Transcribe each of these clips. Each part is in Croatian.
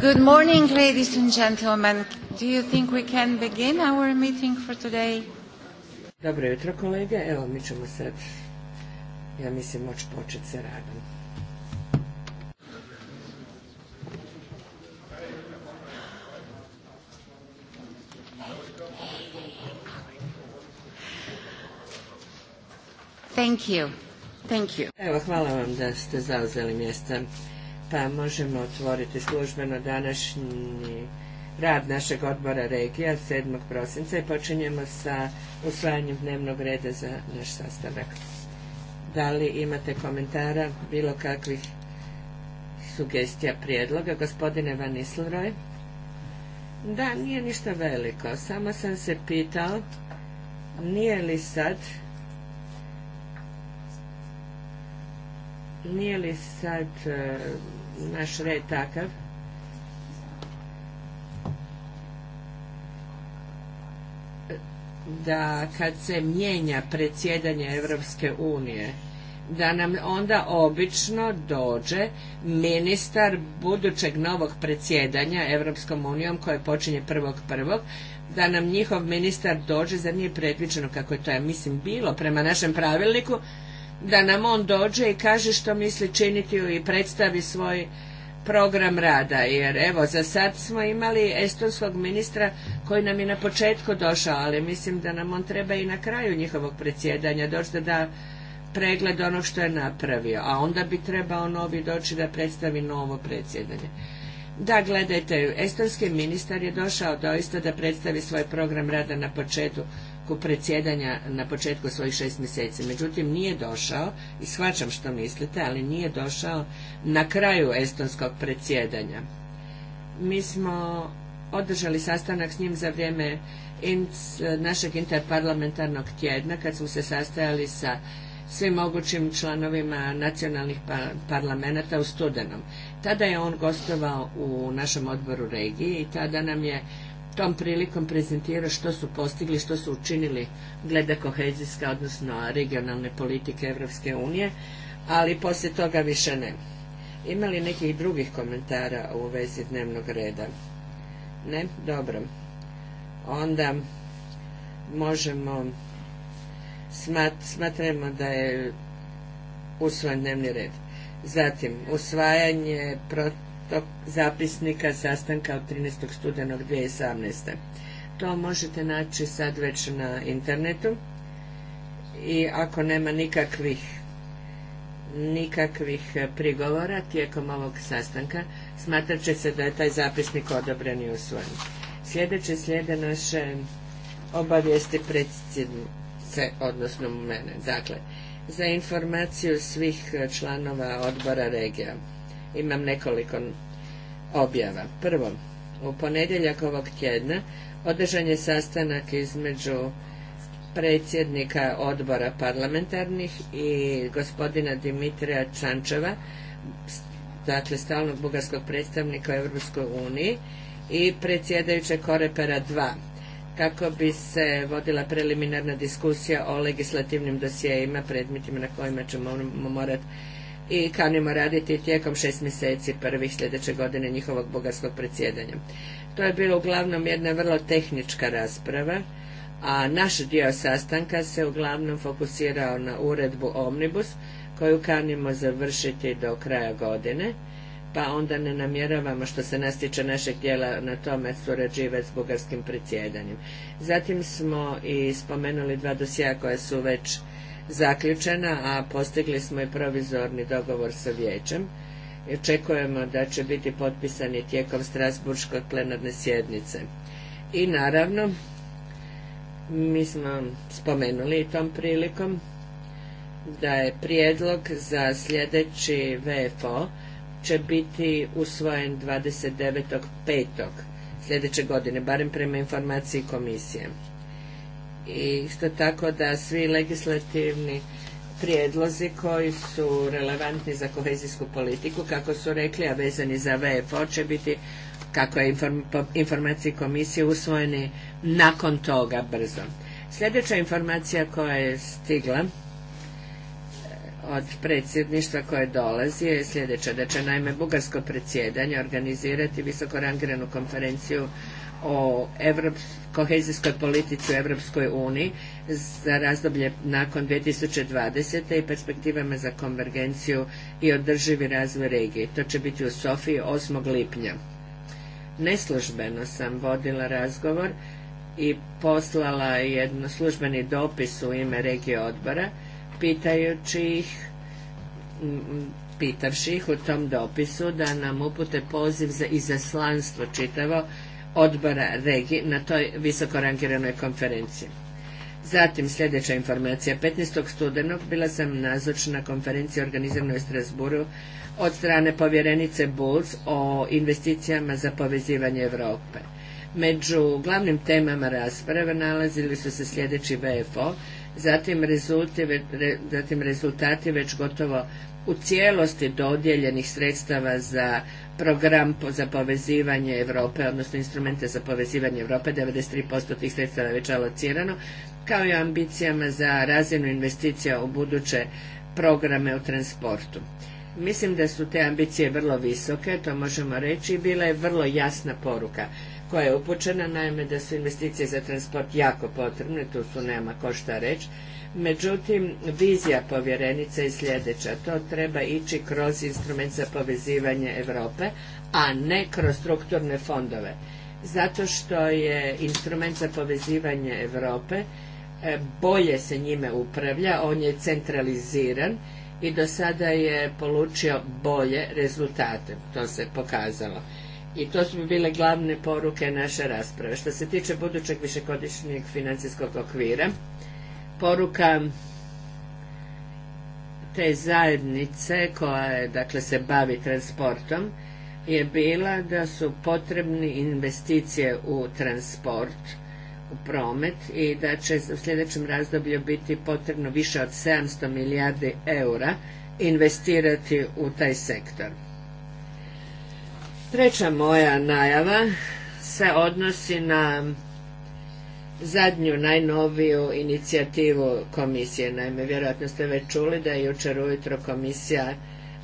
Good morning, ladies and gentlemen. Do you think we can begin our meeting for today? Dobro jutro, kolege. Evo, mi ćemo sad, ja mislim, moći početi sa radom. Thank you. Thank you. Evo, hvala vam da ste zauzeli mjesta pa možemo otvoriti službeno današnji rad našeg odbora regija 7. prosinca i počinjemo sa usvajanjem dnevnog reda za naš sastanak. Da li imate komentara, bilo kakvih sugestija, prijedloga? Gospodine Van Da, nije ništa veliko. Samo sam se pitao nije li sad nije li sad naš red takav da kad se mijenja predsjedanje Europske unije da nam onda obično dođe ministar budućeg novog predsjedanja Europskom unijom koje počinje 1.1. da nam njihov ministar dođe, zar nije predviđeno kako je to, ja mislim, bilo prema našem pravilniku, da nam on dođe i kaže što misli činiti i predstavi svoj program rada, jer evo za sad smo imali estonskog ministra koji nam je na početku došao, ali mislim da nam on treba i na kraju njihovog predsjedanja doći da da pregled onog što je napravio, a onda bi trebao novi doći da predstavi novo predsjedanje. Da, gledajte, estonski ministar je došao doista da predstavi svoj program rada na početku predsjedanja, na početku svojih šest mjeseci. Međutim, nije došao, i shvaćam što mislite, ali nije došao na kraju estonskog predsjedanja. Mi smo održali sastanak s njim za vrijeme našeg interparlamentarnog tjedna, kad smo se sastajali sa svim mogućim članovima nacionalnih pa, parlamenta u studenom. Tada je on gostovao u našem odboru regije i tada nam je tom prilikom prezentirao što su postigli, što su učinili glede kohezijska, odnosno regionalne politike Evropske unije, ali poslije toga više ne. Ima li nekih drugih komentara u vezi dnevnog reda? Ne? Dobro. Onda možemo smat, smatramo da je usvojen dnevni red. Zatim, usvajanje protiv tog zapisnika sastanka od 13. studenog 2018. To možete naći sad već na internetu i ako nema nikakvih nikakvih prigovora tijekom ovog sastanka, smatrat će se da je taj zapisnik odobren i usvojen. Sljedeće slijede naše obavijesti predsjednice, odnosno mene. Dakle, za informaciju svih članova odbora regija imam nekoliko objava. Prvo, u ponedjeljak ovog tjedna održan je sastanak između predsjednika odbora parlamentarnih i gospodina Dimitrija Čančeva, dakle stalnog bugarskog predstavnika u Europskoj uniji i predsjedajuće Korepera 2 kako bi se vodila preliminarna diskusija o legislativnim dosjeima predmetima na kojima ćemo morati i kanimo raditi tijekom šest mjeseci prvih sljedeće godine njihovog bugarskog predsjedanja. To je bilo uglavnom jedna vrlo tehnička rasprava, a naš dio sastanka se uglavnom fokusirao na uredbu Omnibus, koju kanimo završiti do kraja godine, pa onda ne namjeravamo što se nas tiče našeg dijela na tome surađivati s bugarskim predsjedanjem. Zatim smo i spomenuli dva dosija koja su već zaključena, a postigli smo i provizorni dogovor sa vijećem. I očekujemo da će biti potpisani tijekom Strasburškog plenarne sjednice. I naravno, mi smo spomenuli i tom prilikom da je prijedlog za sljedeći VFO će biti usvojen 29.5. sljedeće godine, barem prema informaciji komisije i isto tako da svi legislativni prijedlozi koji su relevantni za kohezijsku politiku, kako su rekli, a vezani za VFO će biti, kako je po informaciji komisije, usvojeni nakon toga brzo. Sljedeća informacija koja je stigla eh, od predsjedništva koje dolazi je sljedeća, da će naime bugarsko predsjedanje organizirati visokorangiranu konferenciju o kohezijskoj politici u Europskoj uniji za razdoblje nakon 2020. i perspektivama za konvergenciju i održivi razvoj regije. To će biti u Sofiji 8. lipnja. Neslužbeno sam vodila razgovor i poslala jedno službeni dopis u ime regije odbora pitajući ih pitavši ih u tom dopisu da nam upute poziv za izaslanstvo čitavo odbora regi na toj visoko rangiranoj konferenciji. Zatim sljedeća informacija. 15. studenog bila sam nazočna na konferenciji organiziranoj u Strasburu od strane povjerenice Bulls o investicijama za povezivanje Europe. Među glavnim temama rasprave nalazili su se sljedeći VFO, zatim rezultati, već gotovo u cijelosti dodijeljenih sredstava za program za povezivanje Europe, odnosno instrumente za povezivanje Europe, 93% tih sredstava je već alocirano, kao i ambicijama za razinu investicija u buduće programe u transportu. Mislim da su te ambicije vrlo visoke, to možemo reći, i bila je vrlo jasna poruka koja je upućena, naime da su investicije za transport jako potrebne, tu su nema ko šta reći. Međutim, vizija povjerenice je sljedeća, to treba ići kroz instrument za povezivanje Europe, a ne kroz strukturne fondove. Zato što je instrument za povezivanje Europe e, bolje se njime upravlja, on je centraliziran i do sada je polučio bolje rezultate, to se pokazalo. I to su bile glavne poruke naše rasprave. Što se tiče budućeg višegodišnjeg financijskog okvira, poruka te zajednice koja je, dakle, se bavi transportom je bila da su potrebni investicije u transport, u promet i da će u sljedećem razdoblju biti potrebno više od 700 milijardi eura investirati u taj sektor. Treća moja najava se odnosi na zadnju najnoviju inicijativu komisije. Naime, vjerojatno ste već čuli da je jučer ujutro komisija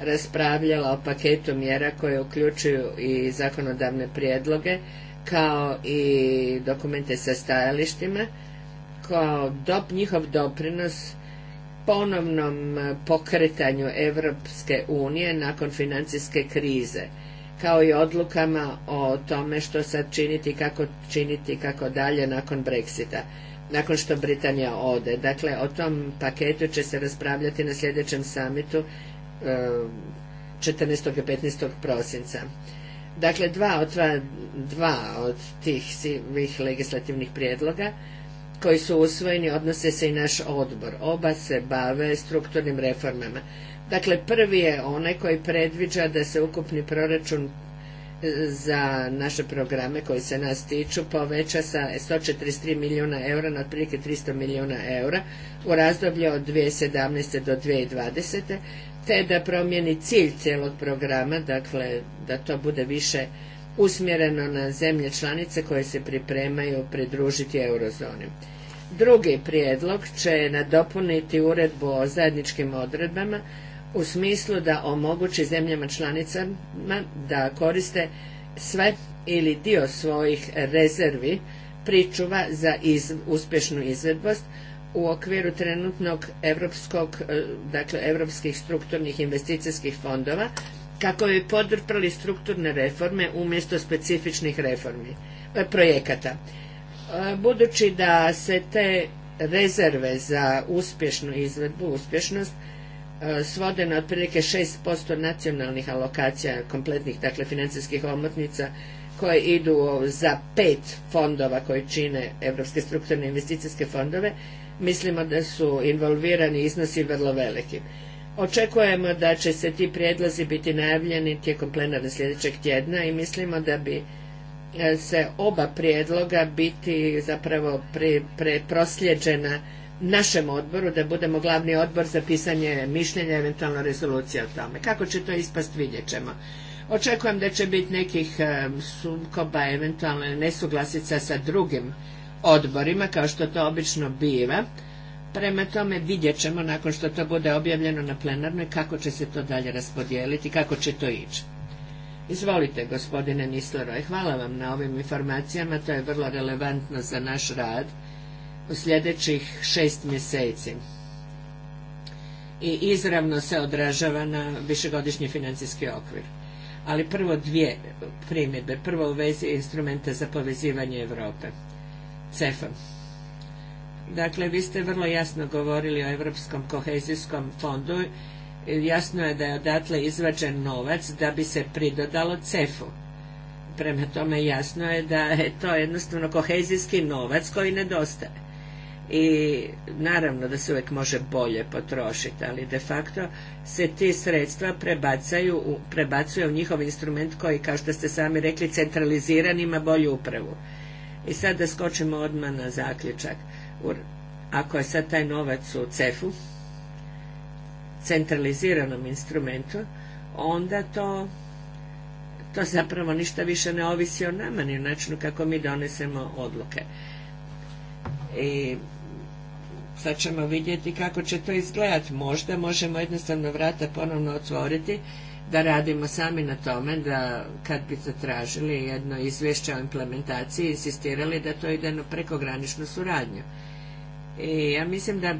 raspravljala o paketu mjera koje uključuju i zakonodavne prijedloge kao i dokumente sa stajalištima kao njihov doprinos ponovnom pokretanju Evropske unije nakon financijske krize kao i odlukama o tome što sad činiti, kako činiti, kako dalje nakon Brexita, nakon što Britanija ode. Dakle, o tom paketu će se raspravljati na sljedećem samitu 14. Eh, i 15. prosinca. Dakle, dva od, dva od tih svih legislativnih prijedloga koji su usvojeni odnose se i naš odbor. Oba se bave strukturnim reformama. Dakle, prvi je onaj koji predviđa da se ukupni proračun e, za naše programe koji se nas tiču poveća sa 143 milijuna eura na otprilike 300 milijuna eura u razdoblju od 2017. do 2020. te da promijeni cilj cijelog programa, dakle da to bude više usmjereno na zemlje članice koje se pripremaju pridružiti eurozoni. Drugi prijedlog će nadopuniti uredbu o zajedničkim odredbama u smislu da omogući zemljama članicama da koriste sve ili dio svojih rezervi pričuva za uspješnu izvedbost u okviru trenutnog evropskog, e, dakle evropskih strukturnih investicijskih fondova kako bi podrprali strukturne reforme umjesto specifičnih reformi, e, projekata. E, budući da se te rezerve za uspješnu izvedbu, uspješnost E, svode na otprilike 6% nacionalnih alokacija kompletnih, dakle, financijskih omotnica koje idu za pet fondova koji čine Evropske strukturne investicijske fondove, mislimo da su involvirani iznosi vrlo veliki. Očekujemo da će se ti prijedlozi biti najavljeni tijekom plenarne sljedećeg tjedna i mislimo da bi e, se oba prijedloga biti zapravo pre, našem odboru da budemo glavni odbor za pisanje mišljenja, eventualno rezolucija o tome. Kako će to ispast vidjet ćemo. Očekujem da će biti nekih eh, sukoba, eventualno nesuglasica sa drugim odborima, kao što to obično biva. Prema tome vidjet ćemo nakon što to bude objavljeno na plenarnoj kako će se to dalje raspodijeliti, kako će to ići. Izvolite, gospodine Nisleroj, hvala vam na ovim informacijama, to je vrlo relevantno za naš rad u sljedećih šest mjeseci i izravno se odražava na višegodišnji financijski okvir. Ali prvo dvije primjedbe. Prvo u vezi instrumenta za povezivanje Europe, CEFA. Dakle, vi ste vrlo jasno govorili o Europskom kohezijskom fondu. Jasno je da je odatle izvađen novac da bi se pridodalo CEF-u. Prema tome jasno je da je to jednostavno kohezijski novac koji nedostaje i naravno da se uvijek može bolje potrošiti, ali de facto se ti sredstva prebacaju, prebacuje u njihov instrument koji, kao što ste sami rekli, centraliziran ima bolju upravu. I sad da skočimo odmah na zaključak. Ako je sad taj novac u cefu, centraliziranom instrumentu, onda to to zapravo ništa više ne ovisi o nama ni o načinu kako mi donesemo odluke. I Sad pa ćemo vidjeti kako će to izgledati. Možda možemo jednostavno vrata ponovno otvoriti da radimo sami na tome da kad bi zatražili jedno izvješće o implementaciji insistirali da to ide na prekograničnu suradnju. I ja mislim da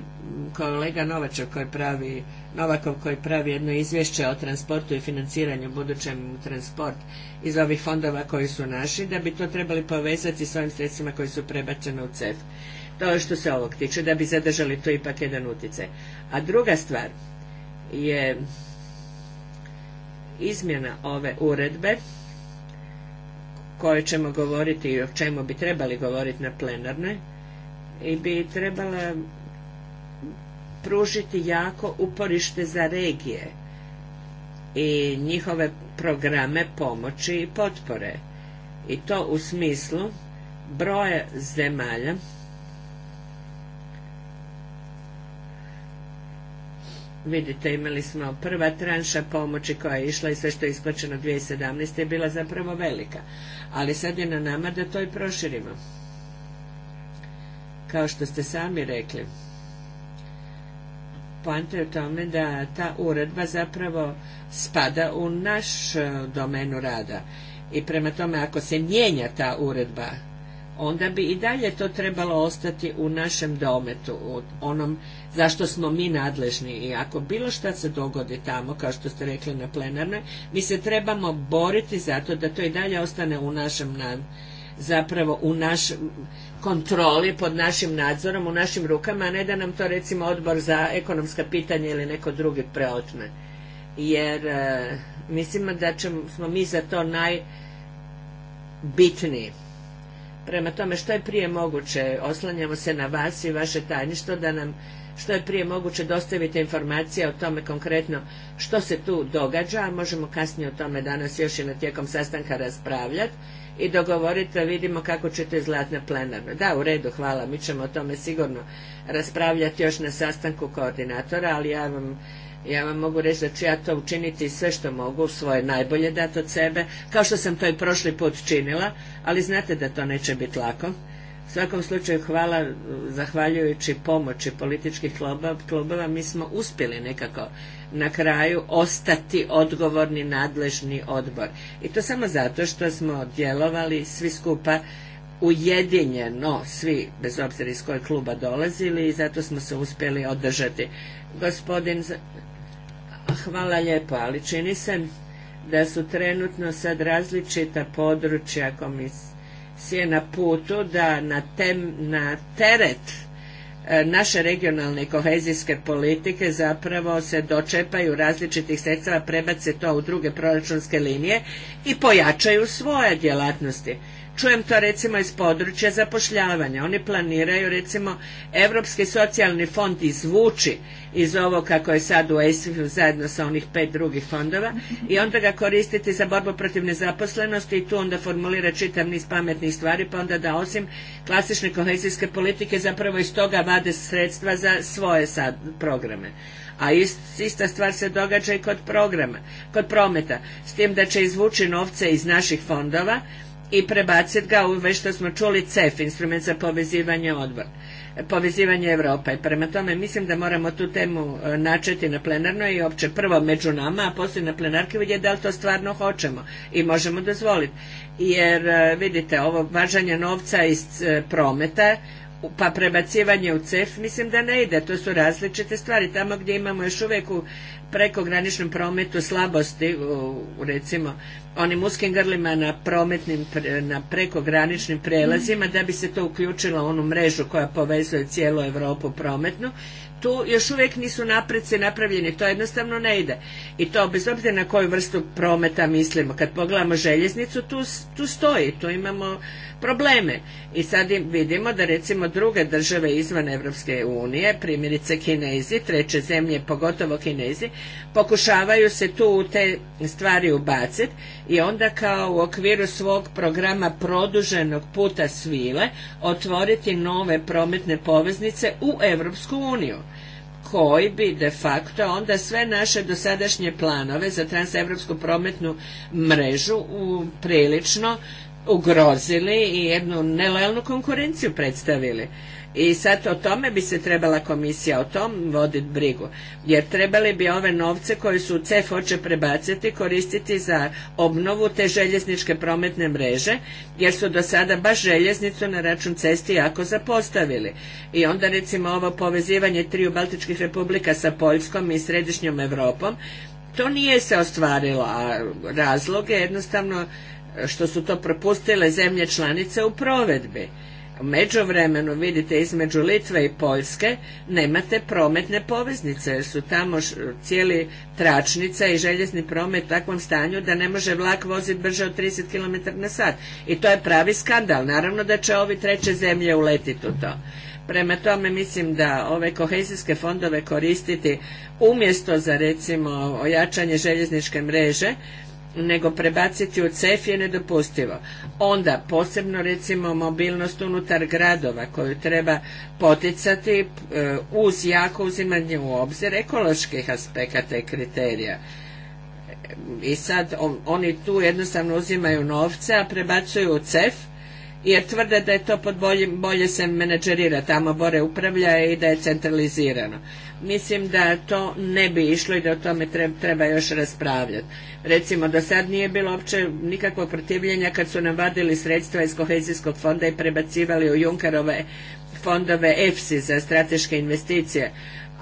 kolega Novačev koji pravi, Novakov koji pravi jedno izvješće o transportu i financiranju budućem transport iz ovih fondova koji su naši, da bi to trebali povezati s ovim sredstvima koji su prebačene u CEF. To je što se ovog tiče, da bi zadržali tu ipak jedan utjecaj. A druga stvar je izmjena ove uredbe koje ćemo govoriti i o čemu bi trebali govoriti na plenarne i bi trebala pružiti jako uporište za regije i njihove programe pomoći i potpore. I to u smislu broja zemalja vidite imali smo prva tranša pomoći koja je išla i sve što je isplaćeno 2017. je bila zapravo velika. Ali sad je na nama da to i proširimo. Kao što ste sami rekli. Poanta je u tome da ta uredba zapravo spada u naš e, domenu rada. I prema tome ako se mijenja ta uredba onda bi i dalje to trebalo ostati u našem dometu, u onom zašto smo mi nadležni i ako bilo šta se dogodi tamo, kao što ste rekli na plenarnoj, mi se trebamo boriti za to da to i dalje ostane u našem nam, zapravo u našem kontroli, pod našim nadzorom, u našim rukama, a ne da nam to recimo odbor za ekonomska pitanja ili neko drugi preotme. Jer e, mislimo da ćemo, smo mi za to najbitniji. Prema tome, što je prije moguće, oslanjamo se na vas i vaše tajništvo da nam što je prije moguće dostavite informacije o tome konkretno što se tu događa, a možemo kasnije o tome danas još i na tijekom sastanka raspravljati i dogovoriti da vidimo kako će to izgledati na plenarno. Da, u redu, hvala, mi ćemo o tome sigurno raspravljati još na sastanku koordinatora, ali ja vam ja vam mogu reći da ću ja to učiniti sve što mogu, svoje najbolje dati od sebe, kao što sam to i prošli put činila, ali znate da to neće biti lako. U svakom slučaju hvala, zahvaljujući pomoći političkih klubova, mi smo uspjeli nekako na kraju ostati odgovorni nadležni odbor. I to samo zato što smo djelovali svi skupa ujedinjeno, svi, bez obzira iz kojeg kluba dolazili i zato smo se uspjeli održati. Gospodin Hvala lijepo, ali čini se da su trenutno sad različita područja komisije na putu da na, teret e, naše regionalne kohezijske politike zapravo se dočepaju različitih sredstava, prebace to u druge proračunske linije i pojačaju svoje djelatnosti. Čujem to recimo iz područja zapošljavanja. Oni planiraju recimo Europski socijalni fond izvući iz ovo kako je sad u ESIF zajedno sa onih pet drugih fondova i onda ga koristiti za borbu protiv nezaposlenosti i tu onda formulira čitav niz pametnih stvari pa onda da osim klasične kohezijske politike zapravo iz toga vade sredstva za svoje sad programe. A ista stvar se događa i kod programa, kod prometa. S tim da će izvući novce iz naših fondova i prebaciti ga u već što smo čuli CEF, instrument za povezivanje odbor, povezivanje Europe. Prema tome mislim da moramo tu temu e, načeti na plenarnoj i opće prvo među nama, a poslije na plenarki vidjeti da li to stvarno hoćemo i možemo dozvoliti. Jer e, vidite, ovo važanje novca iz e, prometa pa prebacivanje u CEF mislim da ne ide, to su različite stvari. Tamo gdje imamo još uvijek u prekograničnom prometu slabosti recimo onim uskim grlima na prometnim, na prekograničnim prelazima da bi se to uključilo u onu mrežu koja povezuje cijelu Europu prometnu tu još uvijek nisu napreci napravljeni, to jednostavno ne ide. I to bez obzira na koju vrstu prometa mislimo. Kad pogledamo željeznicu, tu, tu stoji, tu imamo probleme. I sad vidimo da recimo druge države izvan Evropske unije, primjerice Kinezi, treće zemlje, pogotovo Kinezi, pokušavaju se tu u te stvari ubaciti i onda kao u okviru svog programa produženog puta svile otvoriti nove prometne poveznice u Europsku uniju koji bi de facto onda sve naše dosadašnje planove za transevropsku prometnu mrežu u, prilično ugrozili i jednu nelojalnu konkurenciju predstavili. I sad o tome bi se trebala komisija o tom voditi brigu. Jer trebali bi ove novce koje su CEF hoće prebaciti koristiti za obnovu te željezničke prometne mreže jer su do sada baš željeznicu na račun cesti jako zapostavili. I onda recimo ovo povezivanje triju Baltičkih republika sa Poljskom i Središnjom Europom to nije se ostvarilo, a razlog je jednostavno što su to propustile zemlje članice u provedbi. U međuvremenu vidite između Litve i Poljske nemate prometne poveznice jer su tamo cijeli tračnica i željezni promet u takvom stanju da ne može vlak voziti brže od 30 km na sat. I to je pravi skandal. Naravno da će ovi treće zemlje uletiti u to. Prema tome mislim da ove kohezijske fondove koristiti umjesto za recimo ojačanje željezničke mreže nego prebaciti u CEF je nedopustivo. Onda posebno recimo mobilnost unutar gradova koju treba poticati e, uz jako uzimanje u obzir ekoloških aspekata i kriterija. E, I sad oni tu jednostavno uzimaju novce, a prebacuju u CEF jer tvrde da je to pod bolje, bolje se menadžerira tamo, bore upravlja i da je centralizirano. Mislim da to ne bi išlo i da o tome treba još raspravljati. Recimo, do sad nije bilo uopće nikakvog protivljenja kad su nam vadili sredstva iz kohezijskog fonda i prebacivali u Junkarove fondove EFSI za strateške investicije,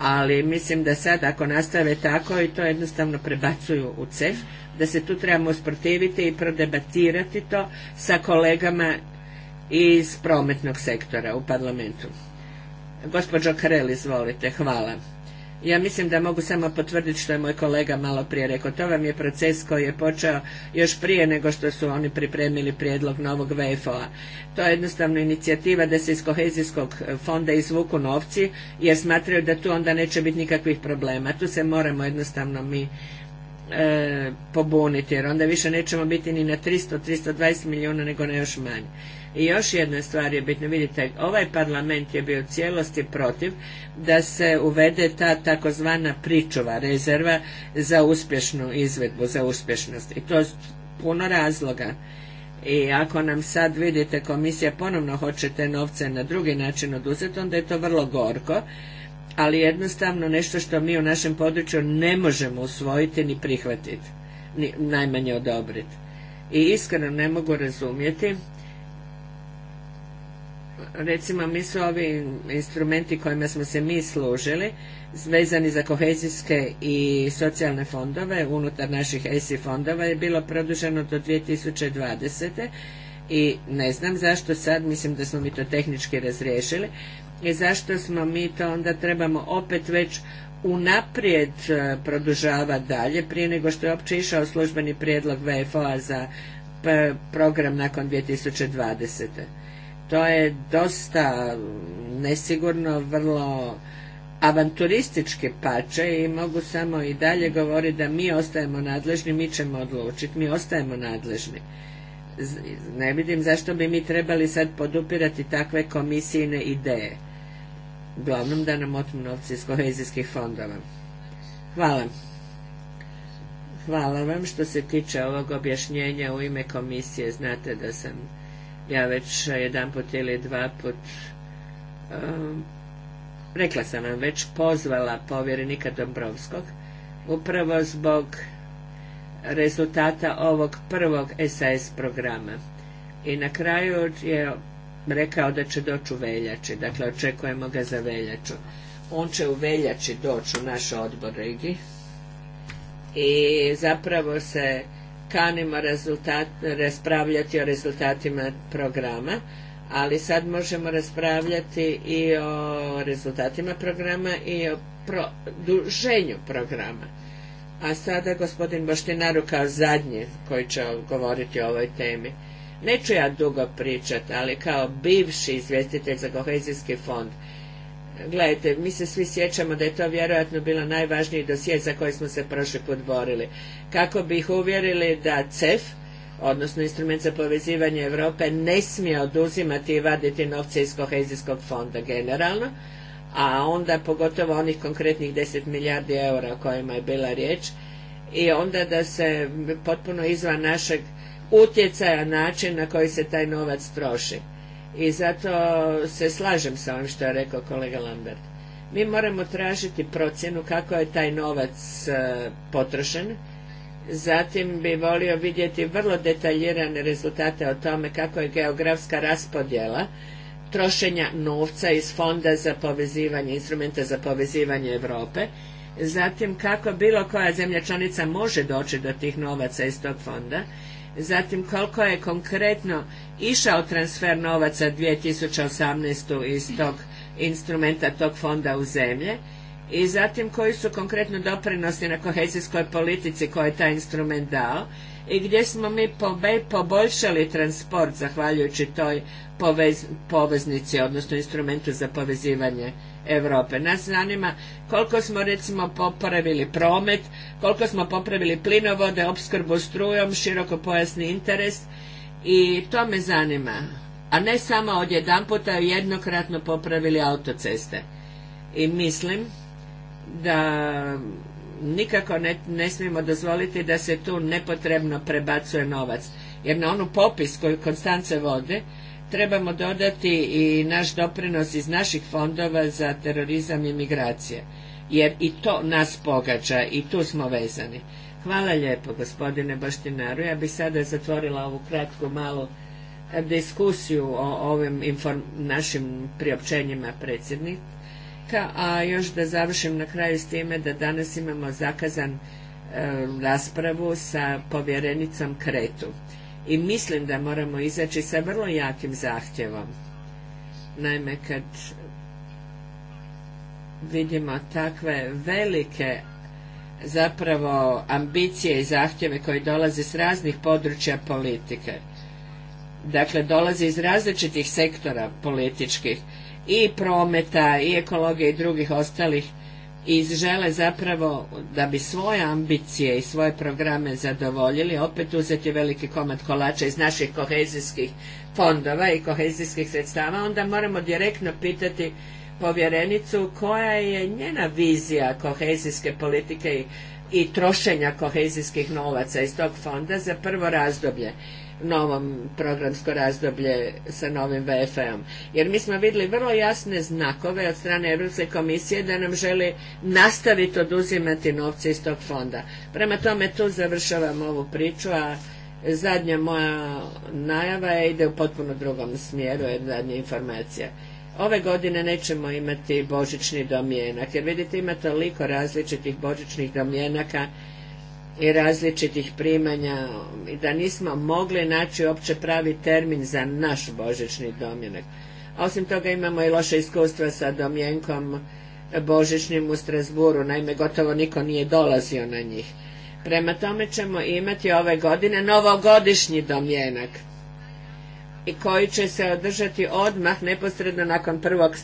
ali mislim da sad ako nastave tako i to jednostavno prebacuju u CEF, da se tu trebamo usprotiviti i prodebatirati to sa kolegama iz prometnog sektora u parlamentu. Gospođo Krel, izvolite, hvala. Ja mislim da mogu samo potvrditi što je moj kolega malo prije rekao. To vam je proces koji je počeo još prije nego što su oni pripremili prijedlog novog VFO-a. To je jednostavno inicijativa da se iz kohezijskog e, fonda izvuku novci jer smatraju da tu onda neće biti nikakvih problema. Tu se moramo jednostavno mi e, pobuniti jer onda više nećemo biti ni na 300, 320 milijuna nego na još manje. I još jedna stvar je bitna, vidite, ovaj parlament je bio u cijelosti protiv da se uvede ta takozvana pričuva, rezerva za uspješnu izvedbu, za uspješnost. I to je puno razloga. I ako nam sad vidite komisija ponovno hoće te novce na drugi način oduzeti, onda je to vrlo gorko, ali jednostavno nešto što mi u našem području ne možemo usvojiti ni prihvatiti, ni najmanje odobriti. I iskreno ne mogu razumjeti recimo mi su ovi instrumenti kojima smo se mi služili vezani za kohezijske i socijalne fondove unutar naših ESI fondova je bilo produženo do 2020. i ne znam zašto sad, mislim da smo mi to tehnički razriješili i zašto smo mi to onda trebamo opet već unaprijed e, produžavati dalje prije nego što je uopće išao službeni prijedlog VFO-a za program nakon 2020. To je dosta nesigurno, vrlo avanturističke pače i mogu samo i dalje govoriti da mi ostajemo nadležni, mi ćemo odlučiti, mi ostajemo nadležni. Ne vidim zašto bi mi trebali sad podupirati takve komisijne ideje. Uglavnom da nam otmu novci iz kohezijskih fondova. Hvala. Hvala vam što se tiče ovog objašnjenja u ime komisije. Znate da sam ja već jedan put ili dva put um, rekla sam vam već pozvala povjerenika Dombrovskog upravo zbog rezultata ovog prvog SAS programa i na kraju je rekao da će doći u veljači dakle očekujemo ga za veljaču on će u veljači doći u naš odbor regi i zapravo se kanimo raspravljati o rezultatima programa, ali sad možemo raspravljati i o rezultatima programa i o produženju programa. A sada gospodin Boštinaru kao zadnji koji će govoriti o ovoj temi. Neću ja dugo pričati, ali kao bivši izvjestitelj za kohezijski fond, Gledajte, mi se svi sjećamo da je to vjerojatno bilo najvažniji dosjet za koji smo se prošli put borili. Kako bi ih uvjerili da CEF, odnosno instrument za povezivanje Europe, ne smije oduzimati i vaditi novce iz kohezijskog fonda generalno, a onda pogotovo onih konkretnih 10 milijardi eura o kojima je bila riječ, i onda da se potpuno izvan našeg utjecaja način na koji se taj novac troši i zato se slažem sa ovim što je rekao kolega Lambert. Mi moramo tražiti procjenu kako je taj novac e, potrošen, zatim bi volio vidjeti vrlo detaljirane rezultate o tome kako je geografska raspodjela trošenja novca iz fonda za povezivanje, instrumenta za povezivanje Europe, zatim kako bilo koja zemlja članica može doći do tih novaca iz tog fonda, zatim koliko je konkretno išao transfer novaca 2018. iz tog instrumenta tog fonda u zemlje i zatim koji su konkretno doprinosi na kohezijskoj politici koje je taj instrument dao i gdje smo mi poboljšali transport zahvaljujući toj poveznici, odnosno instrumentu za povezivanje Europe. Nas zanima koliko smo recimo popravili promet, koliko smo popravili plinovode, opskrbu strujom, širokopojasni interes i to me zanima. A ne samo odjedan puta jednokratno popravili autoceste. I mislim da nikako ne, ne smijemo dozvoliti da se tu nepotrebno prebacuje novac. Jer na onu popis koju Konstance vode trebamo dodati i naš doprinos iz naših fondova za terorizam i migracije. Jer i to nas pogađa i tu smo vezani. Hvala lijepo gospodine Baštinaru. Ja bih sada zatvorila ovu kratku malu e, diskusiju o ovim našim priopćenjima predsjednika, a još da završim na kraju s time da danas imamo zakazan e, raspravu sa povjerenicom Kretu. I mislim da moramo izaći sa vrlo jakim zahtjevom. Naime, kad vidimo takve velike zapravo ambicije i zahtjeve koji dolaze s raznih područja politike. Dakle, dolaze iz različitih sektora političkih i prometa i ekologije i drugih ostalih i žele zapravo da bi svoje ambicije i svoje programe zadovoljili, opet uzeti veliki komad kolača iz naših kohezijskih fondova i kohezijskih sredstava, onda moramo direktno pitati povjerenicu koja je njena vizija kohezijske politike i trošenja kohezijskih novaca iz tog fonda za prvo razdoblje novom programsko razdoblje sa novim VF-om. Jer mi smo vidjeli vrlo jasne znakove od strane Europske komisije da nam želi nastaviti oduzimati novce iz tog fonda. Prema tome tu završavam ovu priču, a zadnja moja najava je ide u potpuno drugom smjeru, je zadnja informacija ove godine nećemo imati božićni domjenak jer vidite ima toliko različitih božićnih domjenaka i različitih primanja i da nismo mogli naći uopće pravi termin za naš božićni domjenak. osim toga imamo i loše iskustva sa domjenkom božićnim u Strasburu, naime gotovo niko nije dolazio na njih. Prema tome ćemo imati ove godine novogodišnji domjenak i koji će se održati odmah neposredno nakon prvog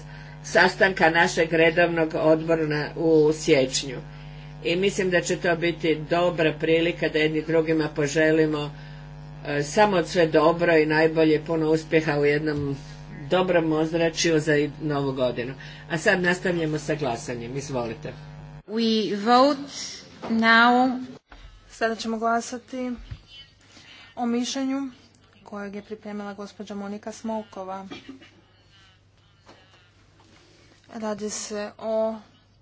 sastanka našeg redovnog odbora u siječnju. I mislim da će to biti dobra prilika da jedni drugima poželimo e, samo sve dobro i najbolje puno uspjeha u jednom dobrom ozračju za novu godinu. A sad nastavljamo sa glasanjem. Izvolite. We vote now. Sada ćemo glasati o mišljenju kojeg je pripremila gospođa Monika Smolkova. Radi se o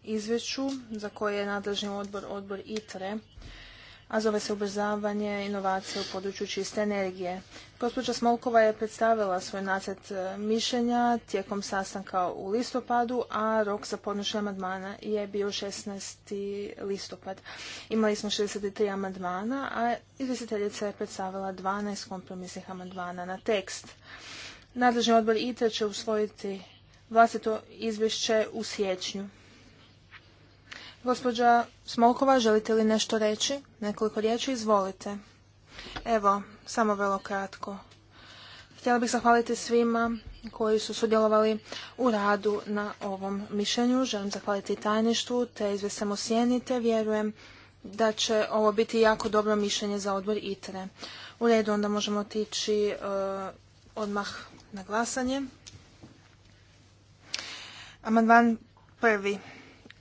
izvješću za koje je nadležni odbor, odbor ITRE, a zove se ubrzavanje inovacije u području čiste energije. Gospođa Smolkova je predstavila svoj nacrt e, mišljenja tijekom sastanka u listopadu, a rok za podnošenje amandmana je bio 16. listopad. Imali smo 63 amandmana, a izvjestiteljica je predstavila 12 kompromisnih amandmana na tekst. Nadležni odbor ITRE će usvojiti vlastito izvješće u siječnju. Gospođa Smolkova, želite li nešto reći? Nekoliko riječi, izvolite. Evo, samo vrlo kratko. Htjela bih zahvaliti svima koji su sudjelovali u radu na ovom mišljenju. Želim zahvaliti tajništvu te izve sjeni vjerujem da će ovo biti jako dobro mišljenje za odbor ITRE. U redu onda možemo otići e, odmah na glasanje. Amandman prvi.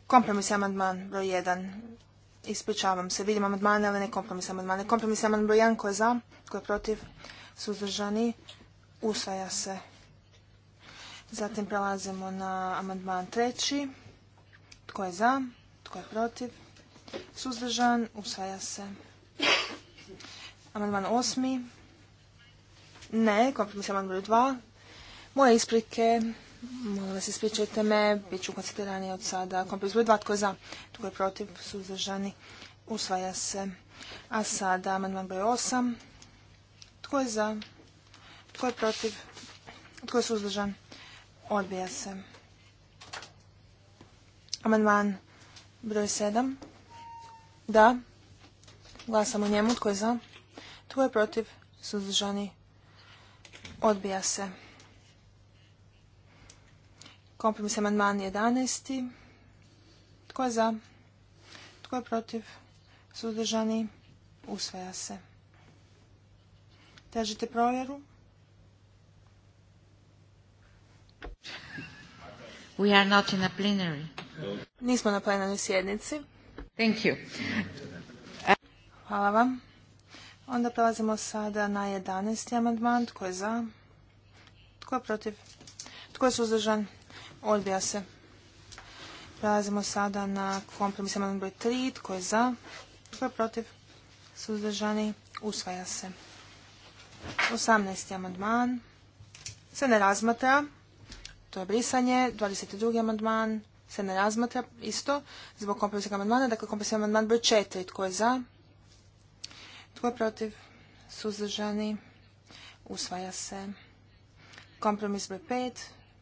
Kompromis amandman broj jedan. Ispričavam se, vidim amandmane, ali ne kompromis amandmane. Kompromis amandman broj 1, ko je za, ko je protiv, suzdržani, usvaja se. Zatim prelazimo na amandman treći. Tko je za? Tko je protiv? Suzdržan? Usvaja se. Amandman osmi. Ne, kompromis amandman broj dva. Moje isprike, Molim vas, ispričajte me, bit ću koncentrirani od sada. Kompis broj 2, tko je za, tko je protiv, suzdržani, usvaja se. A sada, amandman broj 8, tko je za, tko je protiv, tko je suzdržan, odbija se. Amandman broj 7, da, glasamo njemu, tko je za, tko je protiv, suzdržani, odbija se. Kompromis amandman 11. Tko je za? Tko je protiv? Suzdržani? Usvaja se. Tražite provjeru? We are not in a plenary. Nismo na plenarnoj sjednici. Thank you. Hvala vam. Onda prelazimo sada na 11. amandman. Tko je za? Tko je protiv? Tko je suzdržan? Odbija se. Prelazimo sada na kompromis amandman broj 3. Tko je za? Tko je protiv? Suzdržani? Usvaja se. 18. amandman se ne razmatra. To je brisanje. 22. amandman se ne razmatra isto zbog kompromisnog amandmana. Dakle, kompromisnog amandman broj 4. Tko je za? Tko je protiv? Suzdržani? Usvaja se. Kompromis broj 5.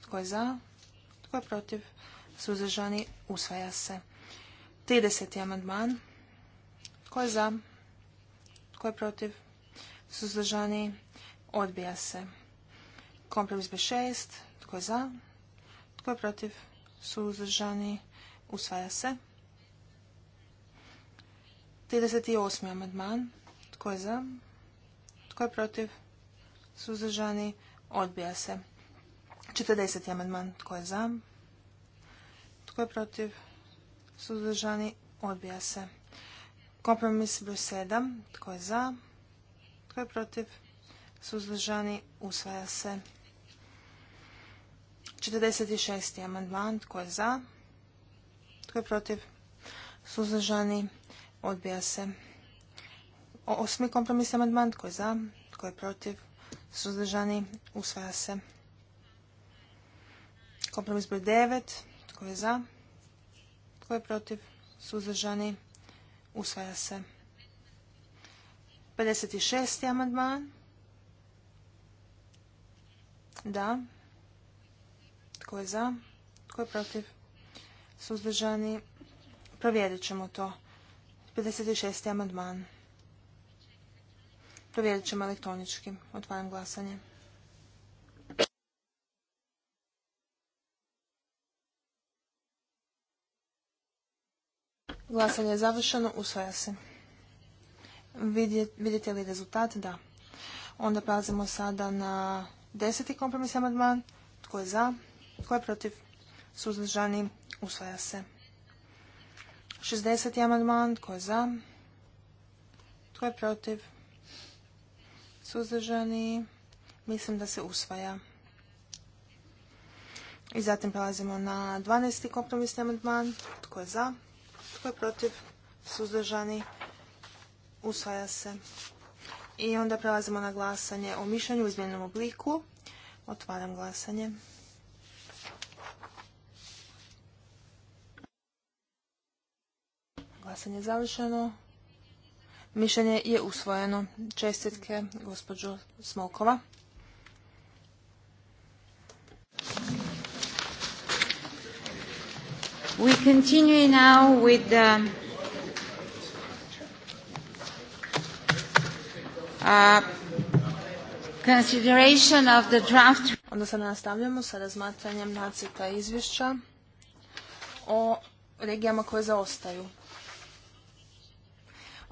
Tko je za? Tko je protiv? Suzdržani? Usvaja se. 30. amandman. Tko je za? Tko je protiv? Suzdržani? Odbija se. Kompromis B6. Tko je za? Tko je protiv? Suzdržani? Usvaja se. 38. amandman. Tko je za? Tko je protiv? Suzdržani? Odbija se. 40. amandman. Tko je za? Tko je protiv? Suzdržani? Odbija se. Kompromis broj sedam. Tko je za? Tko je protiv? Suzdržani? Usvaja se. 46. amandman. Tko je za? Tko je protiv? Suzdržani? Odbija se. Osmi kompromis amandman. Tko je za? Tko je protiv? Suzdržani? Usvaja se. Kompromis broj 9. Tko je za? Tko je protiv? Suzdržani? Usvaja se. 56. amandman. Da. Tko je za? Tko je protiv? Suzdržani? Provjerit ćemo to. 56. amandman. Provjerit ćemo elektronički. Otvaram glasanje. Glasanje je završeno. Usvaja se. Vidite li rezultat? Da. Onda prelazimo sada na deseti kompromis amandman. Tko je za? Tko je protiv? Suzdržani? Usvaja se. 60. amandman. Tko je za? Tko je protiv? Suzdržani? Mislim da se usvaja. I zatim prelazimo na 12. kompromisni amandman. Tko je za? Tko je protiv? Suzdržani? Usvaja se. I onda prelazimo na glasanje o mišljenju u izmjenom obliku. Otvaram glasanje. Glasanje je završeno. Mišljenje je usvojeno. Čestitke, gospođo Smokova. We continue now with the um, uh, consideration of the draft. Onda se nastavljamo sa razmatranjem nacrta izvješća o regijama koje zaostaju.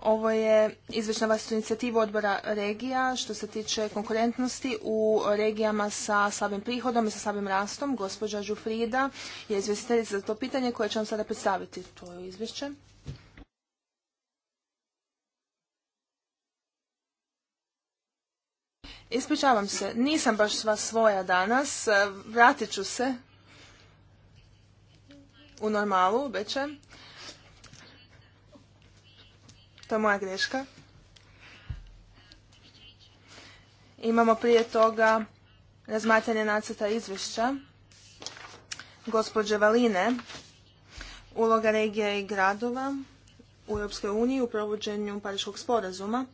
Ovo je izvršna vas inicijativa odbora regija što se tiče konkurentnosti u regijama sa slabim prihodom i sa slabim rastom. Gospođa Žufrida je izvjestitelj za to pitanje koje će vam sada predstaviti to izvješće. Ispričavam se, nisam baš sva svoja danas, vratit ću se u normalu, beće. To je moja greška. Imamo prije toga razmatranje nacrta izvješća gospođe Valine, uloga regija i gradova u Europskoj uniji u provođenju Pariškog sporazuma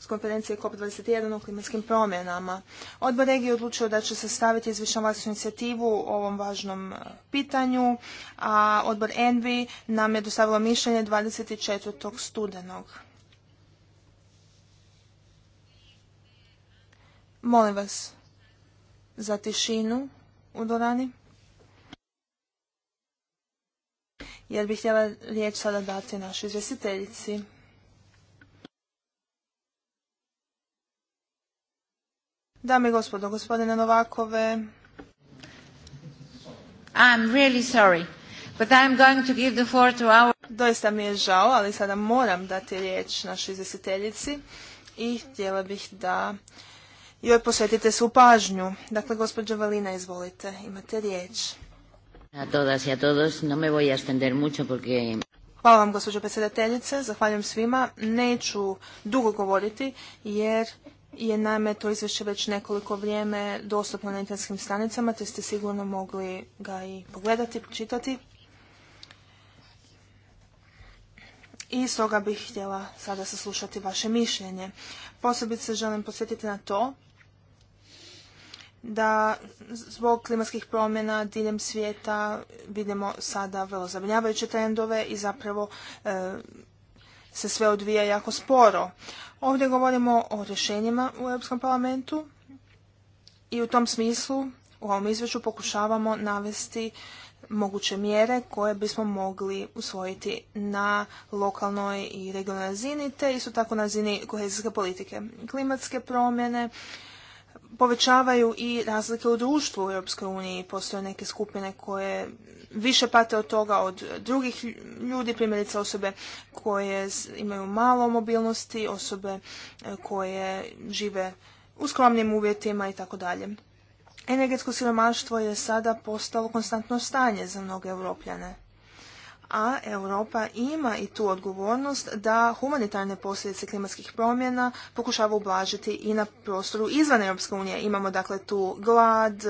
s konferencije COP21 o klimatskim promjenama. Odbor regije odlučio da će sastaviti staviti vlastnu inicijativu o ovom važnom e, pitanju, a odbor ENVI nam je dostavilo mišljenje 24. studenog. Molim vas za tišinu u dvorani. Jer bih htjela riječ sada dati našoj izvjestiteljici. Dame i gospodo, gospodine Novakove. I'm really sorry, but I'm going to give the floor to our... Doista mi je žao, ali sada moram dati riječ našoj izvjestiteljici i htjela bih da joj posvetite svu pažnju. Dakle, gospođo Valina, izvolite, imate riječ. A todas i a todos, no me voy a extender mucho porque... Hvala vam, gospođo predsjedateljice, zahvaljujem svima. Neću dugo govoriti jer je naime to izvješće već nekoliko vrijeme dostupno na internetskim stranicama, te ste sigurno mogli ga i pogledati, pročitati. I stoga bih htjela sada saslušati vaše mišljenje. Posebice želim posjetiti na to da zbog klimatskih promjena diljem svijeta vidimo sada vrlo zabrinjavajuće trendove i zapravo e, se sve odvija jako sporo. Ovdje govorimo o rješenjima u Europskom parlamentu i u tom smislu u ovom izvješću pokušavamo navesti moguće mjere koje bismo mogli usvojiti na lokalnoj i regionalnoj razini, te isto tako na razini kohezijske politike. Klimatske promjene povećavaju i razlike u društvu u Europskoj uniji. Postoje neke skupine koje više pate od toga od drugih ljudi, primjerice osobe koje imaju malo mobilnosti, osobe e, koje žive u skromnim uvjetima i tako dalje. Energetsko siromaštvo je sada postalo konstantno stanje za mnoge europljane a Europa ima i tu odgovornost da humanitarne posljedice klimatskih promjena pokušava ublažiti i na prostoru izvan Europske unije. Imamo dakle tu glad,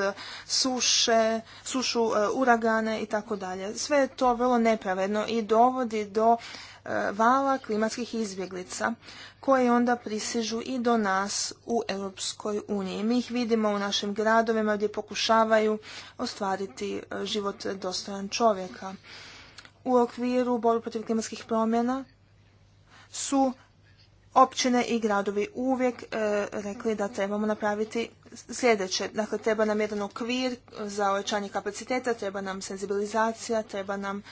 suše, sušu, e, uragane i tako dalje. Sve je to vrlo nepravedno i dovodi do e, vala klimatskih izbjeglica koje onda prisižu i do nas u Europskoj uniji. Mi ih vidimo u našim gradovima gdje pokušavaju ostvariti e, život dostojan čovjeka u okviru borbe protiv klimatskih promjena su općine i gradovi uvijek e, rekli da trebamo napraviti sljedeće. Dakle, treba nam jedan okvir za ojačanje kapaciteta, treba nam senzibilizacija, treba nam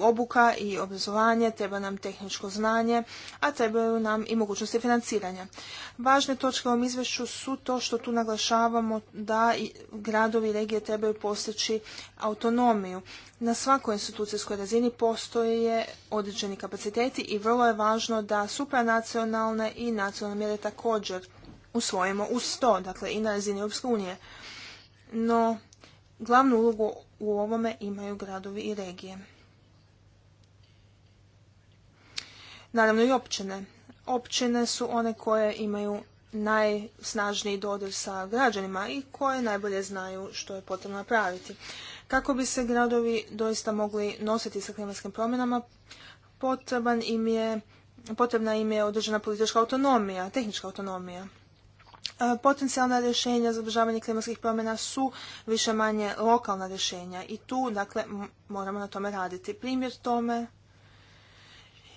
obuka i obrazovanje, treba nam tehničko znanje, a trebaju nam i mogućnosti financiranja. Važne točke u ovom izvješću su to što tu naglašavamo da i gradovi i regije trebaju postići autonomiju. Na svakoj institucijskoj razini postoje određeni kapaciteti i vrlo je važno da supranacionalne i nacionalne mjere također usvojimo u 100, dakle i na razini Europske unije. No, glavnu ulogu u ovome imaju gradovi i regije. Naravno i općine. Općine su one koje imaju najsnažniji dodir sa građanima i koje najbolje znaju što je potrebno napraviti. Kako bi se gradovi doista mogli nositi sa klimatskim promjenama, je, potrebna im je određena politička autonomija, tehnička autonomija. E, potencijalna rješenja za održavanje klimatskih promjena su više manje lokalna rješenja i tu dakle moramo na tome raditi. Primjer tome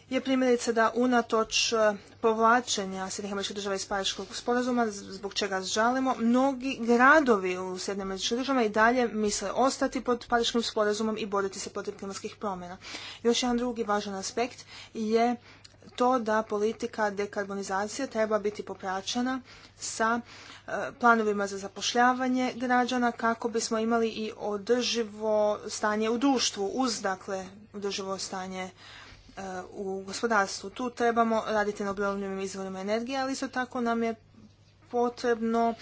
je primjerice da unatoč e, povlačenja Sjednih američkih država iz Pariškog sporazuma, zbog čega žalimo, mnogi gradovi u Sjednim američkih i dalje misle ostati pod Pariškim sporazumom i boriti se protiv klimatskih promjena. Još jedan drugi važan aspekt je to da politika dekarbonizacije treba biti popraćena sa e, planovima za zapošljavanje građana kako bismo imali i održivo stanje u društvu uz dakle održivo stanje e, u gospodarstvu. Tu trebamo raditi na obnovljivim izvorima energije, ali isto tako nam je potrebno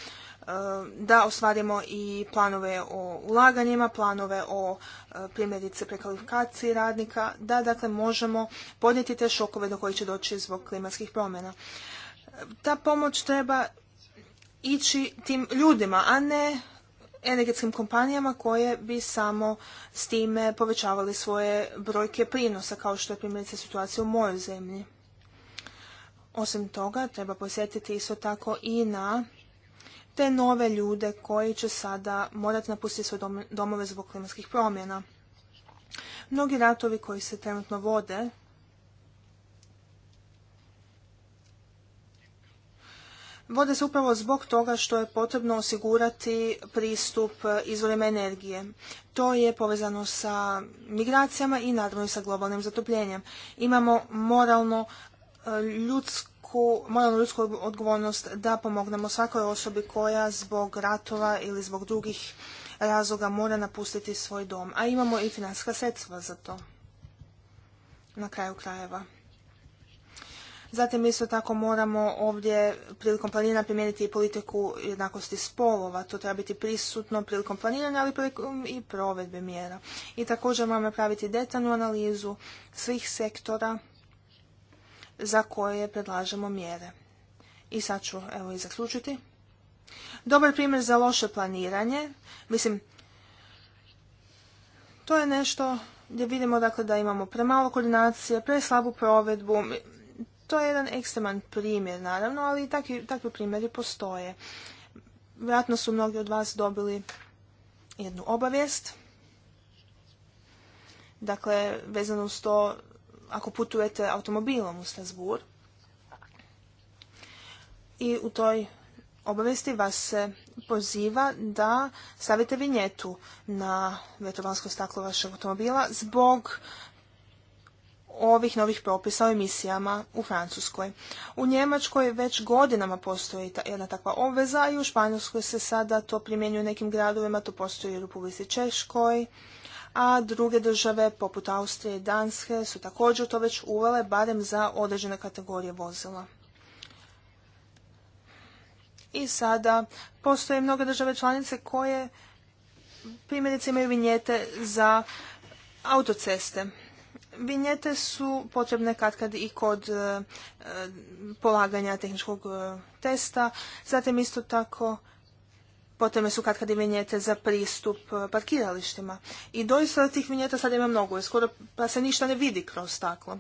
Eh, da ostvarimo i planove o ulaganjima, planove o eh, primjerice prekvalifikaciji radnika, da dakle možemo podnijeti te šokove do koji će doći zbog klimatskih promjena. Eh, ta pomoć treba ići tim ljudima, a ne energetskim kompanijama koje bi samo s time povećavali svoje brojke prinosa, kao što je primjerice situacija u mojoj zemlji. Osim toga, treba posjetiti isto tako i na te nove ljude koji će sada morati napustiti svoje domove zbog klimatskih promjena. Mnogi ratovi koji se trenutno vode vode se upravo zbog toga što je potrebno osigurati pristup izvorima energije. To je povezano sa migracijama i naravno i sa globalnim zatopljenjem. Imamo moralno e, ljudsko Moramo moralnu ljudsku odgovornost da pomognemo svakoj osobi koja zbog ratova ili zbog drugih razloga mora napustiti svoj dom. A imamo i financijska sredstva za to. Na kraju krajeva. Zatim isto tako moramo ovdje prilikom planiranja primijeniti i politiku jednakosti spolova. To treba biti prisutno prilikom planiranja, ali prilikom i provedbe mjera. I također moramo praviti detaljnu analizu svih sektora za koje predlažemo mjere. I sad ću evo i zaključiti. Dobar primjer za loše planiranje. Mislim, to je nešto gdje vidimo dakle, da imamo premalo koordinacije, preslabu provedbu. To je jedan ekstreman primjer, naravno, ali i takvi, takvi primjeri postoje. Vjerojatno su mnogi od vas dobili jednu obavijest. Dakle, vezano uz to ako putujete automobilom u Strasbourg i u toj obavesti vas se poziva da stavite vinjetu na vetrovansko staklo vašeg automobila zbog ovih novih propisa o emisijama u Francuskoj. U Njemačkoj već godinama postoji jedna takva obveza i u Španjolskoj se sada to primjenjuje u nekim gradovima, to postoji i u Republici Češkoj a druge države poput Austrije i Danske su također to već uvele barem za određene kategorije vozila. I sada postoje mnoge države članice koje primjerice imaju vinjete za autoceste. Vinjete su potrebne kad kad i kod e, e, polaganja tehničkog e, testa, zatim isto tako Potom su kad i vinjete za pristup e, parkiralištima. I doista tih vinjeta sad ima mnogo, skoro pa se ništa ne vidi kroz staklo.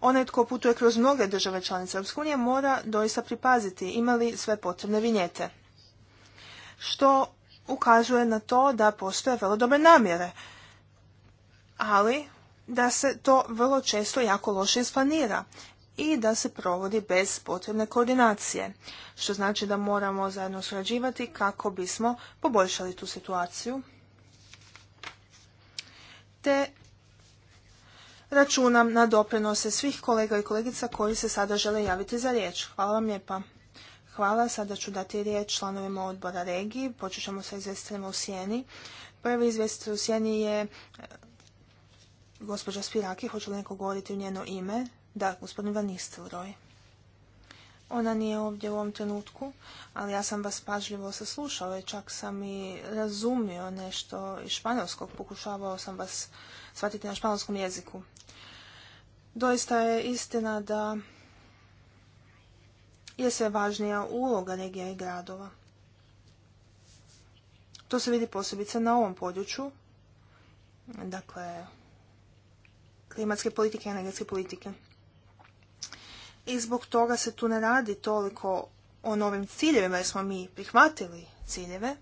Onaj tko putuje kroz mnoge države članice Europske unije mora doista pripaziti ima li sve potrebne vinjete. Što ukazuje na to da postoje vrlo dobre namjere, ali da se to vrlo često jako loše isplanira i da se provodi bez potrebne koordinacije, što znači da moramo zajedno surađivati kako bismo poboljšali tu situaciju. Te računam na doprinose svih kolega i kolegica koji se sada žele javiti za riječ. Hvala vam lijepa. Hvala, sada ću dati riječ članovima odbora regiji. Počet ćemo sa izvjestiteljima u sjeni. Prvi izvjestitelj u sjeni je e, gospođa Spiraki. Hoće li neko govoriti u njeno ime? Da, gospodin Van Ona nije ovdje u ovom trenutku, ali ja sam vas pažljivo saslušao i čak sam i razumio nešto iz španjolskog. Pokušavao sam vas shvatiti na španjolskom jeziku. Doista je istina da je sve važnija uloga regija i gradova. To se vidi posebice na ovom području, dakle klimatske politike i energetske politike i zbog toga se tu ne radi toliko o novim ciljevima jer smo mi prihvatili ciljeve,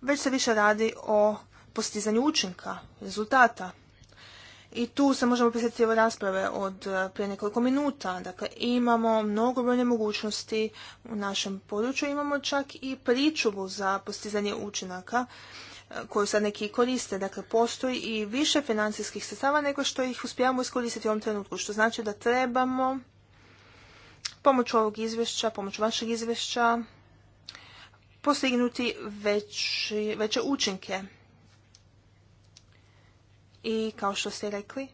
već se više radi o postizanju učinka, rezultata. I tu se možemo pisati ove rasprave od eh, prije nekoliko minuta. Dakle, imamo mnogo mnogobrojne mogućnosti u našem području, imamo čak i pričuvu za postizanje učinaka koju sad neki koriste. Dakle, postoji i više financijskih sredstava nego što ih uspijamo iskoristiti u ovom trenutku, što znači da trebamo pomoću ovog izvješća, pomoću vašeg izvješća postignuti veće učinke. I kao što ste rekli,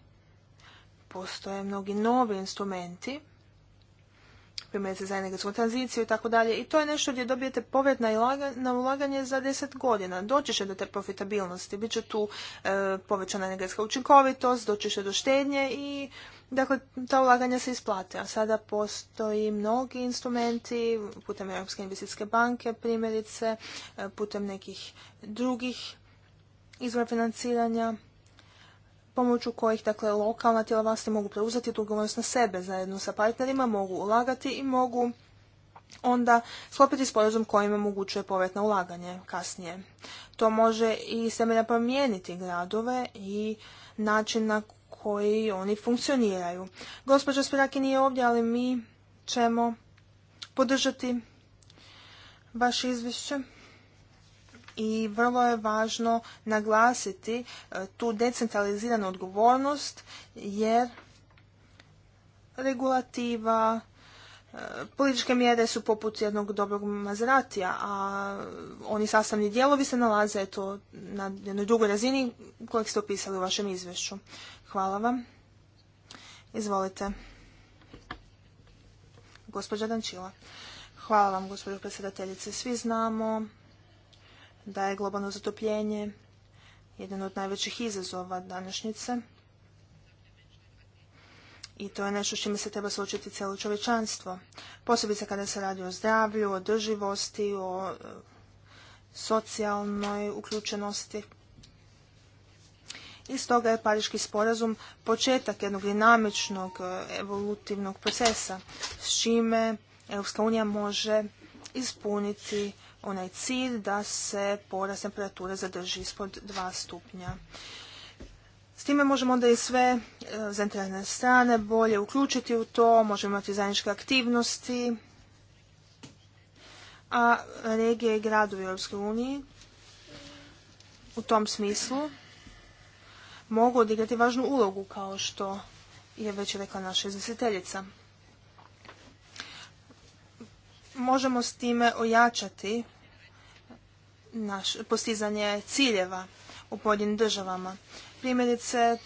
postoje mnogi novi instrumenti primjerice za energetsku tranziciju i tako dalje. I to je nešto gdje dobijete povetna na ulaganje za 10 godina. Doći će do te profitabilnosti, bit će tu e, povećana energetska učinkovitost, doći će do štednje i dakle ta ulaganja se isplate. A sada postoji mnogi instrumenti putem Europske investicijske banke, primjerice, e, putem nekih drugih izvora financiranja pomoću kojih dakle, lokalna tijela vlasti mogu preuzeti odgovornost na sebe zajedno sa partnerima, mogu ulagati i mogu onda sklopiti sporazum kojim omogućuje povratno ulaganje kasnije. To može i semena promijeniti gradove i način na koji oni funkcioniraju. Gospođa Spiraki nije ovdje, ali mi ćemo podržati vaše izvješće i vrlo je važno naglasiti e, tu decentraliziranu odgovornost jer regulativa, e, političke mjere su poput jednog dobrog mazratija, a oni sastavni dijelovi se nalaze eto, na jednoj drugoj razini kojeg ste opisali u vašem izvješću. Hvala vam. Izvolite. Gospođa Dančila. Hvala vam, gospođo predsjedateljice. Svi znamo da je globalno zatopljenje jedan od najvećih izazova današnjice i to je nešto s čime se treba suočiti cijelo čovečanstvo. Posebice kada se radi o zdravlju, o drživosti, o e, socijalnoj uključenosti. I stoga je Pariški sporazum početak jednog dinamičnog e, evolutivnog procesa s čime Europska unija može ispuniti onaj cilj da se porast temperature zadrži ispod 2 stupnja. S time možemo onda i sve e, zainteresne strane bolje uključiti u to, možemo imati zajedničke aktivnosti, a regije i gradovi u uniji u tom smislu mogu odigrati važnu ulogu kao što je već rekla naša izvjestiteljica. Možemo s time ojačati naš, postizanje ciljeva u pojedinim državama. Primjerice,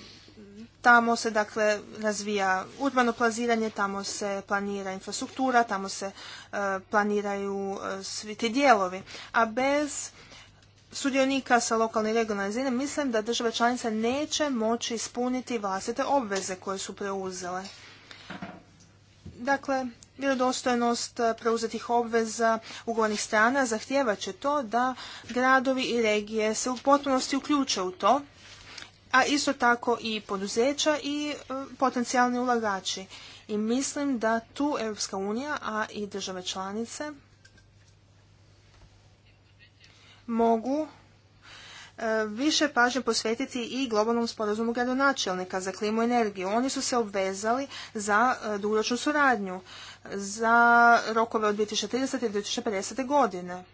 tamo se dakle razvija urbano plaziranje, tamo se planira infrastruktura, tamo se e, planiraju e, svi ti dijelovi. A bez sudionika sa lokalne i regionalne zine mislim da države članice neće moći ispuniti vlastite obveze koje su preuzele. Dakle, vjerodostojnost eh, preuzetih obveza ugovornih strana zahtjeva će to da gradovi i regije se u potpunosti uključe u to, a isto tako i poduzeća i eh, potencijalni ulagači. I mislim da tu Europska unija, a i države članice mogu više pažnje posvetiti i globalnom sporazumu gradonačelnika za klimu i energiju. Oni su se obvezali za e, dugoročnu suradnju za rokove od 2030. i 2050. godine.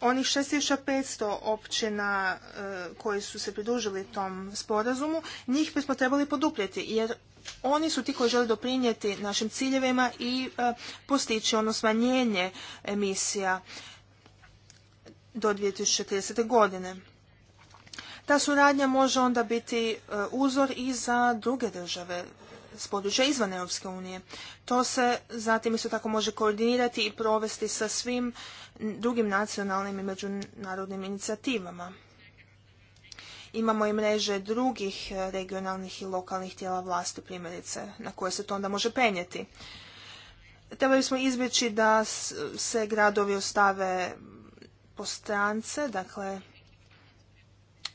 Onih 6500 općina e, koji su se pridružili tom sporazumu, njih bismo trebali poduprijeti jer oni su ti koji žele doprinijeti našim ciljevima i e, postići ono smanjenje emisija do 2030. godine. Ta suradnja može onda biti e, uzor i za druge države s područja izvan Europske unije. To se zatim isto tako može koordinirati i provesti sa svim drugim nacionalnim i međunarodnim inicijativama. Imamo i mreže drugih e, regionalnih i lokalnih tijela vlasti primjerice na koje se to onda može penjeti. Trebali smo izbjeći da se gradovi ostave strance, dakle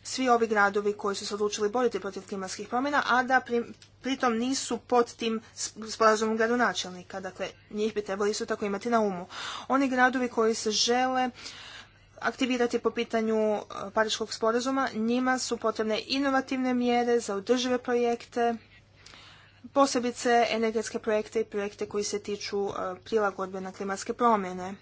svi ovi gradovi koji su se odlučili boriti protiv klimatskih promjena, a da pri, pritom nisu pod tim sporazumom gradonačelnika. Dakle, njih bi trebali isto tako imati na umu. Oni gradovi koji se žele aktivirati po pitanju e, Pariškog sporazuma, njima su potrebne inovativne mjere za održive projekte, posebice energetske projekte i projekte koji se tiču e, prilagodbe na klimatske promjene.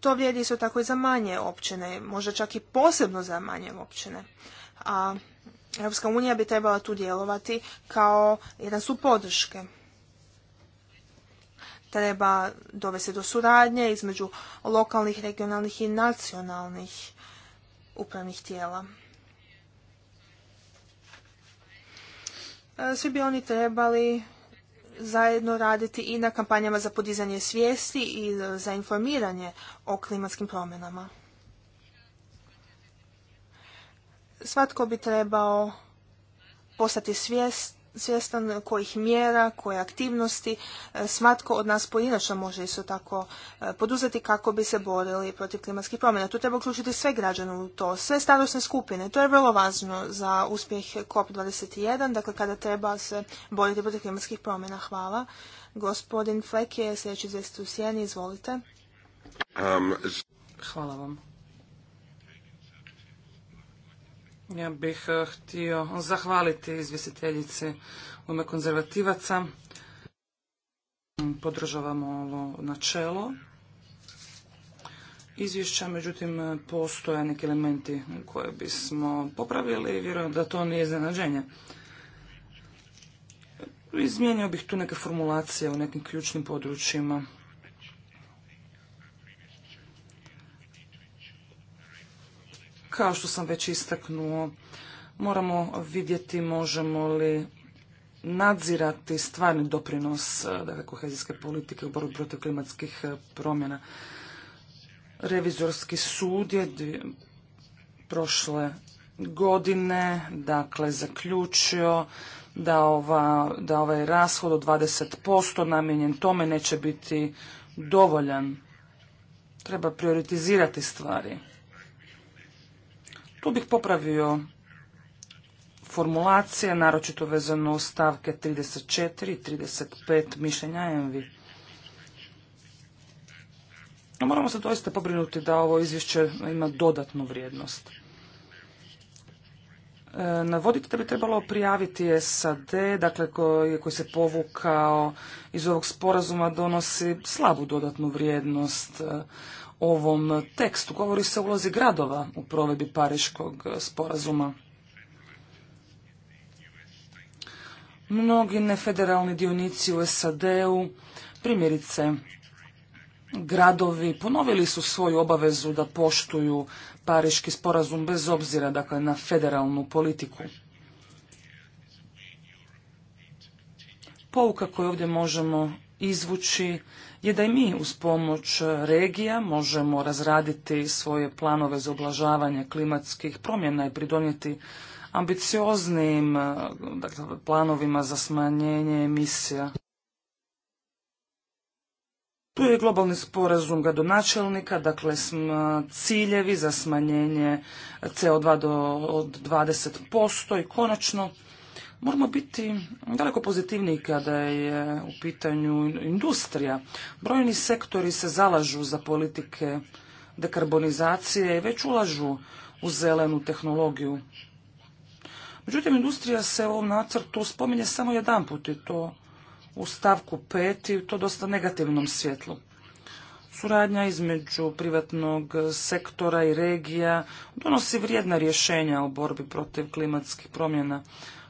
To vrijedi isto tako i za manje općine, možda čak i posebno za manje općine. A Europska unija bi trebala tu djelovati kao jedan su podrške. Treba dovesti do suradnje između lokalnih, regionalnih i nacionalnih upravnih tijela. E, svi bi oni trebali zajedno raditi i na kampanjama za podizanje svijesti i za informiranje o klimatskim promjenama. Svatko bi trebao postati svijest svjestan kojih mjera, koje aktivnosti e, smatko od nas pojedinačno može isto tako e, poduzeti kako bi se borili protiv klimatskih promjena. Tu treba uključiti sve građane u to, sve starosne skupine. To je vrlo važno za uspjeh COP21, dakle kada treba se boriti protiv klimatskih promjena. Hvala. Gospodin Flek je sljedeći izvjestitelj u Sjeni, izvolite. Um, Hvala vam. Ja bih eh, htio zahvaliti izvjestiteljici u ime konzervativaca. Podržavamo ovo načelo izvješća, međutim postoje neki elementi koje bismo popravili i vjerujem da to nije iznenađenje. Izmijenio bih tu neke formulacije u nekim ključnim područjima. Kao što sam već istaknuo, moramo vidjeti možemo li nadzirati stvarni doprinos e, dakle, kohezijske politike u borbi protiv klimatskih e, promjena. Revizorski sud je prošle godine dakle, zaključio da, da ovaj rashod od 20% namijenjen tome neće biti dovoljan. Treba prioritizirati stvari. Tu bih popravio formulacije, naročito vezano u stavke 34 i 35 mišljenja Envi. Moramo se doista pobrinuti da ovo izvješće ima dodatnu vrijednost. E, Navodite da bi trebalo prijaviti SAD, dakle koji, koji se povukao iz ovog sporazuma donosi slabu dodatnu vrijednost ovom tekstu. Govori se o ulozi gradova u provedbi Pariškog sporazuma. Mnogi nefederalni dionici u SAD-u, primjerice gradovi, ponovili su svoju obavezu da poštuju Pariški sporazum bez obzira dakle, na federalnu politiku. Pouka koju ovdje možemo izvući je da i mi uz pomoć regija možemo razraditi svoje planove za oblažavanje klimatskih promjena i pridonijeti ambicioznim e, dakle, planovima za smanjenje emisija. Tu je globalni sporazum gradonačelnika, dakle ciljevi za smanjenje CO2 do, od 20% i konačno Moramo biti daleko pozitivniji kada je u pitanju industrija. Brojni sektori se zalažu za politike dekarbonizacije i već ulažu u zelenu tehnologiju. Međutim, industrija se u ovom nacrtu spominje samo jedan put i to u stavku pet i to dosta negativnom svjetlu. Suradnja između privatnog sektora i regija donosi vrijedna rješenja u borbi protiv klimatskih promjena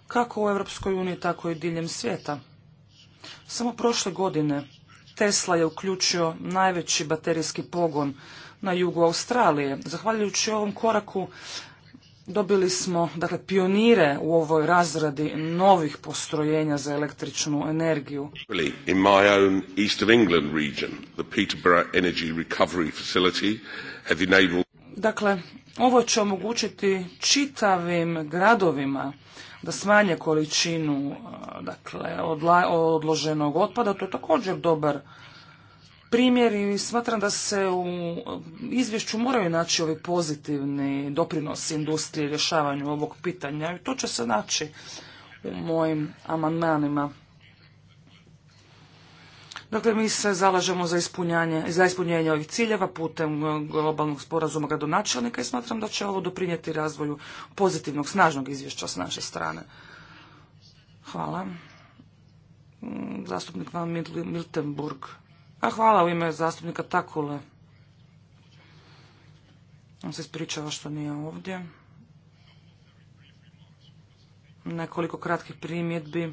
kako u Europskoj uniji, tako i diljem svijeta. Samo prošle godine Tesla je uključio najveći baterijski pogon na jugu Australije. Zahvaljujući ovom koraku dobili smo dakle, pionire u ovoj razradi novih postrojenja za električnu energiju. Dakle, ovo će omogućiti čitavim gradovima da smanje količinu e, dakle, odla, odloženog otpada, to je također dobar primjer i smatram da se u izvješću moraju naći ovi pozitivni doprinosi industrije rješavanju ovog pitanja i to će se naći u mojim amandmanima. Dakle, mi se zalažemo za ispunjanje, ispunjenje ovih ciljeva putem e, globalnog sporazuma gradonačelnika i smatram da će ovo doprinijeti razvoju pozitivnog, snažnog izvješća s naše strane. Hvala. Mm, zastupnik Van Miltenburg. A hvala u ime zastupnika Takule. On se ispričava što nije ovdje. Nekoliko kratkih primjedbi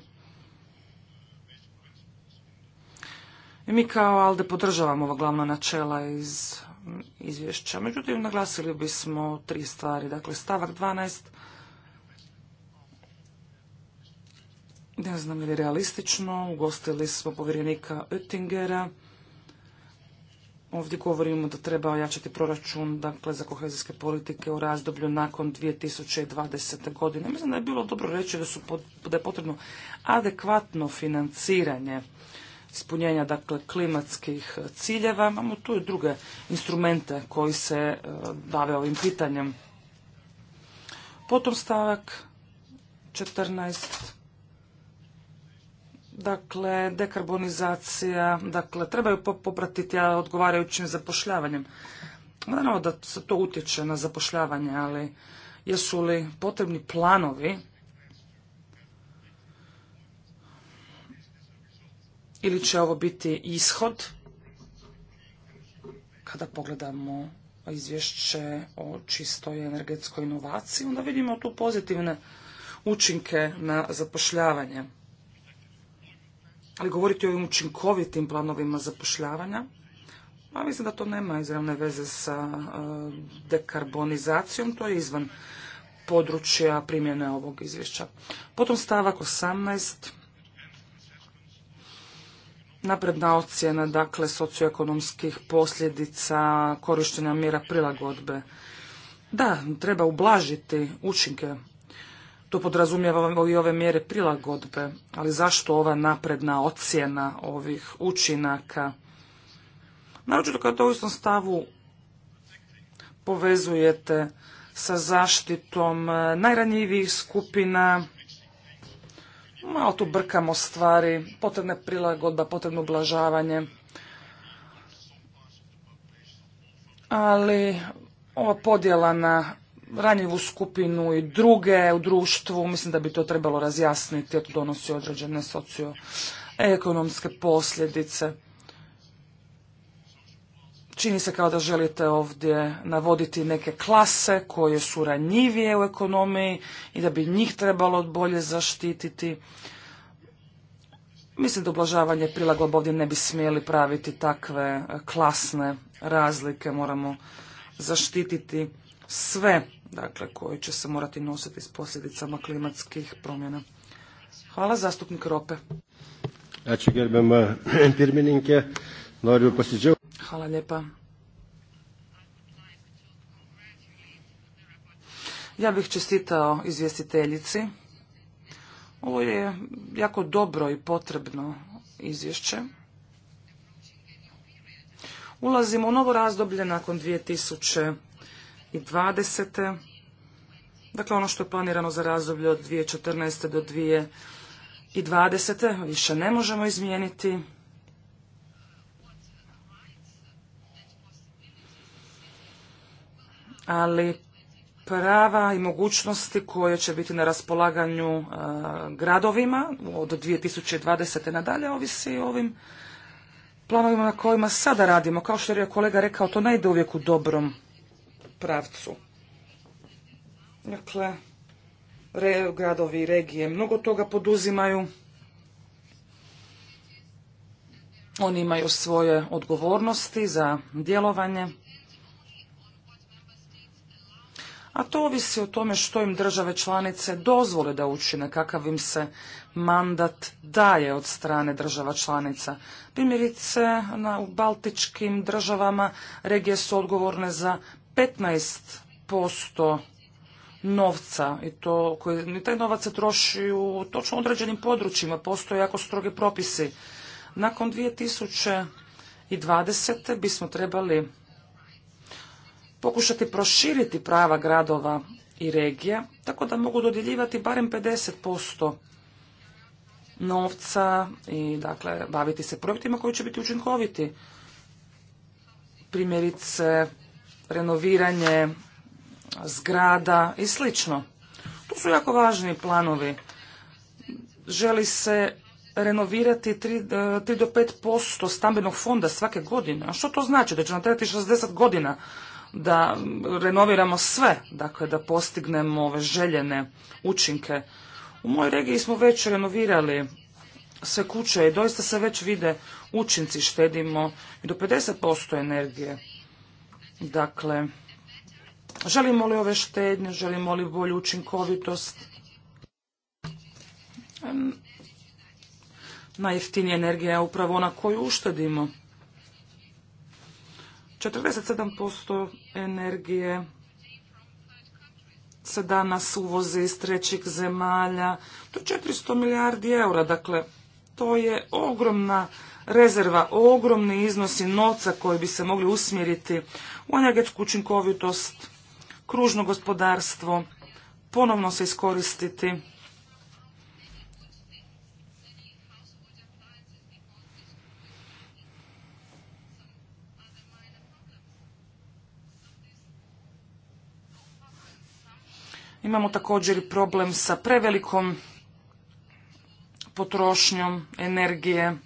Mi kao ALDE podržavamo ova glavna načela iz izvješća. Međutim, naglasili bismo tri stvari. Dakle, stavak 12. Ne znam je li realistično. Ugostili smo povjerenika Oettingera. Ovdje govorimo da treba ojačati proračun dakle, za kohezijske politike u razdoblju nakon 2020. godine. Mislim da je bilo dobro reći da, su, da je potrebno adekvatno financiranje ispunjenja dakle, klimatskih ciljeva. Imamo tu i druge instrumente koji se e, bave ovim pitanjem. Potom stavak 14. Dakle, dekarbonizacija, dakle, trebaju popratiti odgovarajućim zapošljavanjem. Naravno da se to utječe na zapošljavanje, ali jesu li potrebni planovi ili će ovo biti ishod kada pogledamo izvješće o čistoj energetskoj inovaciji, onda vidimo tu pozitivne učinke na zapošljavanje. Ali govoriti o ovim učinkovitim planovima zapošljavanja, pa mislim da to nema izravne veze sa e, dekarbonizacijom, to je izvan područja primjene ovog izvješća. Potom stavak 18 Napredna ocjena, dakle, socioekonomskih posljedica korištenja mjera prilagodbe. Da, treba ublažiti učinke. To podrazumijeva i ove mjere prilagodbe, ali zašto ova napredna ocjena ovih učinaka? Naročito kada to u istom stavu povezujete sa zaštitom najranjivijih skupina, Malo tu brkamo stvari, potrebna je prilagodba, potrebno ublažavanje. Ali ova podjela na ranjivu skupinu i druge u društvu, mislim da bi to trebalo razjasniti jer to donosi određene socioekonomske posljedice. Čini se kao da želite ovdje navoditi neke klase koje su ranjivije u ekonomiji i da bi njih trebalo bolje zaštititi. Mislim da ublažavanje prilagodba ovdje ne bi smjeli praviti takve klasne razlike. Moramo zaštititi sve dakle, koji će se morati nositi s posljedicama klimatskih promjena. Hvala zastupnik Rope. Hvala lijepa. Ja bih čestitao izvjestiteljici. Ovo je jako dobro i potrebno izvješće. Ulazimo u novo razdoblje nakon 2020. Dakle, ono što je planirano za razdoblje od 2014. do 2020. više ne možemo izmijeniti. ali prava i mogućnosti koje će biti na raspolaganju e, gradovima od 2020. nadalje ovisi o ovim planovima na kojima sada radimo. Kao što je kolega rekao, to ne ide uvijek u dobrom pravcu. Dakle, gradovi i regije mnogo toga poduzimaju. Oni imaju svoje odgovornosti za djelovanje. a to ovisi o tome što im države članice dozvole da učine, kakav im se mandat daje od strane država članica. Primjerice, na, u baltičkim državama regije su odgovorne za 15% novca i to koji, taj novac se troši u točno određenim područjima, postoje jako stroge propisi. Nakon 2020. bismo trebali pokušati proširiti prava gradova i regija, tako da mogu dodjeljivati barem 50% novca i dakle baviti se projektima koji će biti učinkoviti. Primjerice, renoviranje zgrada i slično. to su jako važni planovi. Želi se renovirati 3, e, do do 5% stambenog fonda svake godine. A što to znači? Da će nam trebati 60 godina da renoviramo sve, dakle da postignemo ove željene učinke. U mojoj regiji smo već renovirali sve kuće i doista se već vide učinci, štedimo i do 50% energije. Dakle, želimo li ove štednje, želimo li bolju učinkovitost, najjeftinija energija je upravo ona koju uštedimo. 47% energije se danas uvozi iz trećih zemalja. To je 400 milijardi eura, dakle to je ogromna rezerva, ogromni iznosi novca koji bi se mogli usmjeriti u energetsku učinkovitost, kružno gospodarstvo, ponovno se iskoristiti Imamo također i problem sa prevelikom potrošnjom energije.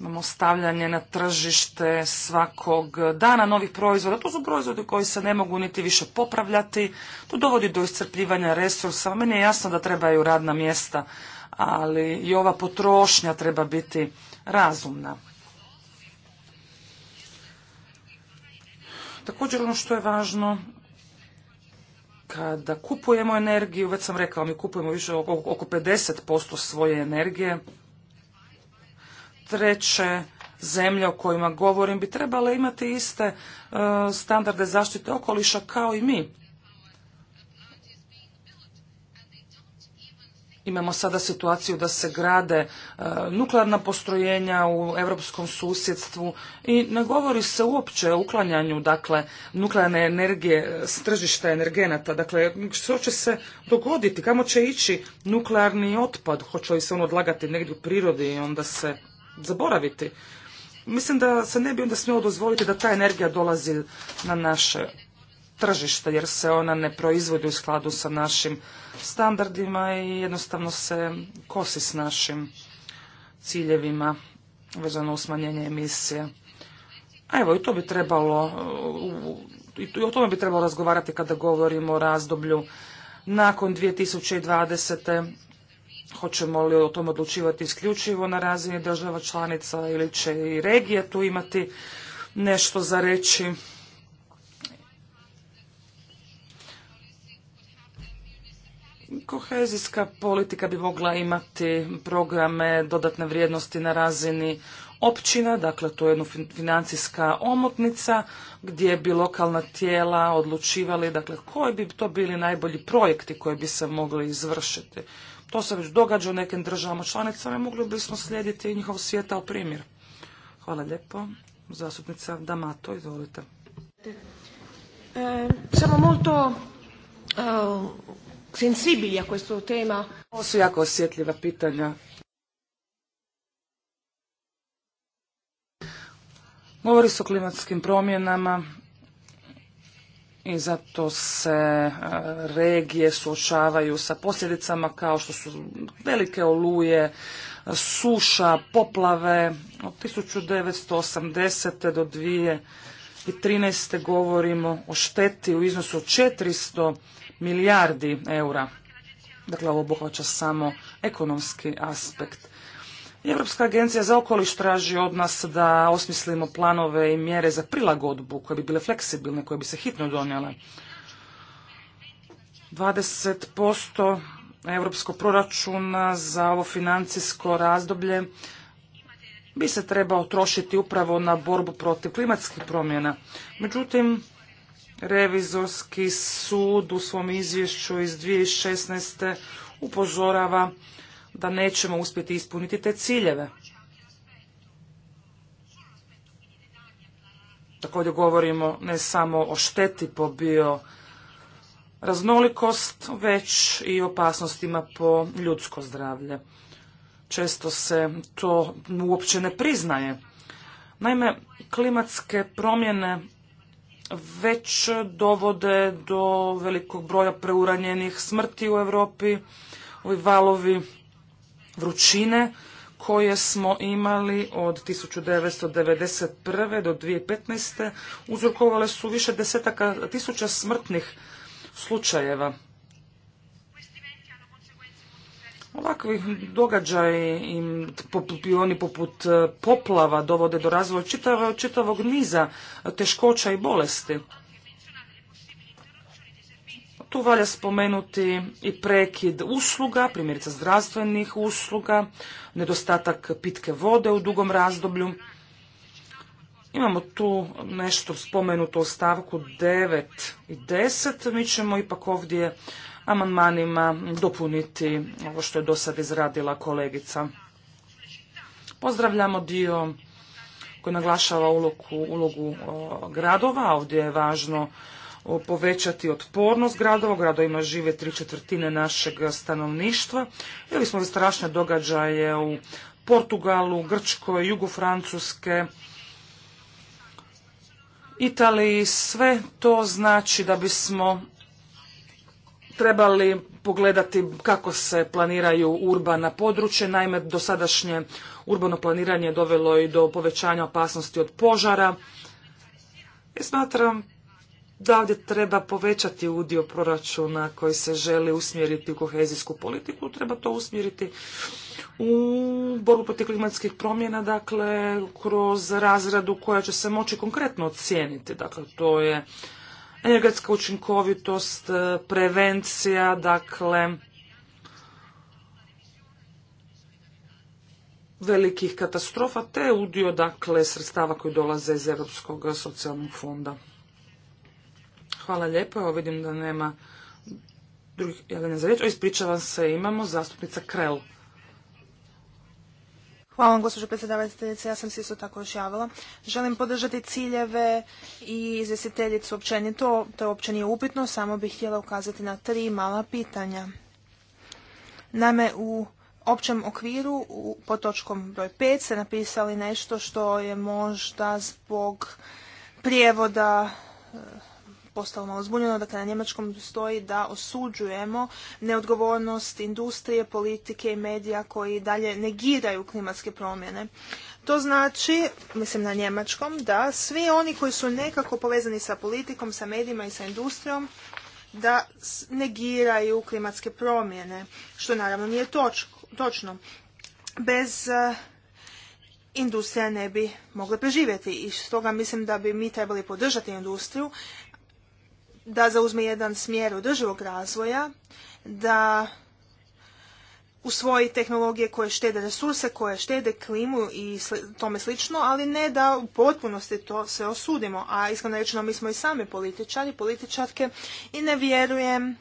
Imamo stavljanje na tržište svakog dana novih proizvoda. To su proizvodi koji se ne mogu niti više popravljati. To dovodi do iscrpljivanja resursa. Meni je jasno da trebaju radna mjesta, ali i ova potrošnja treba biti razumna. Također ono što je važno kada kupujemo energiju, već sam rekao, mi kupujemo više oko, oko 50% svoje energije. Treće, zemlje o kojima govorim bi trebale imati iste e, standarde zaštite okoliša kao i mi. Imamo sada situaciju da se grade e, nuklearna postrojenja u europskom susjedstvu i ne govori se uopće o uklanjanju dakle, nuklearne energije s tržišta energenata. Dakle, što će se dogoditi? Kamo će ići nuklearni otpad? Hoće li se on odlagati negdje u prirodi i onda se zaboraviti? Mislim da se ne bi onda smjelo dozvoliti da ta energija dolazi na naše tržište jer se ona ne proizvodi u skladu sa našim standardima i jednostavno se kosi s našim ciljevima vezano u smanjenje emisije. A evo i to bi trebalo, i o tome bi trebalo razgovarati kada govorimo o razdoblju nakon 2020. Hoćemo li o tom odlučivati isključivo na razini država članica ili će i regije tu imati nešto za reći. Kohezijska politika bi mogla imati programe dodatne vrijednosti na razini općina, dakle to je jedna financijska omotnica gdje bi lokalna tijela odlučivali dakle koji bi to bili najbolji projekti koji bi se mogli izvršiti. To se već događa u nekim državama članicama i mogli bismo slijediti njihov svijetao primjer. Hvala lijepo. Zastupnica Damato, izvolite. E, samo molto e, sensibili a questo tema. Ovo su jako osjetljiva pitanja. Govori se o klimatskim promjenama i zato se e, regije suočavaju sa posljedicama kao što su velike oluje, suša, poplave. Od 1980. do 2013. govorimo o šteti u iznosu od 400 milijardi eura. Dakle, ovo obuhvaća samo ekonomski aspekt. Europska agencija za okoliš traži od nas da osmislimo planove i mjere za prilagodbu koje bi bile fleksibilne, koje bi se hitno donijele. 20% europskog proračuna za ovo financijsko razdoblje bi se trebao trošiti upravo na borbu protiv klimatskih promjena. Međutim, Revizorski sud u svom izvješću iz 2016. upozorava da nećemo uspjeti ispuniti te ciljeve. Također govorimo ne samo o šteti po bio raznolikost, već i opasnostima po ljudsko zdravlje. Često se to uopće ne priznaje. Naime, klimatske promjene već dovode do velikog broja preuranjenih smrti u Europi, ovi valovi vrućine koje smo imali od 1991. do 2015. uzrokovale su više desetaka tisuća smrtnih slučajeva. Ovakvi događaji i oni poput e, poplava dovode do razvoja čitavog, niza teškoća i bolesti. Tu valja spomenuti i prekid usluga, primjerice zdravstvenih usluga, nedostatak pitke vode u dugom razdoblju. Imamo tu nešto spomenuto u stavku 9 i 10. Mi ćemo ipak ovdje amandmanima dopuniti ovo što je do sad izradila kolegica. Pozdravljamo dio koji naglašava ulogu, ulogu gradova. Ovdje je važno povećati otpornost gradova. Gradovima žive tri četvrtine našeg stanovništva. Ili smo strašne događaje u Portugalu, Grčkoj, Jugu Francuske, Italiji. Sve to znači da bismo trebali pogledati kako se planiraju urbana područja. Naime, dosadašnje urbano planiranje dovelo i do povećanja opasnosti od požara. I smatram da ovdje treba povećati udio proračuna koji se želi usmjeriti u kohezijsku politiku. Treba to usmjeriti u borbu protiv klimatskih promjena, dakle, kroz razradu koja će se moći konkretno ocijeniti. Dakle, to je energetska učinkovitost, e, prevencija, dakle, velikih katastrofa, te udio, dakle, sredstava koji dolaze iz Europskog socijalnog fonda. Hvala lijepo, evo vidim da nema drugih javljanja za riječ. O, ispričavam se, imamo zastupnica Krell. Hvala vam, gospođo predsjedavateljice. Ja sam se isto tako još javila. Želim podržati ciljeve i izvjestiteljicu općenito. To je uopće nije upitno, samo bih htjela ukazati na tri mala pitanja. Naime, u općem okviru u, pod točkom broj 5 ste napisali nešto što je možda zbog prijevoda eh, postalo malo zbunjeno, dakle na njemačkom stoji da osuđujemo neodgovornost industrije, politike i medija koji dalje negiraju klimatske promjene. To znači, mislim na njemačkom, da svi oni koji su nekako povezani sa politikom, sa medijima i sa industrijom, da negiraju klimatske promjene, što naravno nije točno. Bez eh, industrija ne bi mogla preživjeti i stoga mislim da bi mi trebali podržati industriju da zauzme jedan smjer održivog razvoja, da usvoji tehnologije koje štede resurse, koje štede klimu i tome slično, ali ne da u potpunosti to sve osudimo. A iskreno rečeno, mi smo i sami političari, političarke i ne vjerujem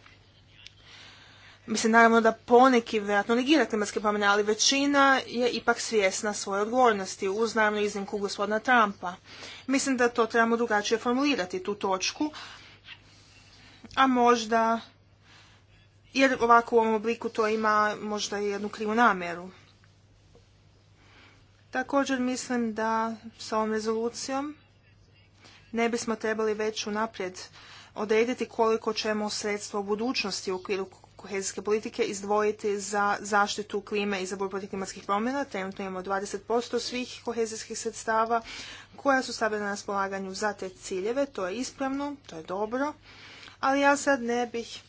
Mislim, naravno da poneki vjerojatno negira klimatske promjene, ali većina je ipak svjesna svoje odgovornosti, uz naravno iznimku gospodina Trumpa. Mislim da to trebamo drugačije formulirati, tu točku, a možda, jer ovako u ovom obliku to ima možda i jednu krivu namjeru. Također mislim da sa ovom rezolucijom ne bismo trebali već unaprijed odrediti koliko ćemo sredstva u budućnosti u okviru kohezijske politike izdvojiti za zaštitu klime i za borbu protiv klimatskih promjena. Trenutno imamo 20% svih kohezijskih sredstava koja su stavljena na raspolaganju za te ciljeve. To je ispravno, to je dobro ali ja sad ne bih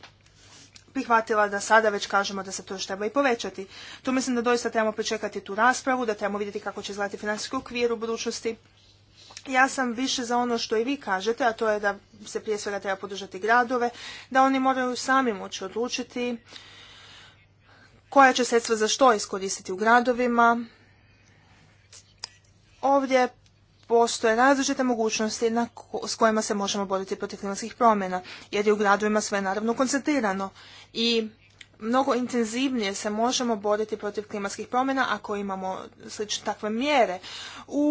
prihvatila da sada već kažemo da se to još treba i povećati. Tu mislim da doista trebamo pričekati tu raspravu, da trebamo vidjeti kako će izgledati financijski okvir u budućnosti. Ja sam više za ono što i vi kažete, a to je da se prije svega treba podržati gradove, da oni moraju sami moći odlučiti koja će sredstva za što iskoristiti u gradovima. Ovdje postoje različite mogućnosti s kojima se možemo boriti protiv klimatskih promjena, jer je u gradovima sve naravno koncentrirano i mnogo intenzivnije se možemo boriti protiv klimatskih promjena ako imamo slične takve mjere u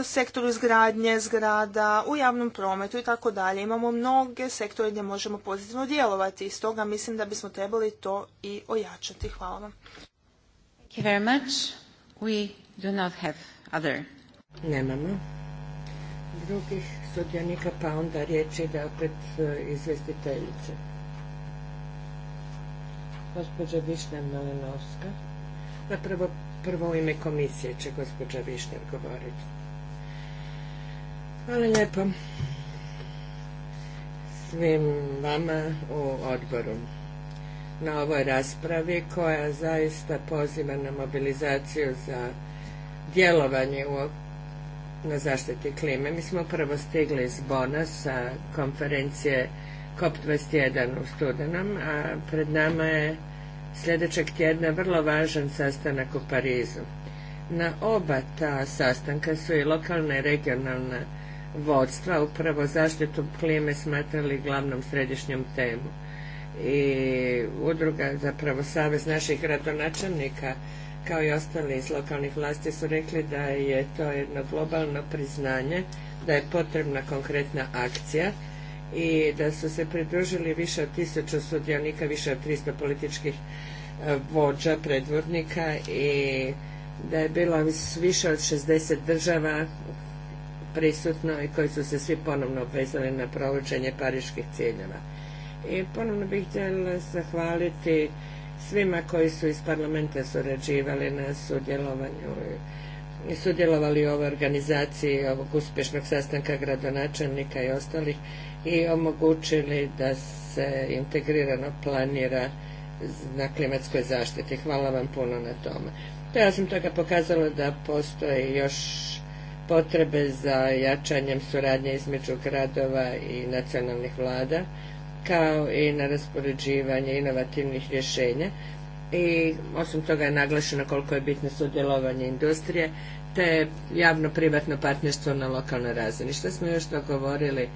e, sektoru zgradnje zgrada, u javnom prometu i tako dalje. Imamo mnoge sektore gdje možemo pozitivno djelovati i stoga mislim da bismo trebali to i ojačati. Hvala vam. Thank We do not have other Nemamo drugih sudionika, pa onda riječi da opet e, izvestiteljice. Gospođa Višnja Malinovska. Zapravo prvo u ime komisije će gospođa Višnja govoriti. Hvala lijepo svim vama u odboru na ovoj raspravi koja zaista poziva na mobilizaciju za djelovanje u na zaštiti klime. Mi smo prvo stigli iz Bona sa konferencije COP21 u studenom, a pred nama je sljedećeg tjedna vrlo važan sastanak u Parizu. Na oba ta sastanka su i lokalna i regionalna vodstva upravo zaštitu klime smatrali glavnom središnjom temu. I udruga, zapravo Savez naših gradonačelnika kao i ostali iz lokalnih vlasti su rekli da je to jedno globalno priznanje, da je potrebna konkretna akcija i da su se pridružili više od tisuću sudionika, više od 300 političkih e, vođa, predvodnika i da je bilo više od 60 država prisutno i koji su se svi ponovno obvezali na provođenje pariških ciljeva. I ponovno bih htjela zahvaliti svima koji su iz parlamenta surađivali na sudjelovanju i sudjelovali u ovoj organizaciji ovog uspješnog sastanka gradonačelnika i ostalih i omogućili da se integrirano planira na klimatskoj zaštiti. Hvala vam puno na tome. To ja sam toga pokazalo da postoji još potrebe za jačanjem suradnje između gradova i nacionalnih vlada kao i na raspoređivanje inovativnih rješenja i osim toga je naglašeno koliko je bitno sudjelovanje industrije te javno-privatno partnerstvo na lokalnoj razini. Što smo još dogovorili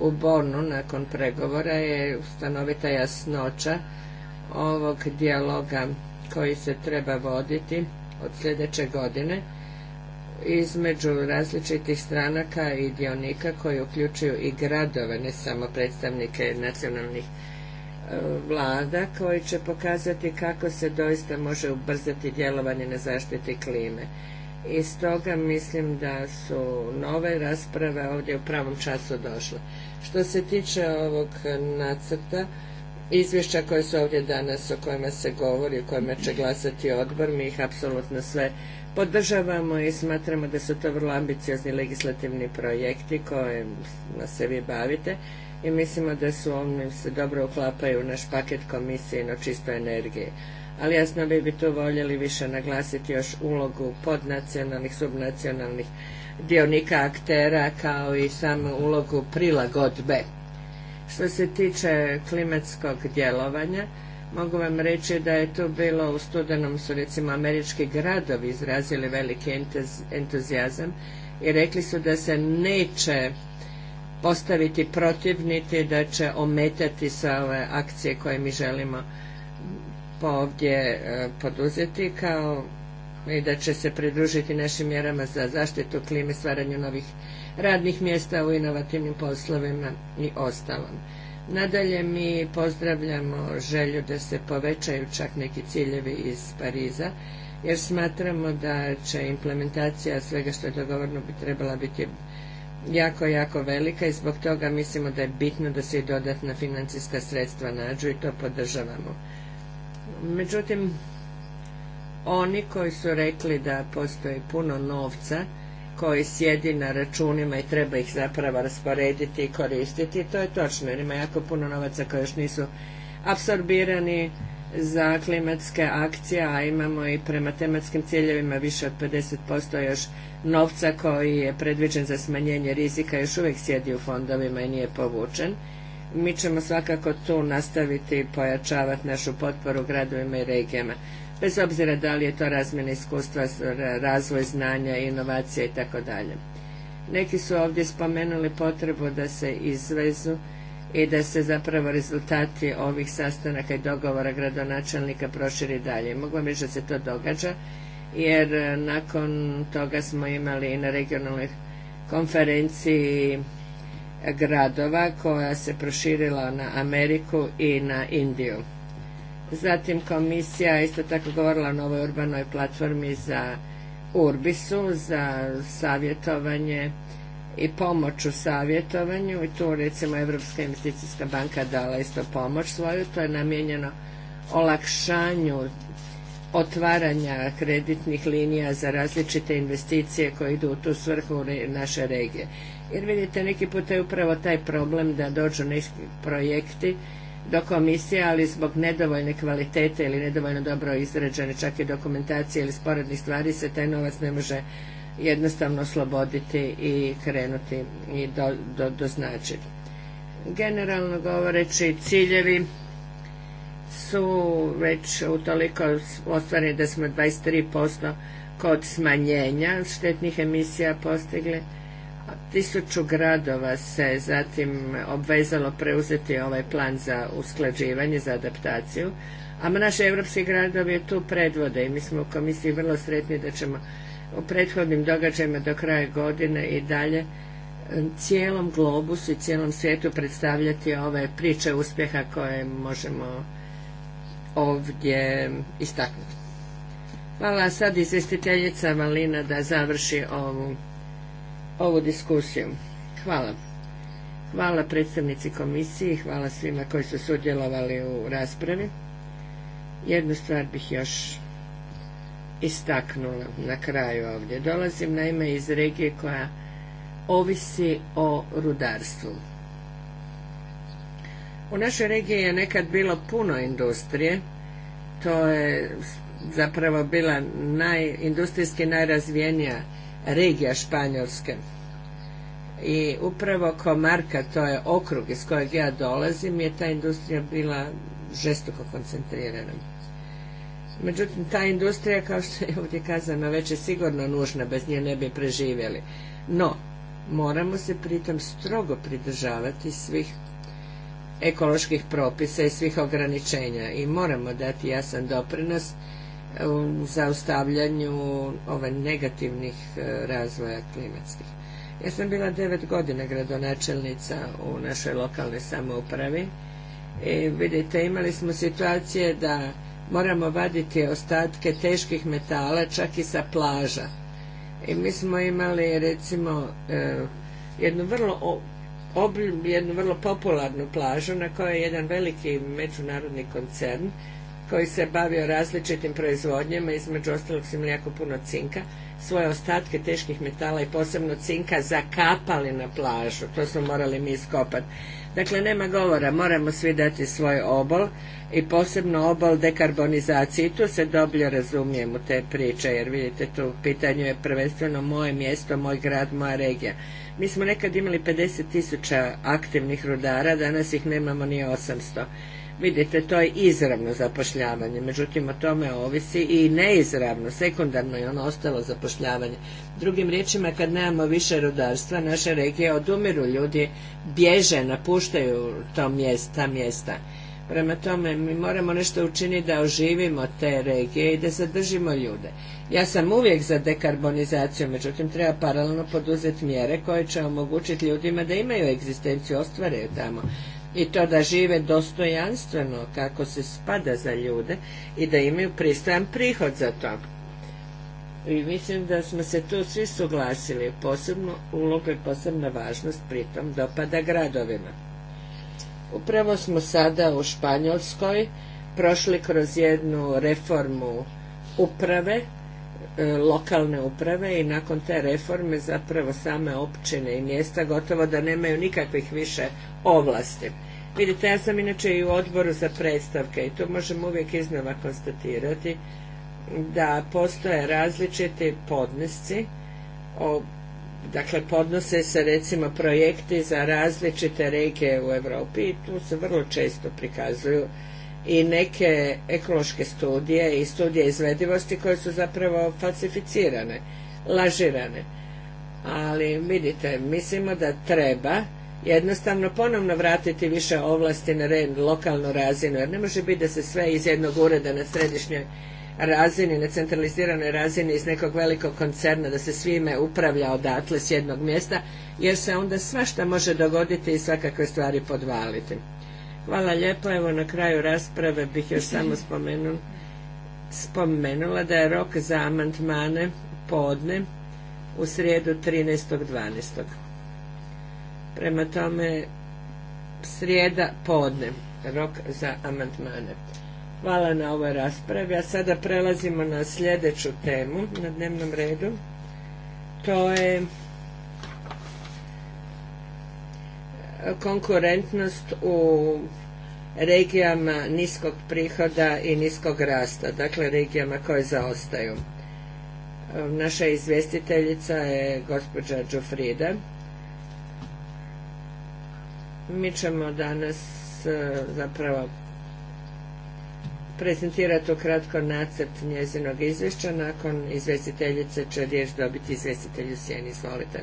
u Bonu nakon pregovora je ustanovita jasnoća ovog dijaloga koji se treba voditi od sljedeće godine između različitih stranaka i dionika koji uključuju i gradove, ne samo predstavnike nacionalnih e, vlada koji će pokazati kako se doista može ubrzati djelovanje na zaštiti klime. I stoga mislim da su nove rasprave ovdje u pravom času došle. Što se tiče ovog nacrta, izvješća koje su ovdje danas o kojima se govori, o kojima će glasati odbor, mi ih apsolutno sve podržavamo i smatramo da su to vrlo ambiciozni legislativni projekti koje se vi bavite i mislimo da su oni se dobro uklapaju u naš paket komisije na čistoj energiji. Ali jasno bi bi tu voljeli više naglasiti još ulogu podnacionalnih, subnacionalnih dionika aktera kao i samu ulogu prilagodbe. Što se tiče klimatskog djelovanja, Mogu vam reći da je to bilo u studenom su recimo američki gradovi izrazili veliki entuzijazam i rekli su da se neće postaviti protiv niti da će ometati sve ove akcije koje mi želimo ovdje e, poduzeti kao i da će se pridružiti našim mjerama za zaštitu klime, stvaranju novih radnih mjesta u inovativnim poslovima i ostalom. Nadalje mi pozdravljamo želju da se povećaju čak neki ciljevi iz Pariza, jer smatramo da će implementacija svega što je dogovorno bi trebala biti jako, jako velika i zbog toga mislimo da je bitno da se i dodatna financijska sredstva nađu i to podržavamo. Međutim, oni koji su rekli da postoji puno novca koji sjedi na računima i treba ih zapravo rasporediti i koristiti. to je točno jer ima jako puno novaca koji još nisu apsorbirani za klimatske akcije, a imamo i prema tematskim ciljevima više od 50% još novca koji je predviđen za smanjenje rizika još uvijek sjedi u fondovima i nije povučen. Mi ćemo svakako tu nastaviti pojačavati našu potporu gradovima i regijama bez obzira da li je to razmjena iskustva, razvoj znanja, inovacija i tako dalje. Neki su ovdje spomenuli potrebu da se izvezu i da se zapravo rezultati ovih sastanaka i dogovora gradonačelnika proširi dalje. Mogu vam reći da se to događa, jer e, nakon toga smo imali i na regionalnoj konferenciji gradova koja se proširila na Ameriku i na Indiju. Zatim komisija isto tako govorila o novoj urbanoj platformi za Urbisu, za savjetovanje i pomoć u savjetovanju i tu recimo Europska investicijska banka dala isto pomoć svoju, to je namijenjeno olakšanju otvaranja kreditnih linija za različite investicije koje idu u tu svrhu naše regije. Jer vidite, neki put je upravo taj problem da dođu neki projekti do komisije, ali zbog nedovoljne kvalitete ili nedovoljno dobro izrađene čak i dokumentacije ili sporednih stvari se taj novac ne može jednostavno osloboditi i krenuti i doznačiti. Generalno govoreći, ciljevi su već utoliko ostvareni da smo 23% kod smanjenja štetnih emisija postigli, tisuću gradova se zatim obvezalo preuzeti ovaj plan za usklađivanje, za adaptaciju, a naši evropski gradovi tu predvode i mi smo u komisiji vrlo sretni da ćemo u prethodnim događajima do kraja godine i dalje e, cijelom globusu i cijelom svijetu predstavljati ove priče uspjeha koje možemo ovdje istaknuti. Hvala sad izvjestiteljica Valina da završi ovu ovu diskusiju. Hvala. Hvala predstavnici komisiji, hvala svima koji su sudjelovali u raspravi. Jednu stvar bih još istaknula na kraju ovdje. Dolazim naime iz regije koja ovisi o rudarstvu. U našoj regiji je nekad bilo puno industrije, to je zapravo bila najindustrijski industrijski najrazvijenija regija Španjolske. I upravo Komarka, to je okrug iz kojeg ja dolazim, je ta industrija bila žestoko koncentrirana. Međutim, ta industrija, kao što je ovdje kazano, već je sigurno nužna, bez nje ne bi preživjeli. No, moramo se pritom strogo pridržavati svih ekoloških propisa i svih ograničenja i moramo dati jasan doprinos u zaustavljanju ove negativnih e, razvoja klimatskih. Ja sam bila devet godina gradonačelnica u našoj lokalnoj samoupravi i vidite imali smo situacije da moramo vaditi ostatke teških metala čak i sa plaža. I mi smo imali recimo e, jednu vrlo jednu vrlo popularnu plažu na kojoj je jedan veliki međunarodni koncern koji se bavio različitim proizvodnjama, između ostalog sam jako puno cinka, svoje ostatke teških metala i posebno cinka zakapali na plažu. To smo morali mi iskopati. Dakle, nema govora, moramo svi dati svoj obol i posebno obol dekarbonizaciji. Tu se dobro razumijem u te priče, jer vidite tu u pitanju je prvenstveno moje mjesto, moj grad, moja regija. Mi smo nekad imali 50 tisuća aktivnih rudara, danas ih nemamo ni 800 Vidite, to je izravno zapošljavanje, međutim o tome ovisi i neizravno, sekundarno je ono ostalo zapošljavanje. Drugim riječima, kad nemamo više rudarstva, naše regije odumiru, ljudi bježe, napuštaju to mjesta, ta mjesta. Prema tome, mi moramo nešto učiniti da oživimo te regije i da zadržimo ljude. Ja sam uvijek za dekarbonizaciju, međutim treba paralelno poduzeti mjere koje će omogućiti ljudima da imaju egzistenciju, ostvare tamo i to da žive dostojanstveno kako se spada za ljude i da imaju pristojan prihod za to. I mislim da smo se tu svi suglasili, posebno uloga i posebna važnost pritom dopada gradovima. Upravo smo sada u Španjolskoj prošli kroz jednu reformu uprave E, lokalne uprave i nakon te reforme zapravo same općine i mjesta gotovo da nemaju nikakvih više ovlasti. Vidite, ja sam inače i u odboru za predstavke i to možemo uvijek iznova konstatirati da postoje različiti podnesci, dakle podnose se recimo projekti za različite regije u Europi i tu se vrlo često prikazuju i neke ekološke studije i studije izvedivosti koje su zapravo falsificirane, lažirane. Ali vidite, mislimo da treba jednostavno ponovno vratiti više ovlasti na red, lokalnu razinu, jer ne može biti da se sve iz jednog ureda na središnjoj razini, na centraliziranoj razini iz nekog velikog koncerna, da se svime upravlja odatle s jednog mjesta, jer se onda svašta može dogoditi i svakakve stvari podvaliti. Hvala lijepo. Evo na kraju rasprave bih još samo spomenula, spomenula da je rok za amandmane podne u srijedu 13.12. Prema tome srijeda podne rok za amandmane. Hvala na ovoj raspravi. A sada prelazimo na sljedeću temu na dnevnom redu. To je konkurentnost u regijama niskog prihoda i niskog rasta, dakle regijama koje zaostaju. Naša izvjestiteljica je gospođa Jofrida, Mi ćemo danas e, zapravo prezentirati ukratko nacrt njezinog izvješća. Nakon izvjestiteljice će riječ dobiti izvjestitelju Sjeni. Izvolite.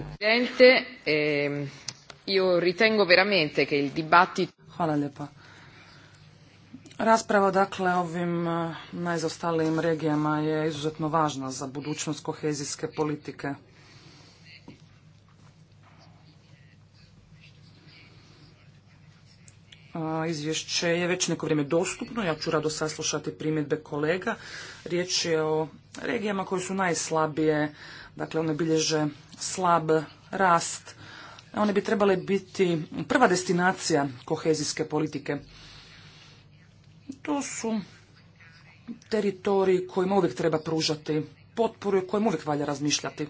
Io ritengo veramente che il dibattito... Hvala Rasprava dakle ovim eh, najzostalijim regijama je izuzetno važna za budućnost kohezijske politike. Izvješće je već neko vrijeme dostupno, ja ću rado saslušati primjedbe kolega. Riječ je o regijama koje su najslabije, dakle one bilježe slab rast. One bi trebale biti prva destinacija kohezijske politike. To su teritoriji kojima uvijek treba pružati potporu i kojima uvijek valja razmišljati.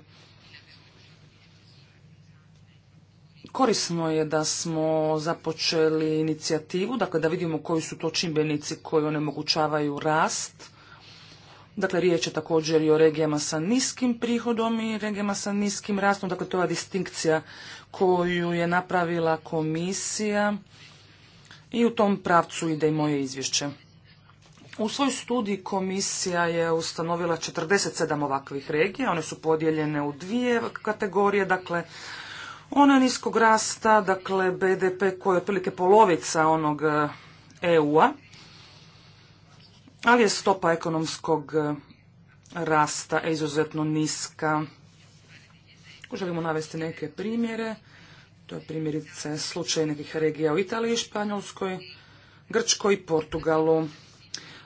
Korisno je da smo započeli inicijativu, dakle da vidimo koji su to čimbenici koji onemogućavaju rast Dakle, riječ je također i o regijama sa niskim prihodom i regijama sa niskim rastom. Dakle, to je distinkcija koju je napravila komisija i u tom pravcu ide i moje izvješće. U svojoj studiji komisija je ustanovila 47 ovakvih regija. One su podijeljene u dvije kategorije, dakle, ona niskog rasta, dakle BDP koja je otprilike polovica onog eh, EU-a, ali je stopa ekonomskog e, rasta izuzetno niska. Želimo navesti neke primjere. To je primjerice slučaj nekih regija u Italiji, Španjolskoj, Grčkoj i Portugalu.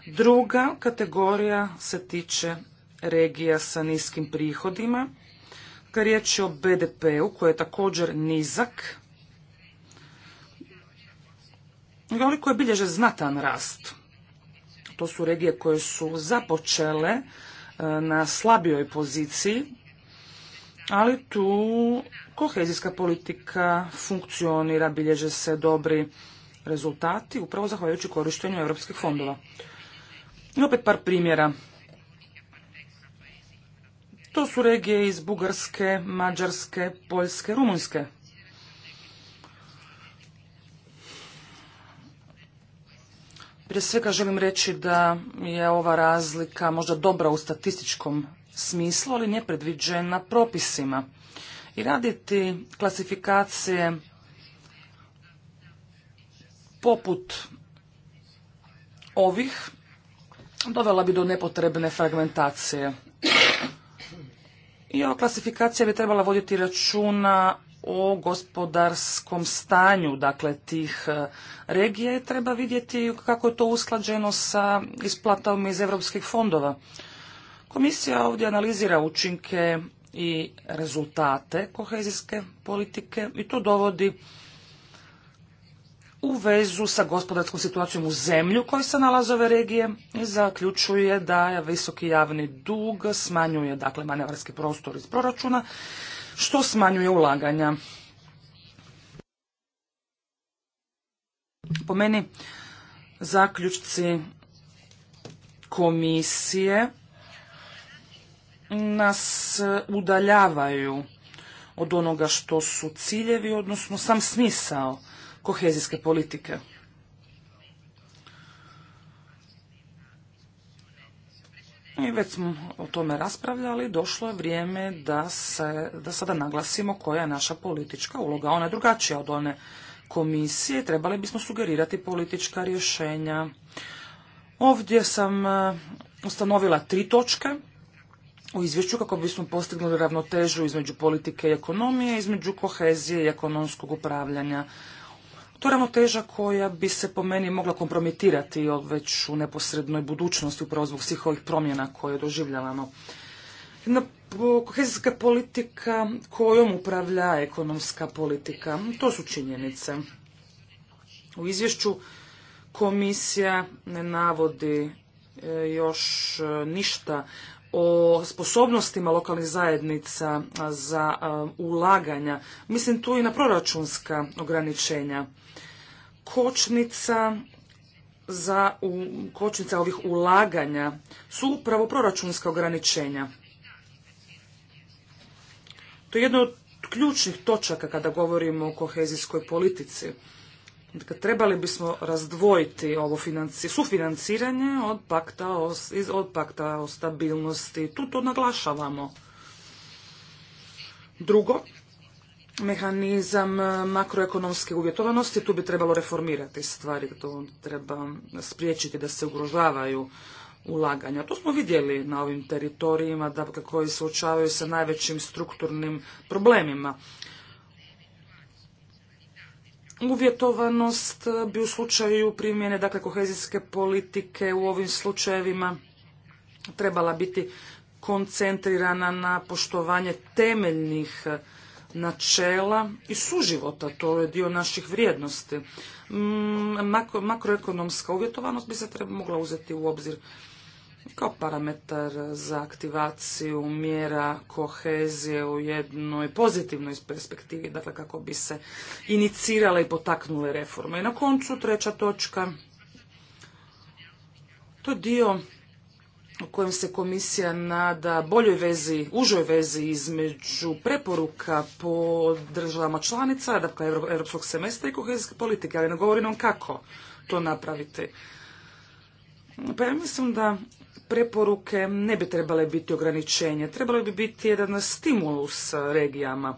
Druga kategorija se tiče regija sa niskim prihodima. riječ je o BDP-u koji je također nizak, koliko je bilježe znatan rast. To su regije koje su započele e, na slabijoj poziciji, ali tu kohezijska politika funkcionira, bilježe se dobri rezultati, upravo zahvaljujući korištenju europskih fondova. I opet par primjera. To su regije iz Bugarske, Mađarske, Poljske, Rumunjske. Prije svega želim reći da je ova razlika možda dobra u statističkom smislu, ali nije predviđena propisima. I raditi klasifikacije poput ovih dovela bi do nepotrebne fragmentacije. I ova klasifikacija bi trebala voditi računa o gospodarskom stanju dakle tih e, regija treba vidjeti kako je to usklađeno sa isplatom iz europskih fondova. Komisija ovdje analizira učinke i rezultate kohezijske politike i to dovodi u vezu sa gospodarskom situacijom u zemlju koji se nalaze ove regije i zaključuje da je visoki javni dug smanjuje dakle manevarski prostor iz proračuna što smanjuje ulaganja. Po meni zaključci komisije nas udaljavaju od onoga što su ciljevi, odnosno sam smisao kohezijske politike. I već smo o tome raspravljali, došlo je vrijeme da, se, da sada naglasimo koja je naša politička uloga. Ona je drugačija od one komisije, trebali bismo sugerirati politička rješenja. Ovdje sam e, ustanovila tri točke u izvješću kako bismo postignuli ravnotežu između politike i ekonomije, između kohezije i ekonomskog upravljanja ravnoteža koja bi se po meni mogla kompromitirati već u neposrednoj budućnosti upravo zbog svih ovih promjena koje doživljavamo. Jedna kohezijska politika kojom upravlja ekonomska politika. To su činjenice. U izvješću komisija ne navodi e, još e, ništa o sposobnostima lokalnih zajednica za ulaganja. Mislim tu i na proračunska ograničenja. Kočnica za kočnica ovih ulaganja su upravo proračunska ograničenja. To je jedno od ključnih točaka kada govorimo o kohezijskoj politici. Dakle, trebali bismo razdvojiti ovo sufinanciranje od pakta o, od pakta o stabilnosti. Tu to naglašavamo. Drugo, mehanizam e, makroekonomske uvjetovanosti, tu bi trebalo reformirati stvari, to treba spriječiti da se ugrožavaju ulaganja. To smo vidjeli na ovim teritorijima da, koji suočavaju sa najvećim strukturnim problemima uvjetovanost bi u slučaju primjene dakle kohezijske politike u ovim slučajevima trebala biti koncentrirana na poštovanje temeljnih načela i suživota, to je dio naših vrijednosti. Mm, makroekonomska uvjetovanost bi se treba mogla uzeti u obzir kao parametar za aktivaciju mjera kohezije u jednoj pozitivnoj perspektivi, dakle kako bi se inicirale i potaknule reforme. I na koncu treća točka, to je dio u kojem se komisija nada boljoj vezi, užoj vezi između preporuka po državama članica, dakle europskog semestra i kohezijske politike, ali ne govori kako to napraviti. Pa ja mislim da preporuke ne bi trebale biti ograničenje, trebalo bi biti jedan stimulus regijama.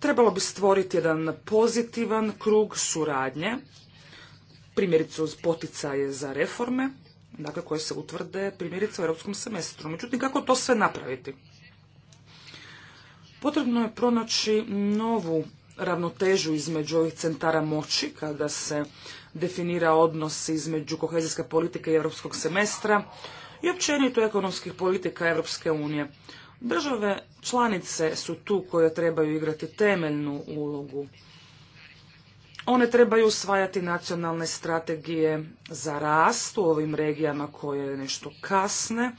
Trebalo bi stvoriti jedan pozitivan krug suradnje, primjerice uz poticaje za reforme, dakle koje se utvrde primjerice u europskom semestru. Međutim, kako to sve napraviti? Potrebno je pronaći novu ravnotežu između ovih centara moći kada se definira odnos između kohezijske politike i europskog semestra i općenito ekonomskih politika Europske unije. Države članice su tu koje trebaju igrati temeljnu ulogu. One trebaju usvajati nacionalne strategije za rast u ovim regijama koje nešto kasne.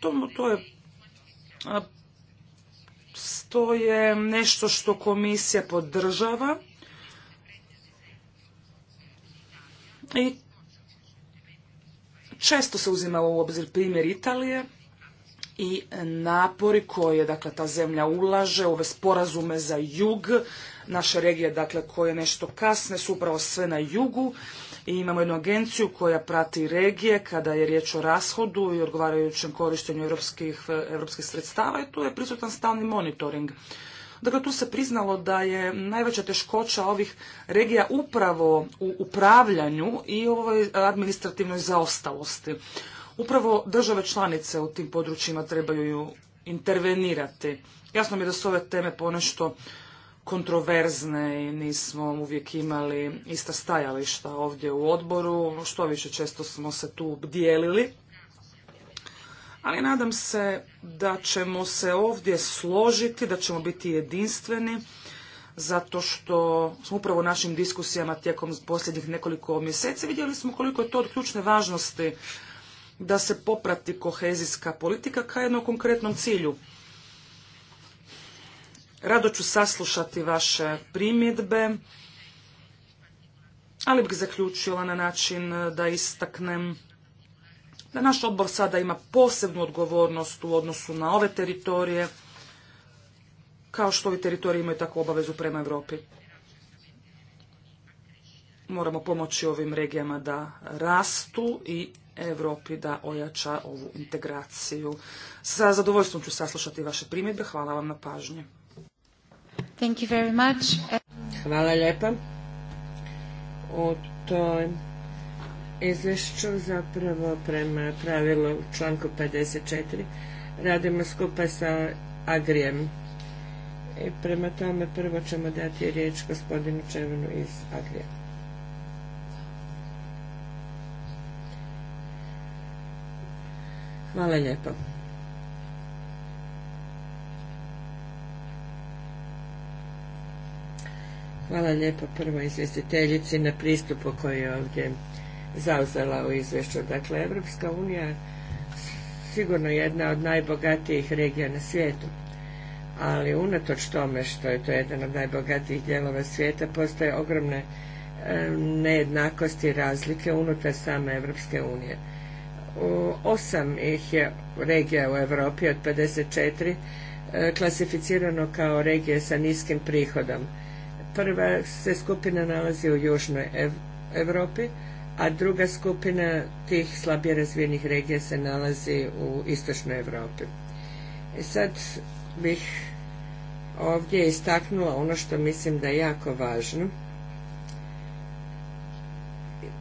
to je to je nešto što komisija podržava I često se uzima u obzir primjer Italije i napori koje dakle ta zemlja ulaže, ove sporazume za jug, naše regije dakle koje nešto kasne su upravo sve na jugu i imamo jednu agenciju koja prati regije kada je riječ o rashodu i odgovarajućem korištenju europskih, europskih sredstava i tu je prisutan stalni monitoring. Dakle, tu se priznalo da je najveća teškoća ovih regija upravo u upravljanju i ovoj administrativnoj zaostalosti. Upravo države članice u tim područjima trebaju intervenirati. Jasno mi je da su ove teme ponešto kontroverzne i nismo uvijek imali ista stajališta ovdje u odboru, što više često smo se tu dijelili ali nadam se da ćemo se ovdje složiti, da ćemo biti jedinstveni, zato što smo upravo u našim diskusijama tijekom posljednjih nekoliko mjeseci vidjeli smo koliko je to od ključne važnosti da se poprati kohezijska politika ka jednom konkretnom cilju. Rado ću saslušati vaše primjedbe, ali bih zaključila na način da istaknem da naš odbor sada ima posebnu odgovornost u odnosu na ove teritorije, kao što ovi teritoriji imaju takvu obavezu prema Europi. Moramo pomoći ovim regijama da rastu i Europi da ojača ovu integraciju. Sa zadovoljstvom ću saslušati vaše primjedbe. Hvala vam na pažnje. Hvala lijepa izvješću zapravo prema pravilu članku 54 radimo skupa sa Agrijem. I prema tome prvo ćemo dati riječ gospodinu Čevinu iz Agrija. Hvala lijepo. Hvala lijepo prvo izvjestiteljici na pristupu koji je ovdje zauzela u izvješću. Dakle, Evropska unija je sigurno jedna od najbogatijih regija na svijetu. Ali unatoč tome što je to jedan od najbogatijih dijelova svijeta, postoje ogromne e, nejednakosti i razlike unutar same Evropske unije. osam ih je regija u Europi od 54 e, klasificirano kao regije sa niskim prihodom. Prva se skupina nalazi u Južnoj Europi, a druga skupina tih slabije razvijenih regija se nalazi u istočnoj Europi. E sad bih ovdje istaknula ono što mislim da je jako važno,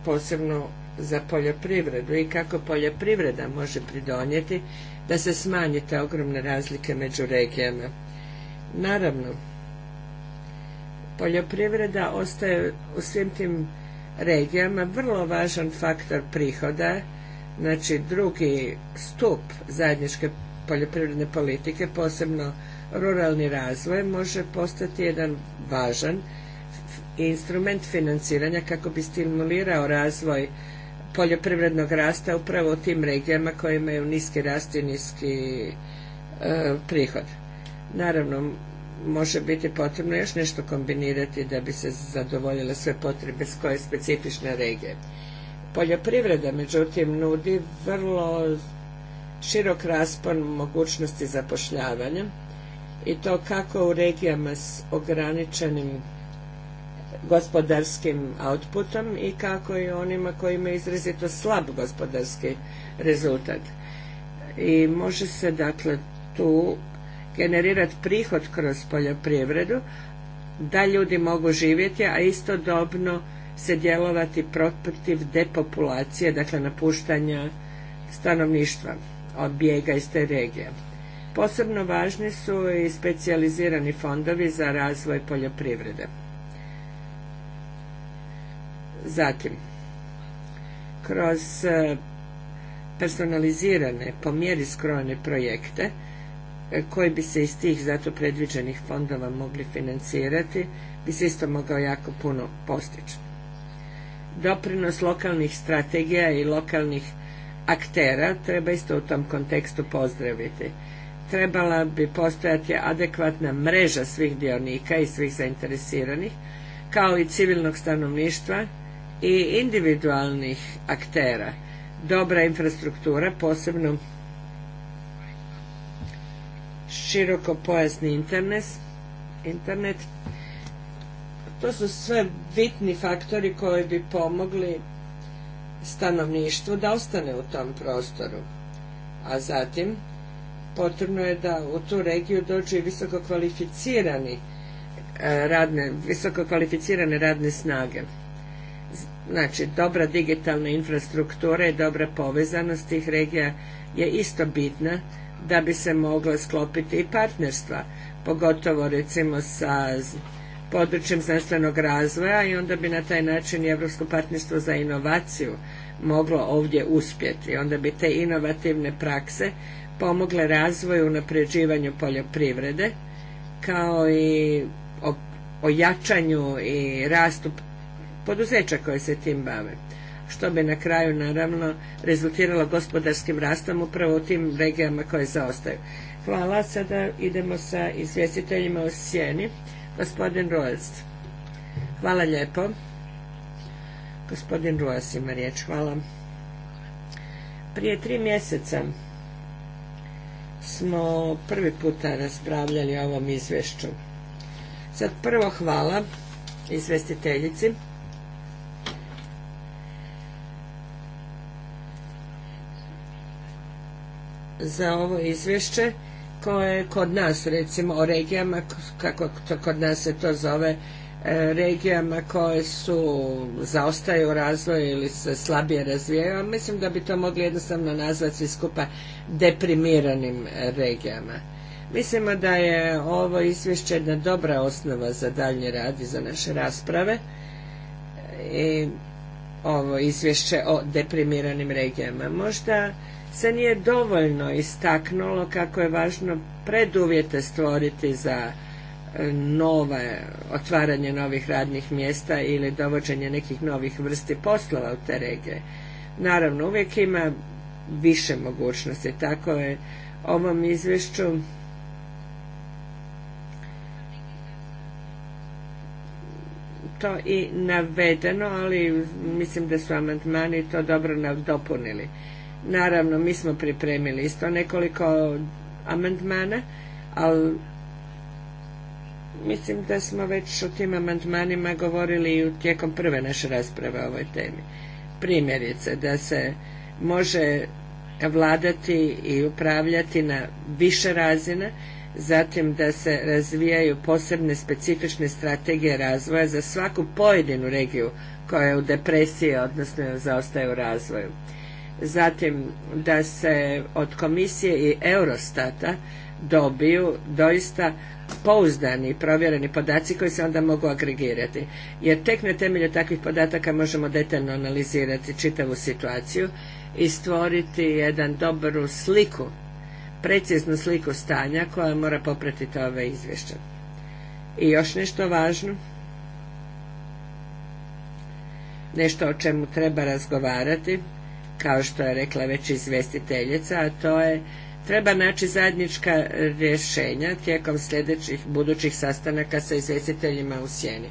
posebno za poljoprivredu i kako poljoprivreda može pridonijeti da se smanje te ogromne razlike među regijama. Naravno, poljoprivreda ostaje u svim tim regijama vrlo važan faktor prihoda, znači drugi stup zajedničke poljoprivredne politike, posebno ruralni razvoj, može postati jedan važan instrument financiranja kako bi stimulirao razvoj poljoprivrednog rasta upravo u tim regijama koje imaju niski rast i niski e, prihod. Naravno, može biti potrebno još nešto kombinirati da bi se zadovoljile sve potrebe s koje specifične regije. Poljoprivreda, međutim, nudi vrlo širok raspon mogućnosti zapošljavanja i to kako u regijama s ograničenim gospodarskim outputom i kako i onima koji imaju izrazito slab gospodarski rezultat. I može se dakle tu generirati prihod kroz poljoprivredu, da ljudi mogu živjeti, a istodobno se djelovati protiv depopulacije, dakle napuštanja stanovništva od bijega iz te regije. Posebno važni su i specijalizirani fondovi za razvoj poljoprivrede. Zatim, kroz eh, personalizirane, po mjeri skrojene projekte, koji bi se iz tih zato predviđenih fondova mogli financirati, bi se isto mogao jako puno postići. Doprinos lokalnih strategija i lokalnih aktera treba isto u tom kontekstu pozdraviti. Trebala bi postojati adekvatna mreža svih dionika i svih zainteresiranih, kao i civilnog stanovništva i individualnih aktera. Dobra infrastruktura, posebno širokopojasni internet, internet. To su sve bitni faktori koji bi pomogli stanovništvu da ostane u tom prostoru. A zatim potrebno je da u tu regiju dođu i visoko kvalificirani e, radne, visoko radne snage. Znači, dobra digitalna infrastruktura i dobra povezanost tih regija je isto bitna da bi se mogla sklopiti i partnerstva, pogotovo recimo sa područjem znanstvenog razvoja i onda bi na taj način i Europsko partnerstvo za inovaciju moglo ovdje uspjeti. Onda bi te inovativne prakse pomogle razvoju, i unapređivanju poljoprivrede kao i o, jačanju i rastu poduzeća koje se tim bave što bi na kraju naravno rezultiralo gospodarskim rastom upravo u tim regijama koje zaostaju. Hvala, sada idemo sa izvjestiteljima u sjeni. Gospodin Rojas. Hvala lijepo. Gospodin Rojas ima riječ, hvala. Prije tri mjeseca smo prvi puta raspravljali o ovom izvješću. Sad prvo hvala izvjestiteljici za ovo izvješće koje kod nas recimo o regijama kako to kod nas se to zove e, regijama koje su zaostaju u razvoju ili se slabije razvijaju, mislim da bi to mogli jednostavno nazvati skupa deprimiranim regijama. Mislimo da je ovo izvješće jedna dobra osnova za dalje rad i za naše rasprave i ovo izvješće o deprimiranim regijama. Možda se nije dovoljno istaknulo kako je važno preduvjete stvoriti za e, nove, otvaranje novih radnih mjesta ili dovođenje nekih novih vrsti poslova u te regije. Naravno, uvijek ima više mogućnosti, tako je ovom izvješću to i navedeno, ali mislim da su amandmani to dobro dopunili. Naravno, mi smo pripremili isto nekoliko amandmana, ali mislim da smo već o tim amandmanima govorili i tijekom prve naše rasprave o ovoj temi. Primjerice, da se može vladati i upravljati na više razina, zatim da se razvijaju posebne specifične strategije razvoja za svaku pojedinu regiju koja je u depresiji, odnosno zaostaje u razvoju zatim da se od komisije i Eurostata dobiju doista pouzdani i provjereni podaci koji se onda mogu agregirati. Jer tek na temelju takvih podataka možemo detaljno analizirati čitavu situaciju i stvoriti jedan dobru sliku, preciznu sliku stanja koja mora popratiti ove izvješće. I još nešto važno, nešto o čemu treba razgovarati, kao što je rekla već izvjestiteljica, a to je treba naći zajednička rješenja tijekom sljedećih budućih sastanaka sa izvjestiteljima u sjeni.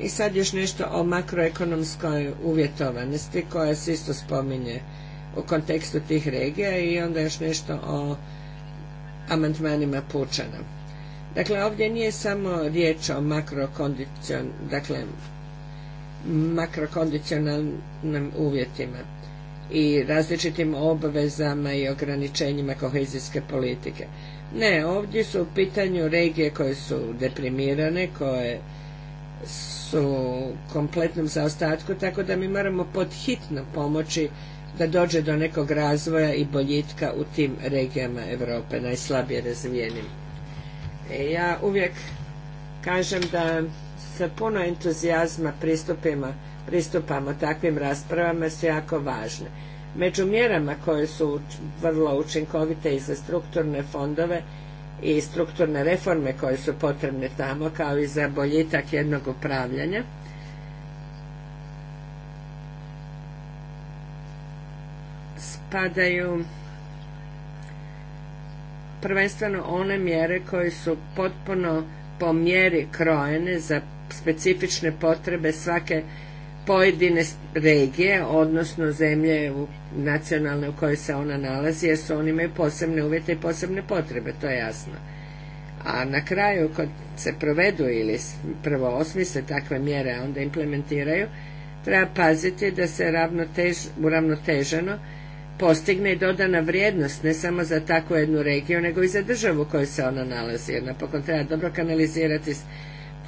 I sad još nešto o makroekonomskoj uvjetovanosti koja se isto spominje u kontekstu tih regija i onda još nešto o amandmanima Pučana. Dakle, ovdje nije samo riječ o dakle, makrokondicionalnim uvjetima i različitim obvezama i ograničenjima kohezijske politike. Ne, ovdje su u pitanju regije koje su deprimirane, koje su kompletnom zaostatku, tako da mi moramo podhitno pomoći da dođe do nekog razvoja i boljitka u tim regijama Europe, najslabije razvijenim. E, ja uvijek kažem da sa puno entuzijazma pristupima pristupamo takvim raspravama su jako važne. Među mjerama koje su vrlo učinkovite i za strukturne fondove i strukturne reforme koje su potrebne tamo, kao i za boljitak jednog upravljanja, spadaju prvenstveno one mjere koje su potpuno po mjeri krojene za specifične potrebe svake pojedine regije, odnosno zemlje nacionalne u kojoj se ona nalazi, jer su oni imaju posebne uvjete i posebne potrebe, to je jasno. A na kraju, kad se provedu ili prvo osmisle takve mjere, a onda implementiraju, treba paziti da se ravnotež, uravnoteženo postigne i dodana vrijednost ne samo za takvu jednu regiju, nego i za državu u kojoj se ona nalazi, jer napokon treba dobro kanalizirati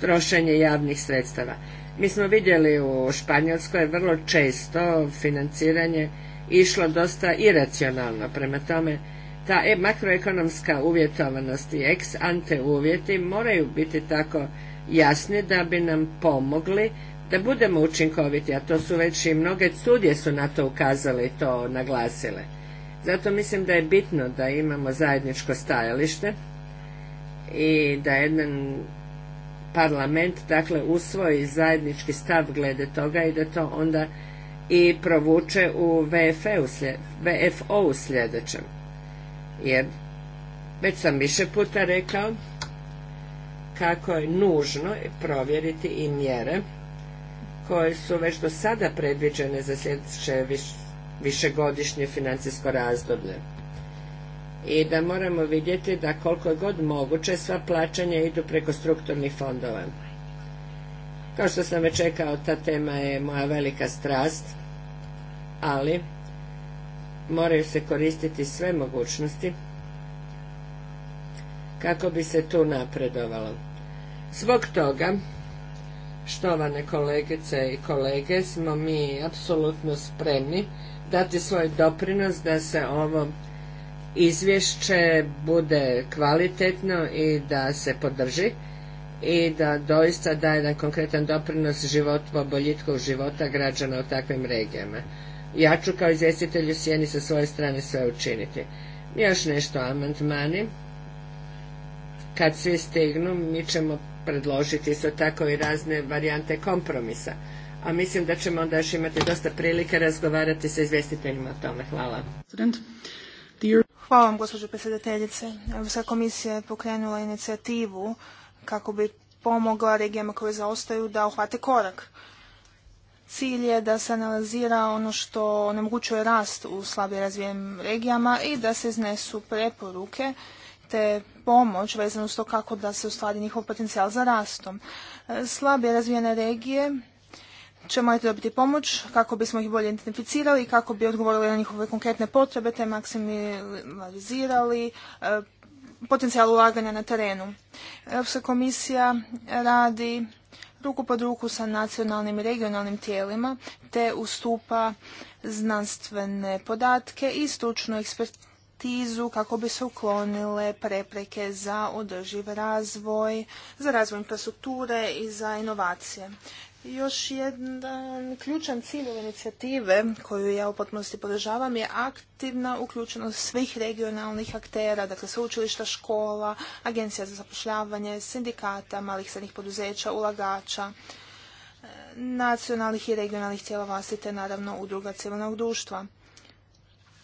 trošenje javnih sredstava. Mi smo vidjeli u Španjolskoj vrlo često financiranje išlo dosta iracionalno. Prema tome, ta e, makroekonomska uvjetovanost i ex ante uvjeti moraju biti tako jasni da bi nam pomogli da budemo učinkoviti, a to su već i mnoge studije su na to ukazale i to naglasile. Zato mislim da je bitno da imamo zajedničko stajalište i da jedan parlament dakle usvoji zajednički stav glede toga i da to onda i provuče u VFO-u sljedećem. Jer već sam više puta rekao kako je nužno provjeriti i mjere koje su već do sada predviđene za sljedeće višegodišnje financijsko razdoblje i da moramo vidjeti da koliko je god moguće sva plaćanja idu preko strukturnih fondova. Kao što sam već rekao, ta tema je moja velika strast, ali moraju se koristiti sve mogućnosti kako bi se tu napredovalo. Zbog toga, štovane kolegice i kolege, smo mi apsolutno spremni dati svoj doprinos da se ovo izvješće bude kvalitetno i da se podrži i da doista daje jedan konkretan doprinos životu, boljitku života građana u takvim regijama. Ja ću kao izvjestitelj u Sjeni sa svoje strane sve učiniti. Još nešto amandmani. Kad svi stignu, mi ćemo predložiti isto tako i razne varijante kompromisa. A mislim da ćemo onda još imati dosta prilike razgovarati sa izvjestiteljima o tome. Hvala. Hvala vam, gospođo predsjedateljice. Europska komisija je pokrenula inicijativu kako bi pomogla regijama koje zaostaju da uhvate korak. Cilj je da se analizira ono što onemogućuje rast u slabije razvijenim regijama i da se iznesu preporuke te pomoć vezano s to kako da se ostvari njihov potencijal za rastom. Slabije razvijene regije će morati dobiti pomoć kako bismo ih bolje identificirali kako bi odgovorili na njihove konkretne potrebe te maksimalizirali e, potencijal ulaganja na terenu. Europska komisija radi ruku pod ruku sa nacionalnim i regionalnim tijelima te ustupa znanstvene podatke i stručnu ekspertizu kako bi se uklonile prepreke za održiv razvoj, za razvoj infrastrukture i za inovacije. Još jedan ključan cilj ove inicijative koju ja u potpunosti podržavam je aktivna uključenost svih regionalnih aktera, dakle sveučilišta, škola, agencija za zapošljavanje, sindikata, malih srednjih poduzeća, ulagača, e, nacionalnih i regionalnih tijela vlasti te naravno udruga civilnog društva.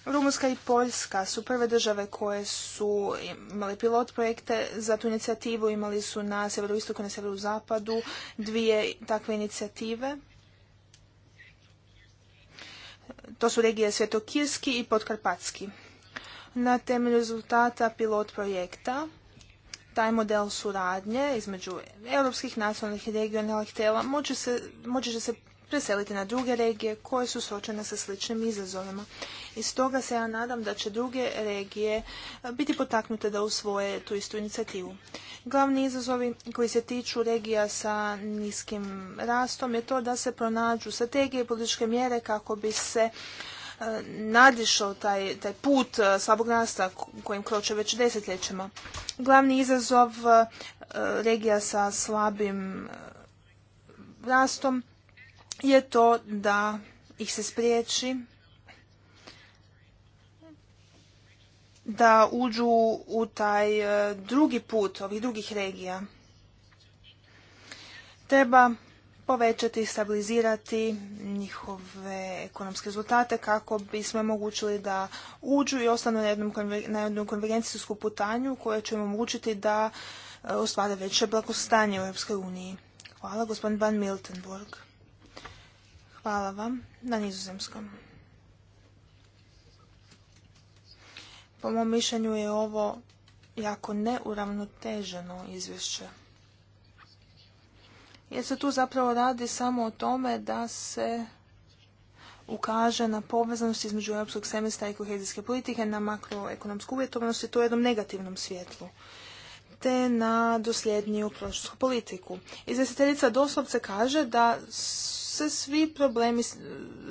Rumunska i Poljska su prve države koje su imali pilot projekte za tu inicijativu, imali su na severoistoku i na zapadu dvije takve inicijative. To su regije Svetokirski i Podkarpatski. Na temelju rezultata pilot projekta taj model suradnje između europskih nacionalnih i regionalnih tela može se, moći se preseliti na druge regije koje su suočene sa sličnim izazovima. I stoga se ja nadam da će druge regije biti potaknute da usvoje tu istu inicijativu. Glavni izazovi koji se tiču regija sa niskim rastom je to da se pronađu strategije i političke mjere kako bi se e, nadišao taj, put e, slabog rasta kojim kroče već desetljećima. Glavni izazov e, regija sa slabim rastom je to da ih se spriječi da uđu u taj e, drugi put ovih drugih regija. Treba povećati i stabilizirati njihove ekonomske rezultate kako bismo omogućili da uđu i ostanu na, jednom, na jednu konvergencijsku putanju koja će im omogućiti da e, ostvare veće blagostanje u Europskoj uniji. Hvala, gospodin Van Miltenborg. Hvala vam na nizozemskom. Po mom mišljenju je ovo jako neuravnoteženo izvješće. Jer se tu zapravo radi samo o tome da se ukaže na povezanost između europskog semestra i kohezijske politike na makroekonomsku uvjetovanost i to u jednom negativnom svjetlu te na dosljedniju proračunsku politiku. Izvjestiteljica doslovce kaže da se svi problemi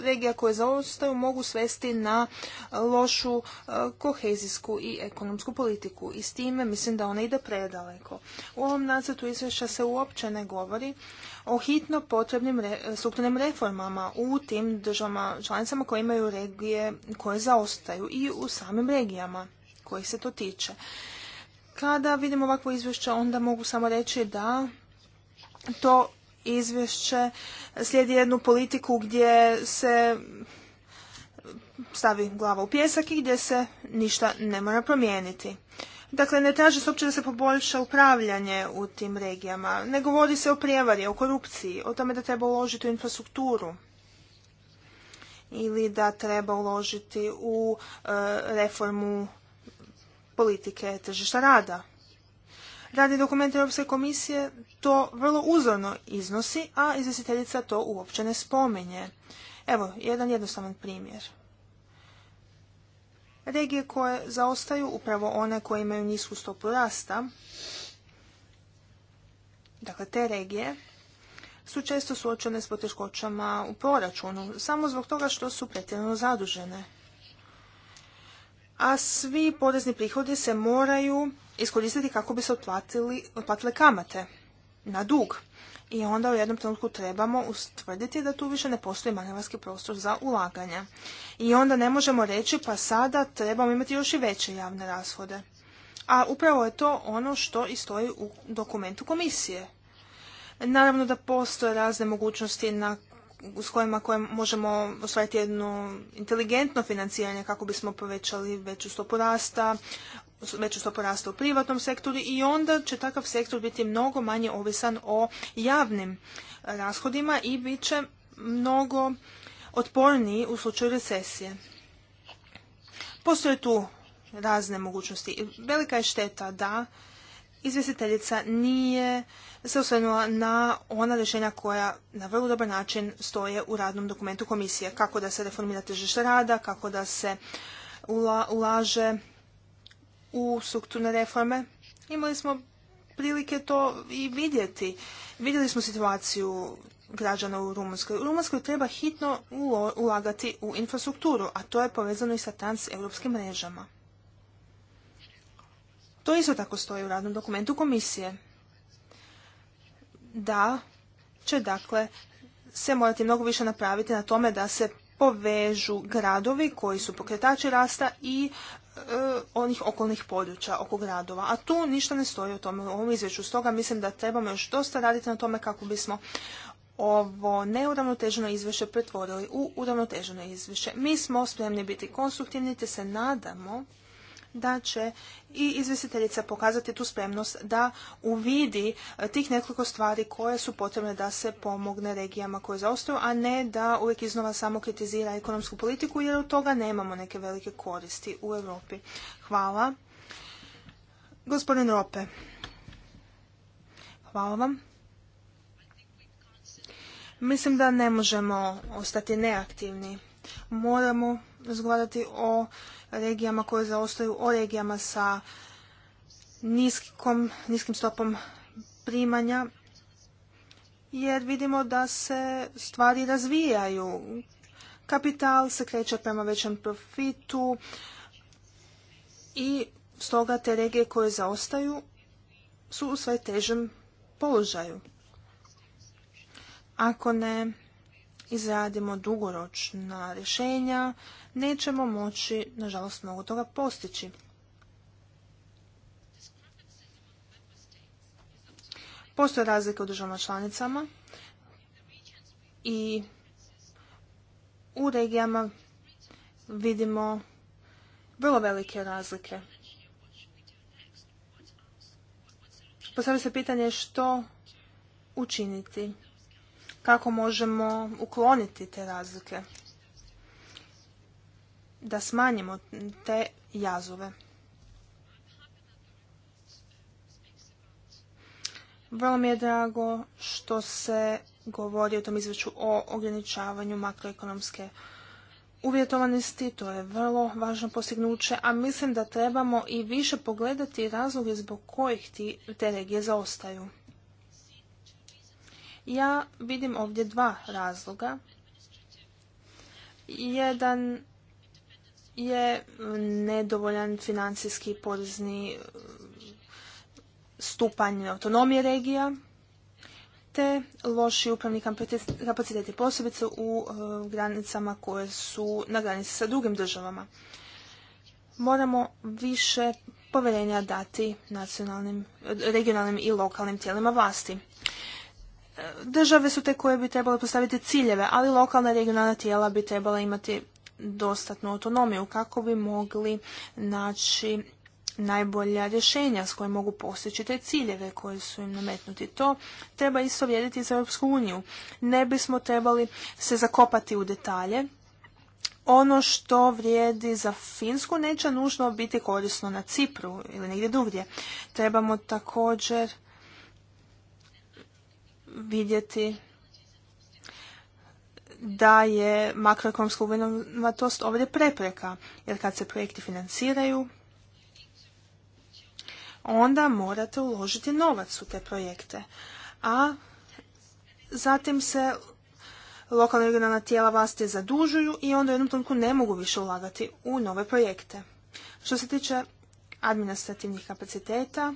regija koje zaostaju mogu svesti na e, lošu e, kohezijsku i ekonomsku politiku i s time mislim da ona ide predaleko. U ovom nacrtu izvješća se uopće ne govori o hitno potrebnim strukturnim reformama u tim državama članicama koje imaju regije koje zaostaju i u samim regijama kojih se to tiče. Kada vidim ovakvo izvješće onda mogu samo reći da to izvješće slijedi jednu politiku gdje se stavi glava u pjesak i gdje se ništa ne mora promijeniti. Dakle, ne traži se uopće da se poboljša upravljanje u tim regijama. Ne govori se o prijevari, o korupciji, o tome da treba uložiti u infrastrukturu ili da treba uložiti u e, reformu politike tržišta rada. Radi dokument Europske komisije to vrlo uzorno iznosi, a izvjestiteljica to uopće ne spomenje. Evo, jedan jednostavan primjer. Regije koje zaostaju, upravo one koje imaju nisku stopu rasta, dakle te regije, su često suočene s poteškoćama u proračunu, samo zbog toga što su pretjerano zadužene a svi porezni prihodi se moraju iskoristiti kako bi se otplatili, otplatile kamate na dug. I onda u jednom trenutku trebamo ustvrditi da tu više ne postoji manevarski prostor za ulaganja. I onda ne možemo reći pa sada trebamo imati još i veće javne rashode. A upravo je to ono što i stoji u dokumentu komisije. Naravno da postoje razne mogućnosti na s kojima koje možemo ostvariti jedno inteligentno financiranje kako bismo povećali veću stopu rasta, veću stopu rasta u privatnom sektoru i onda će takav sektor biti mnogo manje ovisan o javnim e, rashodima i bit će mnogo otporniji u slučaju recesije. Postoje tu razne mogućnosti. Velika je šteta da izvjestiteljica nije se osvrnula na ona rješenja koja na vrlo dobar način stoje u radnom dokumentu komisije. Kako da se reformira tržište rada, kako da se ulaže u strukturne reforme. Imali smo prilike to i vidjeti. Vidjeli smo situaciju građana u Rumunskoj. U Rumunskoj treba hitno ulagati u infrastrukturu, a to je povezano i sa transeuropskim mrežama. To isto tako stoji u radnom dokumentu komisije. Da će dakle se morati mnogo više napraviti na tome da se povežu gradovi koji su pokretači rasta i e, onih okolnih područja oko gradova. A tu ništa ne stoji o tome u ovom izvješću. Stoga mislim da trebamo još dosta raditi na tome kako bismo ovo neuravnoteženo izvješće pretvorili u uravnoteženo izvješće. Mi smo spremni biti konstruktivni te se nadamo da će i izvjestiteljica pokazati tu spremnost da uvidi e, tih nekoliko stvari koje su potrebne da se pomogne regijama koje zaostaju, a ne da uvijek iznova samo kritizira ekonomsku politiku jer od toga nemamo neke velike koristi u Europi. Hvala. Gospodin Rope. Hvala vam. Mislim da ne možemo ostati neaktivni. Moramo razgovarati o regijama koje zaostaju, o regijama sa niskom, niskim stopom primanja, jer vidimo da se stvari razvijaju. Kapital se kreće prema većem profitu i stoga te regije koje zaostaju su u sve težem položaju. Ako ne izradimo dugoročna rješenja, nećemo moći, nažalost, mnogo toga postići. Postoje razlike u državama članicama i u regijama vidimo vrlo velike razlike. Postavlja se pitanje što učiniti kako možemo ukloniti te razlike, da smanjimo te jazove. Vrlo mi je drago što se govori o tom izveću o ograničavanju makroekonomske uvjetovanosti. To je vrlo važno postignuće, a mislim da trebamo i više pogledati razloge zbog kojih ti, te regije zaostaju. Ja vidim ovdje dva razloga. Jedan je nedovoljan financijski porezni uh, stupanj autonomije regija, te loši upravni kapaciteti posebice u uh, granicama koje su na granici sa drugim državama. Moramo više povjerenja dati nacionalnim, regionalnim i lokalnim tijelima vlasti države su te koje bi trebale postaviti ciljeve, ali lokalna i regionalna tijela bi trebala imati dostatnu autonomiju kako bi mogli naći najbolja rješenja s kojim mogu postići te ciljeve koje su im nametnuti. To treba isto vrijediti za Europsku uniju. Ne bismo trebali se zakopati u detalje. Ono što vrijedi za Finsku neće nužno biti korisno na Cipru ili negdje drugdje. Trebamo također vidjeti da je makroekonomska uvjenovatost ovdje prepreka, jer kad se projekti financiraju, onda morate uložiti novac u te projekte. A zatim se lokalna i regionalna tijela vlasti zadužuju i onda u jednom trenutku ne mogu više ulagati u nove projekte. Što se tiče administrativnih kapaciteta,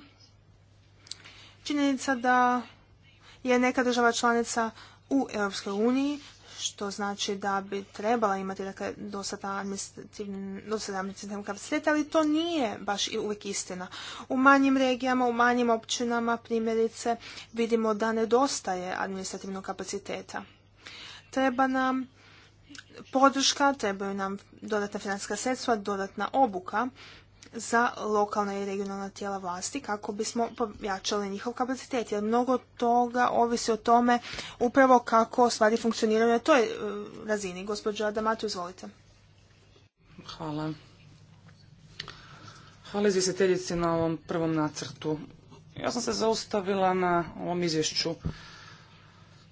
činjenica da je neka država članica u Europskoj uniji, što znači da bi trebala imati dakle, dosta administrativnog kapaciteta, ali to nije baš i uvijek istina. U manjim regijama, u manjim općinama, primjerice, vidimo da nedostaje administrativnog kapaciteta. Treba nam podrška, trebaju nam dodatna financijska sredstva, dodatna obuka za lokalna i regionalna tijela vlasti kako bismo pojačali njihov kapacitet. Jer mnogo toga ovisi o tome upravo kako stvari funkcioniraju na toj e, razini. Gospođo Adamatu, izvolite. Hvala. Hvala izvjestiteljici na ovom prvom nacrtu. Ja sam se zaustavila na ovom izvješću.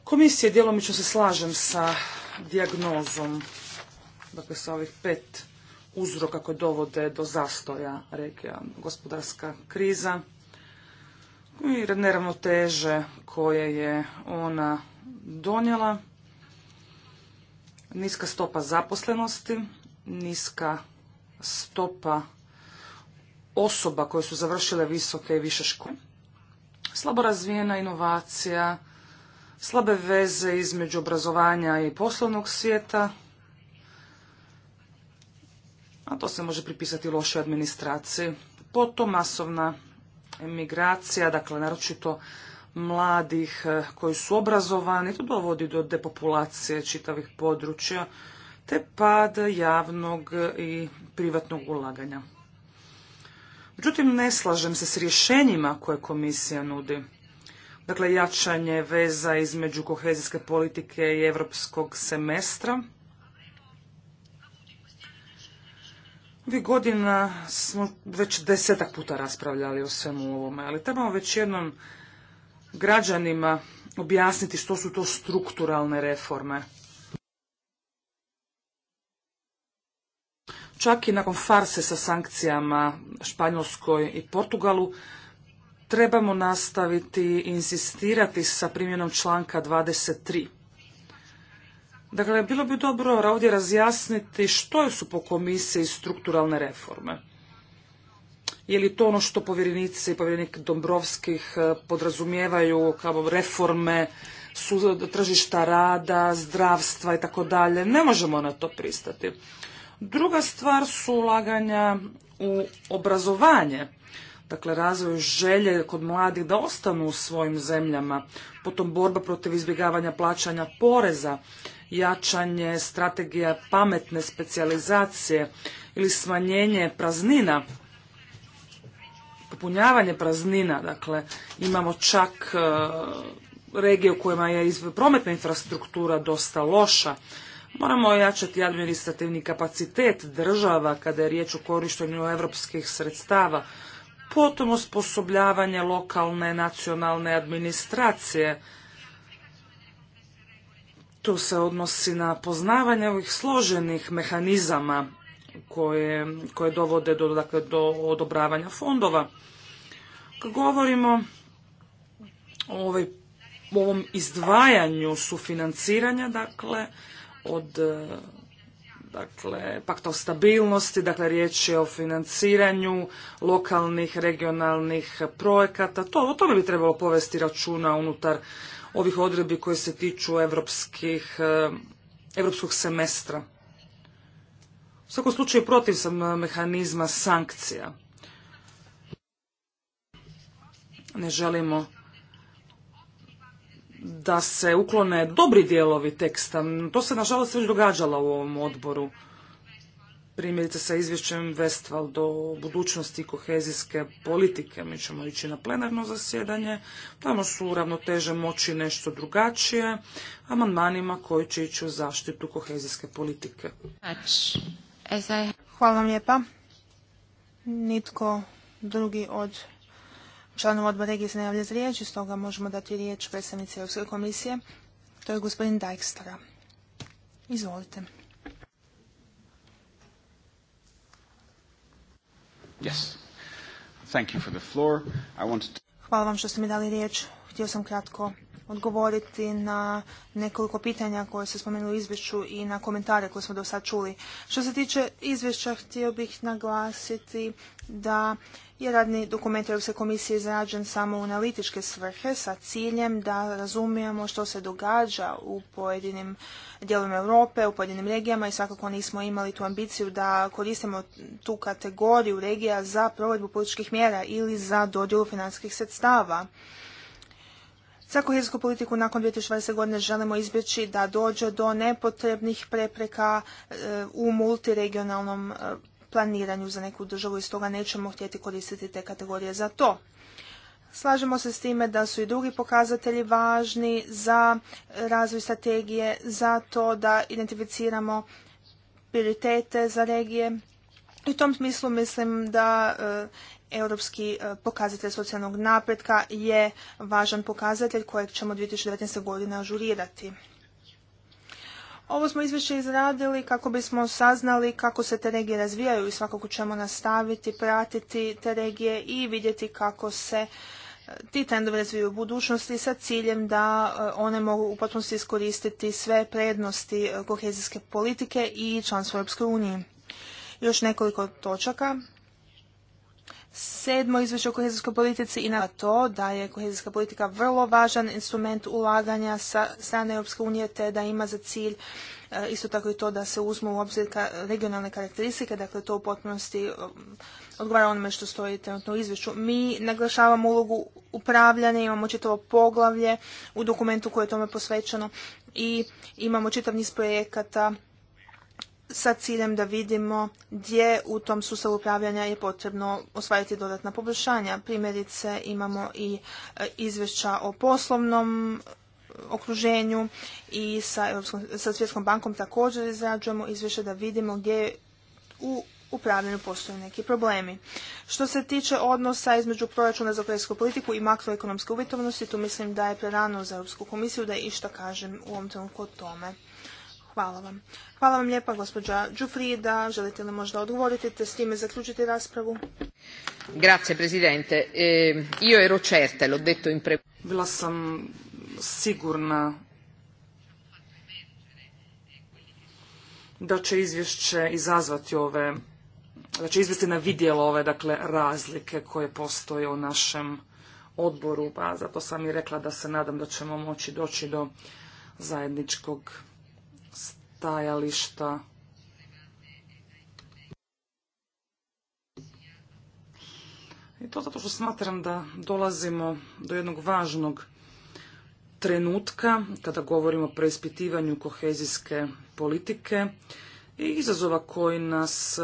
Komisije djelomično se slažem sa dijagnozom, dakle sa ovih pet uzroka koje dovode do zastoja regija, gospodarska kriza i neravnoteže koje je ona donijela, niska stopa zaposlenosti, niska stopa osoba koje su završile visoke i više škole, slabo razvijena inovacija, slabe veze između obrazovanja i poslovnog svijeta, a to se može pripisati lošoj administraciji. Potom masovna emigracija, dakle naročito mladih eh, koji su obrazovani, to dovodi do depopulacije čitavih područja, te pad javnog i privatnog ulaganja. Međutim, ne slažem se s rješenjima koje komisija nudi. Dakle, jačanje veza između kohezijske politike i europskog semestra – Vi godina smo već desetak puta raspravljali o svemu ovome, ali trebamo već jednom građanima objasniti što su to strukturalne reforme. Čak i nakon farse sa sankcijama Španjolskoj i Portugalu, trebamo nastaviti insistirati sa primjenom članka 23. Dakle, bilo bi dobro ovdje razjasniti što su po komisiji strukturalne reforme. Je li to ono što povjerenici i povjerenik Dombrovskih eh, podrazumijevaju kao reforme tržišta rada, zdravstva i tako dalje. Ne možemo na to pristati. Druga stvar su ulaganja u obrazovanje, dakle razvoj želje kod mladih da ostanu u svojim zemljama, potom borba protiv izbjegavanja plaćanja poreza, jačanje strategija pametne specijalizacije ili smanjenje praznina, popunjavanje praznina, dakle imamo čak e, regije u kojima je prometna infrastruktura dosta loša. Moramo ojačati administrativni kapacitet država kada je riječ o korištenju europskih sredstava, potom osposobljavanje lokalne nacionalne administracije, tu se odnosi na poznavanje ovih složenih mehanizama koje, koje dovode do, dakle, do odobravanja fondova. Kad govorimo o ovaj, ovom izdvajanju sufinanciranja, dakle, od dakle, pakta o stabilnosti, dakle, riječ je o financiranju lokalnih, regionalnih projekata. To, o tome bi trebalo povesti računa unutar ovih odredbi koje se tiču evropskih, e, semestra. U svakom slučaju protiv sam e, mehanizma sankcija. Ne želimo da se uklone dobri dijelovi teksta. To se nažalost već događalo u ovom odboru primjerice sa izvješćem Vestval do budućnosti kohezijske politike. Mi ćemo ići na plenarno zasjedanje, tamo su ravnoteže moći nešto drugačije, amandmanima koji će ići u zaštitu kohezijske politike. Hvala vam lijepa. Nitko drugi od članova odbora regije se ne javlja za riječ, iz toga možemo dati riječ predstavnici Europske komisije. To je gospodin Dijkstra. Izvolite. Hvala vam što ste mi dali riječ. Htio sam kratko odgovoriti na nekoliko pitanja koje se spomenuli u izvješću i na komentare koje smo do sad čuli. Što se tiče izvješća, htio bih naglasiti da je radni dokument Europske komisije izrađen samo u analitičke svrhe sa ciljem da razumijemo što se događa u pojedinim dijelovima Europe, u pojedinim regijama i svakako nismo imali tu ambiciju da koristimo tu kategoriju regija za provedbu političkih mjera ili za dodjelu financijskih sredstava. Za kohezijsku politiku nakon 2020. godine želimo izbjeći da dođe do nepotrebnih prepreka e, u multiregionalnom e, planiranju za neku državu i stoga nećemo htjeti koristiti te kategorije za to. Slažemo se s time da su i drugi pokazatelji važni za razvoj strategije, za to da identificiramo prioritete za regije. U tom smislu mislim da e, europski e, pokazatelj socijalnog napretka je važan pokazatelj kojeg ćemo 2019. godine ažurirati. Ovo smo izvješće izradili kako bismo saznali kako se te regije razvijaju i svakako ćemo nastaviti pratiti te regije i vidjeti kako se e, ti trendove razvijaju u budućnosti sa ciljem da e, one mogu u potpunosti iskoristiti sve prednosti e, kohezijske politike i članstvo Europske unije. Još nekoliko točaka sedmo izvješće o kohezijskoj politici i na to da je kohezijska politika vrlo važan instrument ulaganja sa strane Europske unije te da ima za cilj e, isto tako i to da se uzmu u obzir regionalne karakteristike, dakle to u potpunosti e, odgovara onome što stoji trenutno u izvješću. Mi naglašavamo ulogu upravljanja, imamo čitavo poglavlje u dokumentu koje je tome posvećeno i imamo čitav niz projekata sa ciljem da vidimo gdje u tom sustavu upravljanja je potrebno osvajati dodatna poboljšanja. Primjerice imamo i e, izvješća o poslovnom e, okruženju i sa, Europskom, sa Svjetskom bankom također izrađujemo izvješće da vidimo gdje u upravljanju postoje neki problemi. Što se tiče odnosa između proračuna za ukrajinsku politiku i makroekonomske uvjetovnosti, tu mislim da je prerano za Europsku komisiju da išta kažem u ovom trenutku o tome. Hvala vam. Hvala vam lijepa, gospođa Đufrida. Želite li možda odgovoriti te s time zaključiti raspravu? Grazie, presidente. E, io ero certa, l'ho detto in pre... Bila sam sigurna da će izvješće izazvati ove, da će izvesti na vidjelo ove dakle, razlike koje postoje u našem odboru, pa zato sam i rekla da se nadam da ćemo moći doći do zajedničkog stajališta. I to zato što smatram da dolazimo do jednog važnog trenutka kada govorimo o preispitivanju kohezijske politike i izazova koji nas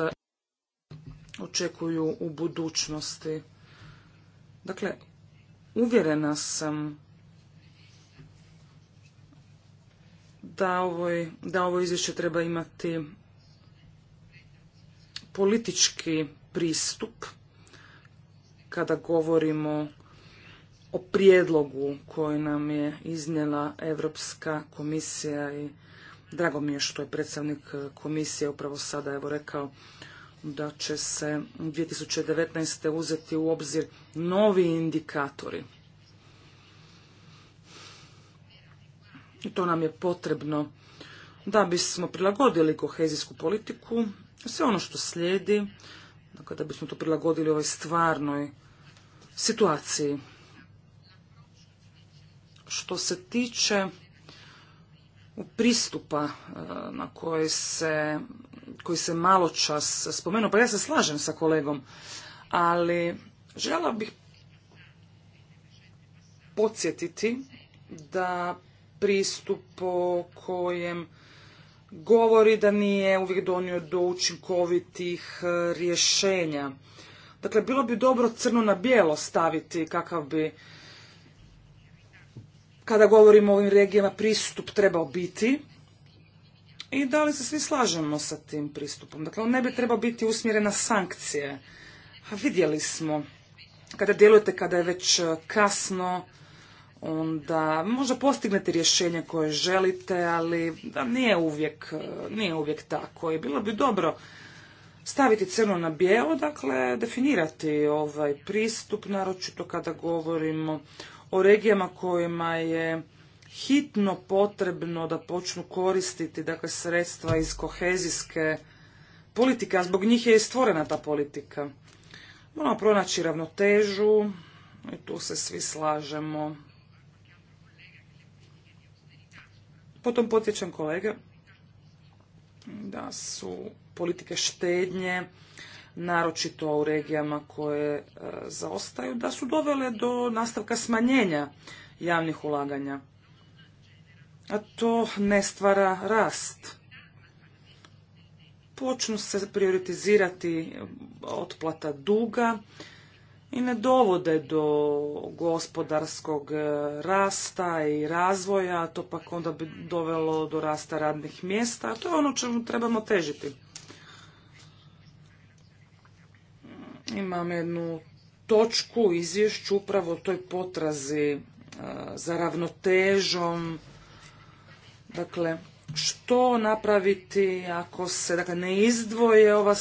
očekuju u budućnosti. Dakle, uvjerena sam da, ovo izvješće treba imati politički pristup kada govorimo o prijedlogu koji nam je iznijela Europska komisija i drago mi je što je predstavnik komisije upravo sada evo rekao da će se 2019. uzeti u obzir novi indikatori I to nam je potrebno da bismo prilagodili kohezijsku politiku, sve ono što slijedi, dakle da bismo to prilagodili ovoj stvarnoj situaciji. Što se tiče pristupa e, na koji se, koji se malo čas spomenuo, pa ja se slažem sa kolegom, ali žela bih podsjetiti da pristup po kojem govori da nije uvijek donio do učinkovitih e, rješenja. Dakle, bilo bi dobro crno na bijelo staviti kakav bi, kada govorimo o ovim regijama, pristup trebao biti i da li se svi slažemo sa tim pristupom. Dakle, on ne bi trebao biti usmjeren na sankcije. A vidjeli smo, kada djelujete kada je već e, kasno, onda možda postignete rješenje koje želite, ali da nije uvijek, nije uvijek tako. I bilo bi dobro staviti crno na bijelo, dakle definirati ovaj pristup, naročito kada govorimo o regijama kojima je hitno potrebno da počnu koristiti dakle, sredstva iz kohezijske politike, a zbog njih je i stvorena ta politika. Moramo pronaći ravnotežu i tu se svi slažemo. Potom podsjećam kolege da su politike štednje, naročito u regijama koje e, zaostaju, da su dovele do nastavka smanjenja javnih ulaganja. A to ne stvara rast. Počnu se prioritizirati otplata duga, i ne dovode do gospodarskog e, rasta i razvoja, to pak onda bi dovelo do rasta radnih mjesta, a to je ono čemu trebamo težiti. Imam jednu točku izvješću upravo o toj potrazi e, za ravnotežom. Dakle, što napraviti ako se dakle, ne izdvoje ova,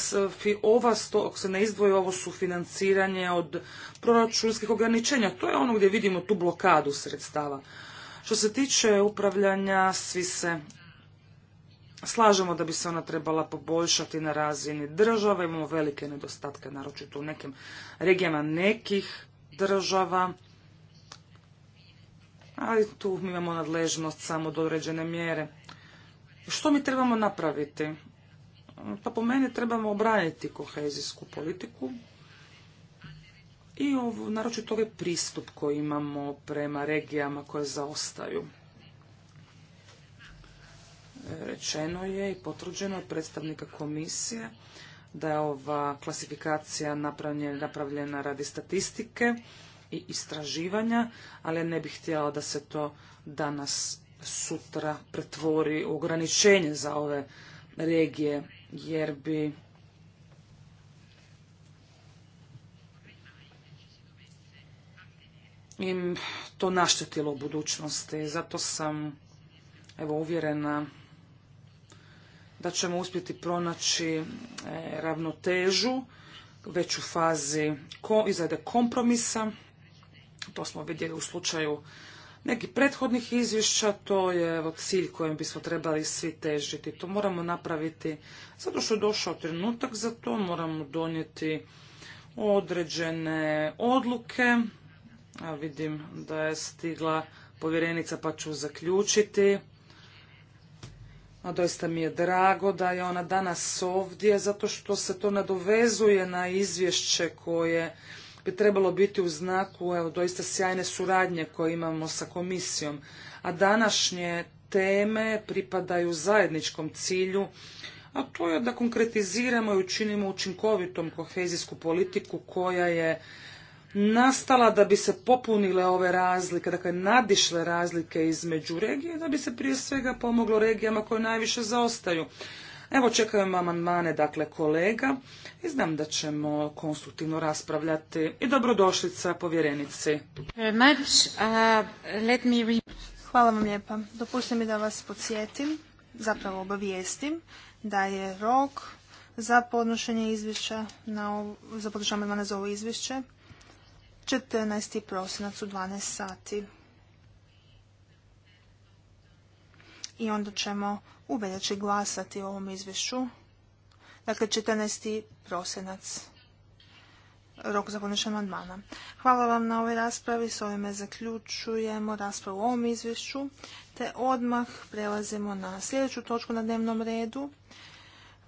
ova ako se ne izdvoje ovo sufinanciranje od proračunskih ograničenja. To je ono gdje vidimo tu blokadu sredstava. Što se tiče upravljanja, svi se slažemo da bi se ona trebala poboljšati na razini države. Imamo velike nedostatke, naročito u nekim regijama nekih država. Ali tu imamo nadležnost samo do određene mjere. Što mi trebamo napraviti? Pa po meni trebamo obraniti kohezijsku politiku i ovo, naročito ovaj pristup koji imamo prema regijama koje zaostaju. Rečeno je i potvrđeno od predstavnika komisije da je ova klasifikacija napravljena, napravljena radi statistike i istraživanja, ali ne bih htjela da se to danas sutra pretvori ograničenje za ove regije, jer bi im to naštetilo u budućnosti. Zato sam evo uvjerena da ćemo uspjeti pronaći e, ravnotežu već u fazi izrade kompromisa. To smo vidjeli u slučaju nekih prethodnih izvješća, to je evo, cilj kojem bismo trebali svi težiti. To moramo napraviti zato što je došao trenutak za to, moramo donijeti određene odluke. A vidim da je stigla povjerenica pa ću zaključiti. A doista mi je drago da je ona danas ovdje zato što se to nadovezuje na izvješće koje bi trebalo biti u znaku evo, doista sjajne suradnje koje imamo sa komisijom. A današnje teme pripadaju zajedničkom cilju, a to je da konkretiziramo i učinimo učinkovitom kohezijsku politiku koja je nastala da bi se popunile ove razlike, dakle nadišle razlike između regije, da bi se prije svega pomoglo regijama koje najviše zaostaju. Evo čekajmo amandmane, dakle, kolega i znam da ćemo konstruktivno raspravljati i dobrodošlica povjerenici. Uh, Hvala vam lijepa. Dopustite mi da vas podsjetim, zapravo obavijestim, da je rok za podnošenje izvješća, na za podnošenje amandmana za ovo izvješće, 14. prosinac u 12 sati. I onda ćemo u veljači glasati o ovom izvješću. Dakle, 14. prosinac. Rok za podnošenje amandmana. Hvala vam na ovoj raspravi. S ovime zaključujemo raspravu o ovom izvješću. Te odmah prelazimo na sljedeću točku na dnevnom redu.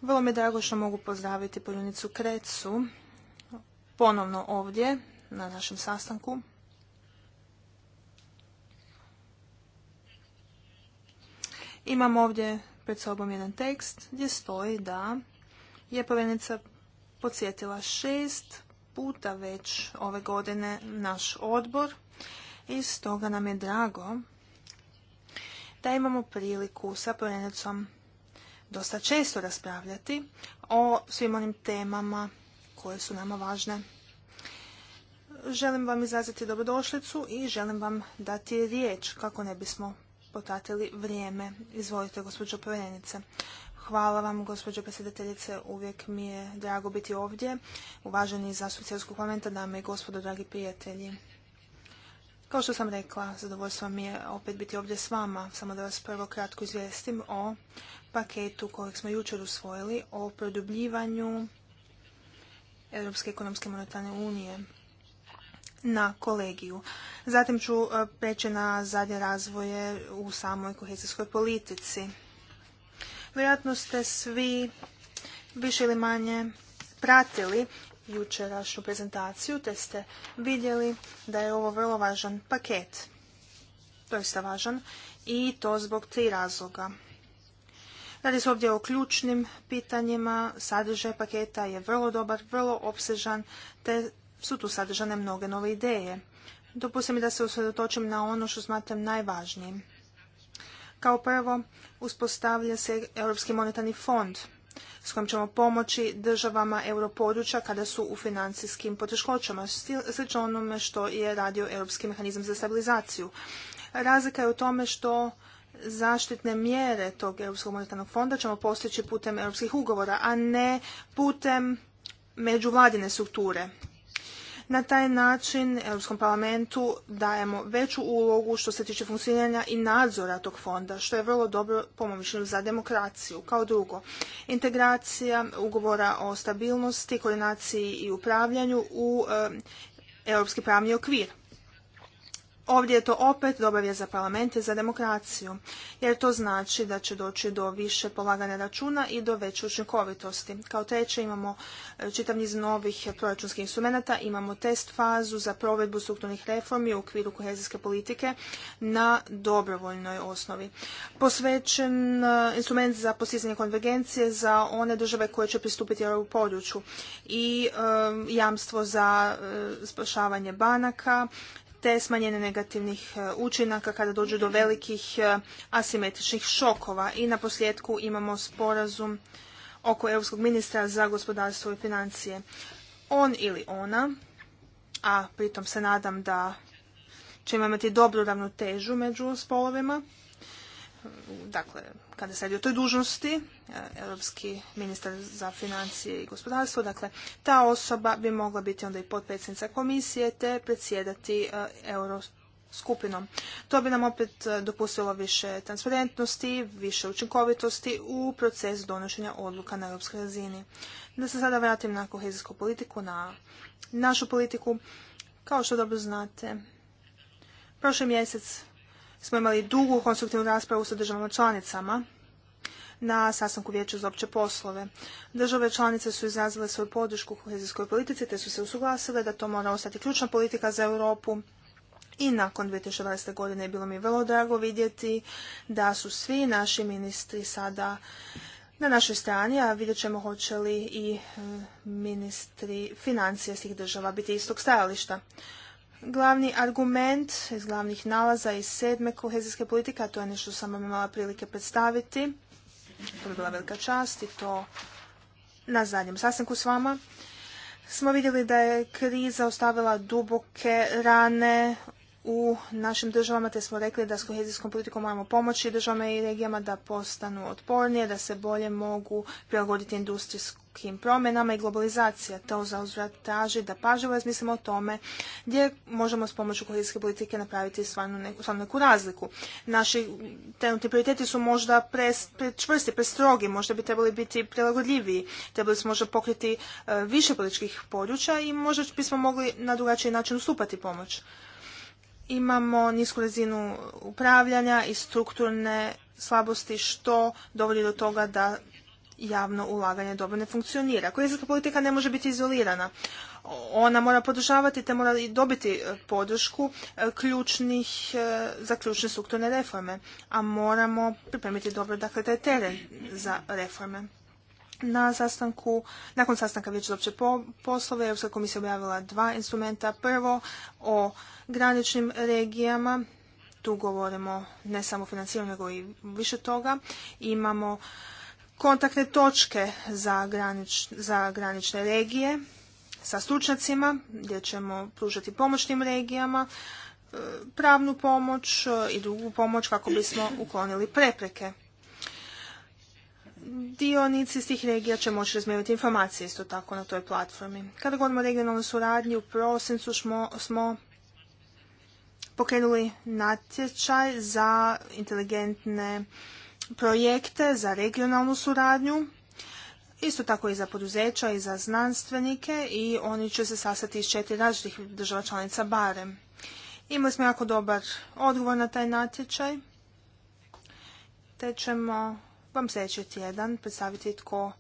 Vrlo mi je drago što mogu pozdraviti poljunicu Krecu ponovno ovdje na našem sastanku. Imam ovdje pred sobom jedan tekst gdje stoji da je povjerenica podsjetila šest puta već ove godine naš odbor i stoga nam je drago da imamo priliku sa povjerenicom dosta često raspravljati o svim onim temama koje su nama važne. Želim vam izraziti dobrodošlicu i želim vam dati riječ kako ne bismo potratili vrijeme. Izvolite, gospođo povjerenice. Hvala vam, gospođo predsjedateljice. Uvijek mi je drago biti ovdje. Uvaženi za Europskog parlamenta, dame i gospodo, dragi prijatelji. Kao što sam rekla, zadovoljstvo mi je opet biti ovdje s vama. Samo da vas prvo kratko izvijestim o paketu kojeg smo jučer usvojili o produbljivanju Europske ekonomske monetarne unije na kolegiju. Zatim ću e, preći na zadnje razvoje u samoj kohezijskoj politici. Vjerojatno ste svi više ili manje pratili jučerašnju prezentaciju, te ste vidjeli da je ovo vrlo važan paket. To Doista važan i to zbog tri razloga. Radi se ovdje o ključnim pitanjima, sadržaj paketa je vrlo dobar, vrlo opsežan, te su tu sadržane mnoge nove ideje. Dopustite mi da se usredotočim na ono što smatram najvažnijim. Kao prvo, uspostavlja se Europski monetarni fond s kojim ćemo pomoći državama europodručja kada su u financijskim poteškoćama, slično onome što je radio Europski mehanizam za stabilizaciju. Razlika je u tome što zaštitne mjere tog Europskog monetarnog fonda ćemo postići putem europskih ugovora, a ne putem međuvladine strukture na taj način Europskom parlamentu dajemo veću ulogu što se tiče funkcioniranja i nadzora tog fonda, što je vrlo dobro, po mom mišljenju, za demokraciju. Kao drugo, integracija ugovora o stabilnosti, koordinaciji i upravljanju u eh, europski pravni okvir. Ovdje je to opet dobra za parlamente, za demokraciju, jer to znači da će doći do više polaganja računa i do veće učinkovitosti. Kao treće imamo e, čitav niz novih proračunskih instrumenta, imamo test fazu za provedbu strukturnih reformi u okviru kohezijske politike na dobrovoljnoj osnovi. Posvećen e, instrument za postizanje konvergencije za one države koje će pristupiti u području i e, jamstvo za spašavanje banaka, te smanjenje negativnih e, učinaka kada dođu do velikih e, asimetričnih šokova. I na posljedku imamo sporazum oko Europskog ministra za gospodarstvo i financije. On ili ona, a pritom se nadam da ćemo imati dobru ravnotežu među spolovima, dakle, kada se radi o toj dužnosti, e, europski ministar za financije i gospodarstvo, dakle, ta osoba bi mogla biti onda i potpredsjednica komisije te predsjedati e, euro skupinom. To bi nam opet e, dopustilo više transparentnosti, više učinkovitosti u proces donošenja odluka na europskoj razini. Da se sada vratim na kohezijsku politiku, na našu politiku. Kao što dobro znate, prošli mjesec smo imali dugu konstruktivnu raspravu sa državama članicama na sastanku vijeća za opće poslove. Države članice su izrazile svoju podršku kohezijskoj politici te su se usuglasile da to mora ostati ključna politika za Europu. I nakon 2020. godine je bilo mi vrlo drago vidjeti da su svi naši ministri sada na našoj strani, a vidjet ćemo hoće li i e, ministri financija svih država biti istog stajališta. Glavni argument iz glavnih nalaza iz sedme kohezijske politike, a to je nešto sam vam imala prilike predstaviti, to je bila velika čast i to na zadnjem sastanku s vama, smo vidjeli da je kriza ostavila duboke rane u našim državama, te smo rekli da s kohezijskom politikom moramo pomoći državama i regijama da postanu otpornije, da se bolje mogu prilagoditi industrijskim promjenama i globalizacija. To uzvrat traži da pažljivo razmislimo o tome gdje možemo s pomoću kohezijske politike napraviti stvarno neku, razliku. Naši trenutni prioriteti su možda prečvrsti, pre prestrogi, možda bi trebali biti prilagodljiviji, trebali smo možda pokriti e, više političkih područja i možda bismo mogli na drugačiji način ustupati pomoć imamo nisku razinu upravljanja i strukturne slabosti što dovodi do toga da javno ulaganje dobro ne funkcionira. Kohezijska politika ne može biti izolirana. Ona mora podržavati te mora i dobiti e, podršku e, ključnih, e, za ključne strukturne reforme, a moramo pripremiti dobro dakle, taj teren za reforme. Na sastanku, nakon sastanka Vijeća za opće poslove, Europska komisija objavila dva instrumenta. Prvo o graničnim regijama, tu govorimo ne samo o financiranju, nego i više toga. Imamo kontaktne točke za, granič, za granične regije sa stručnjacima gdje ćemo pružati pomoć tim regijama, e, pravnu pomoć e, i drugu pomoć kako bismo uklonili prepreke dionici iz tih regija će moći razmijeniti informacije isto tako na toj platformi. Kada govorimo o regionalnoj suradnji, u prosincu smo pokrenuli natječaj za inteligentne projekte za regionalnu suradnju, isto tako i za poduzeća i za znanstvenike i oni će se sastati iz četiri različitih država članica barem. Imali smo jako dobar odgovor na taj natječaj, te ćemo vam sljedeći tjedan predstaviti tko,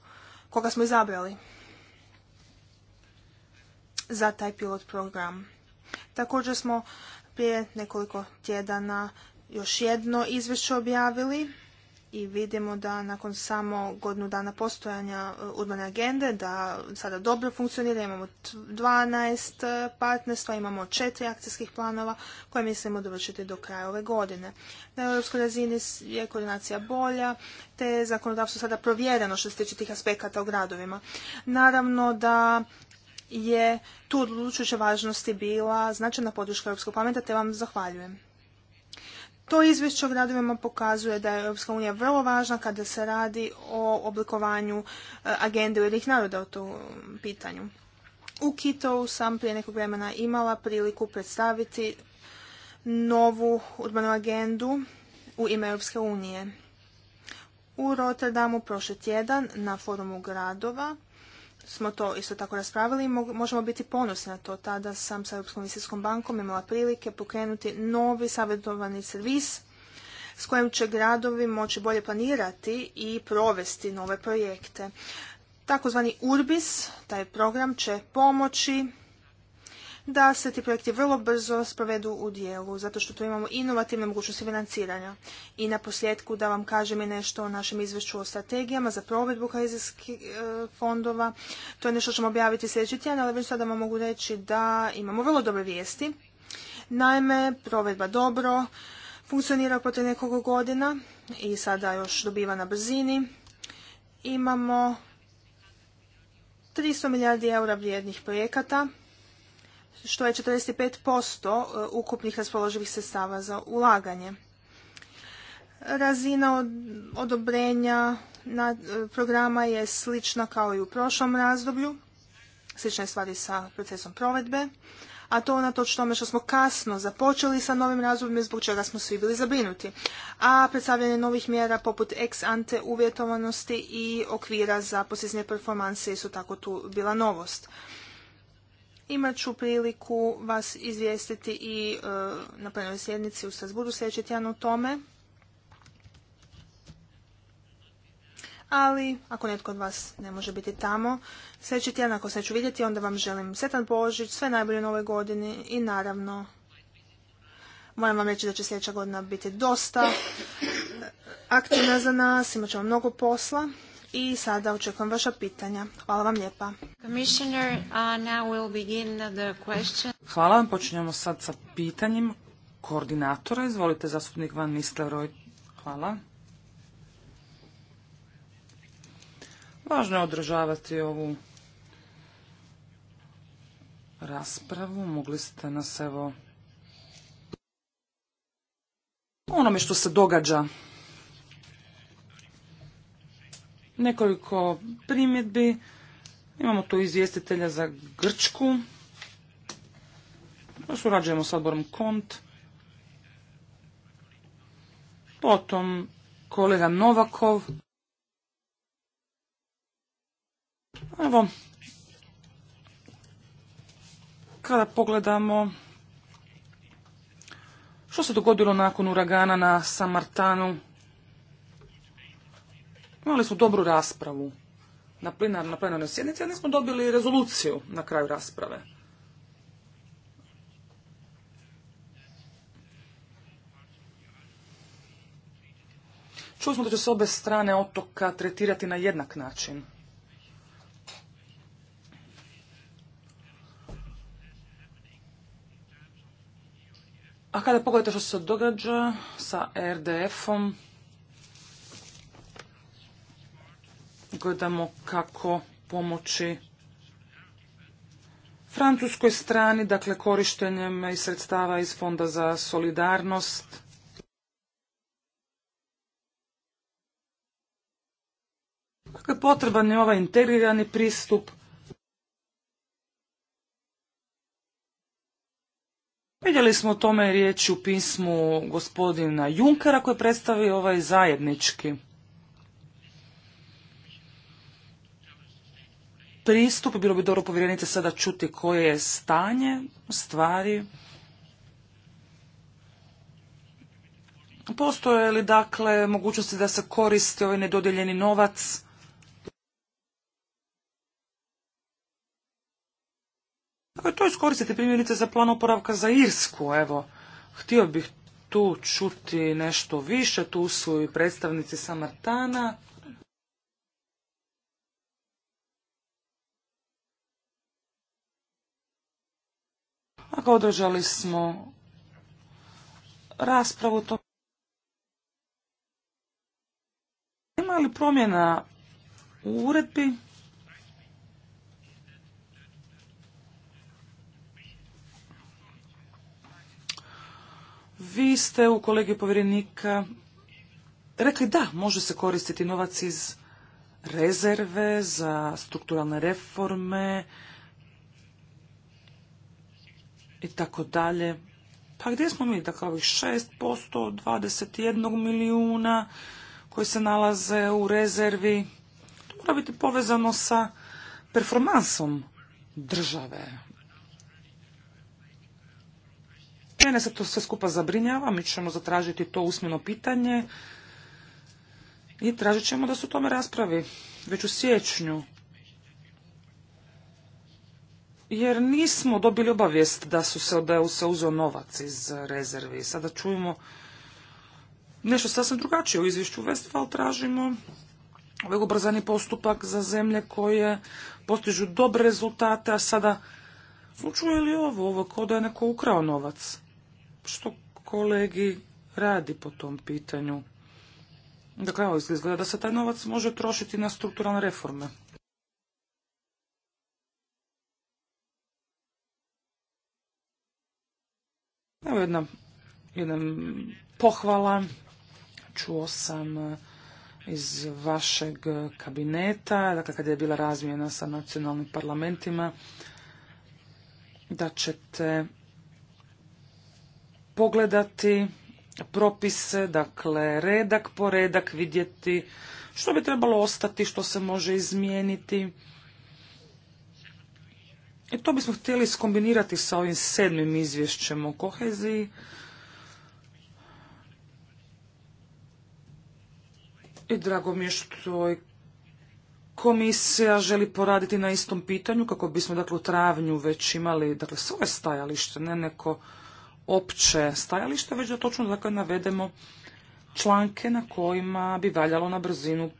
koga smo izabrali za taj pilot program. Također smo prije nekoliko tjedana još jedno izvješće objavili i vidimo da nakon samo godinu dana postojanja e, urbane agende da sada dobro funkcionira, imamo 12 e, partnerstva, imamo četiri akcijskih planova koje mislimo dovršiti do kraja ove godine. Na europskoj razini je koordinacija bolja, te je zakonodavstvo sada provjereno što se tiče tih aspekata u gradovima. Naravno da je tu odlučujuće važnosti bila značajna podrška Europskog parlamenta, te vam zahvaljujem. To izvješće o gradovima pokazuje da je Europska unija vrlo važna kada se radi o oblikovanju e, agende Ujedinih naroda o tom pitanju. U Kitovu sam prije nekog vremena imala priliku predstaviti novu urbanu agendu u ime Europske unije. U Rotterdamu prošli tjedan na forumu gradova smo to isto tako raspravili i možemo biti ponosni na to. Tada sam sa Europskom investicijskom bankom imala prilike pokrenuti novi savjetovani servis s kojim će gradovi moći bolje planirati i provesti nove projekte. Takozvani URBIS, taj program će pomoći da se ti projekti vrlo brzo sprovedu u dijelu, zato što tu imamo inovativne mogućnosti financiranja. I na posljedku da vam kažem i nešto o našem izvješću o strategijama za provedbu kohezijskih e, fondova. To je nešto što ćemo objaviti sljedeći tjedan, ali već sada vam mogu reći da imamo vrlo dobre vijesti. Naime, provedba dobro, funkcionira protiv nekoliko godina i sada još dobiva na brzini. Imamo 300 milijardi eura vrijednih projekata što je 45% e, ukupnih raspoloživih sredstava za ulaganje. Razina odobrenja e, programa je slična kao i u prošlom razdoblju. Slična je stvari sa procesom provedbe, a to unatoč tome što smo kasno započeli sa novim razdobljem zbog čega smo svi bili zabrinuti. A predstavljanje novih mjera poput ex ante uvjetovanosti i okvira za posljednje performanse su tako tu bila novost. Imat ću priliku vas izvijestiti i e, na plenoj sjednici u Strasburu sljedeći tjedan o tome. Ali, ako netko od vas ne može biti tamo, sljedeći tjedan ako se ću vidjeti, onda vam želim sretan Božić, sve najbolje nove godine i naravno Moram vam reći da će sljedeća godina biti dosta e, aktivna za nas, imat ćemo mnogo posla i sada očekujem vaša pitanja. Hvala vam lijepa. Uh, Hvala vam, počinjemo sad sa pitanjem koordinatora. Izvolite, zastupnik Van Nistelroj. Hvala. Važno je održavati ovu raspravu. Mogli ste nas evo onome što se događa Nekoliko primjedbi. Imamo tu izvjestitelja za Grčku. Surađujemo s odborom KONT. Potom kolega Novakov. Evo, kada pogledamo što se dogodilo nakon uragana na Samartanu, Imali smo dobru raspravu na, plenar, na plenarnoj sjednici, a nismo dobili rezoluciju na kraju rasprave. Čuli smo da će se obe strane otoka tretirati na jednak način. A kada pogledate što se događa sa RDF-om, gledamo kako pomoći francuskoj strani, dakle korištenjem i sredstava iz Fonda za solidarnost. Dakle, potreban je ovaj integrirani pristup. Vidjeli smo o tome riječi u pismu gospodina Junkera koji predstavi ovaj zajednički pristup. Bilo bi dobro povjerenice sada čuti koje je stanje stvari. Postoje li dakle mogućnosti da se koristi ovaj nedodjeljeni novac? je dakle, to iskoristiti primjerice za plan oporavka za Irsku? Evo, htio bih tu čuti nešto više. Tu su i predstavnici Samartana. Ako održali smo raspravu to. Ima li promjena u uredbi? Vi ste u kolegi povjerenika rekli da, može se koristiti novac iz rezerve za strukturalne reforme, i tako dalje. Pa gdje smo mi? Dakle, ovih 6%, 21 milijuna koji se nalaze u rezervi. To mora biti povezano sa performansom države. Mene se to sve skupa zabrinjava, mi ćemo zatražiti to usmjeno pitanje i tražit ćemo da se o tome raspravi već u siječnju jer nismo dobili obavijest da su se, da se uzeo novac iz rezervi. Sada čujemo nešto sasvim drugačije u izvješću Westfall Tražimo ovaj ubrzani postupak za zemlje koje postižu dobre rezultate, a sada smo li ovo, ovo kao da je neko ukrao novac. Što kolegi radi po tom pitanju? Dakle, ovo izgleda da se taj novac može trošiti na strukturalne reforme. Evo jedna, pohvala. Čuo sam e, iz vašeg kabineta, dakle kada je bila razmjena sa nacionalnim parlamentima, da ćete pogledati propise, dakle redak po redak vidjeti što bi trebalo ostati, što se može izmijeniti. I e, to bismo htjeli skombinirati sa ovim sedmim izvješćem o koheziji. I drago mi je što je komisija želi poraditi na istom pitanju kako bismo dakle, u travnju već imali dakle, svoje stajalište, ne neko opće stajalište, već da točno dakle navedemo članke na kojima bi valjalo na brzinu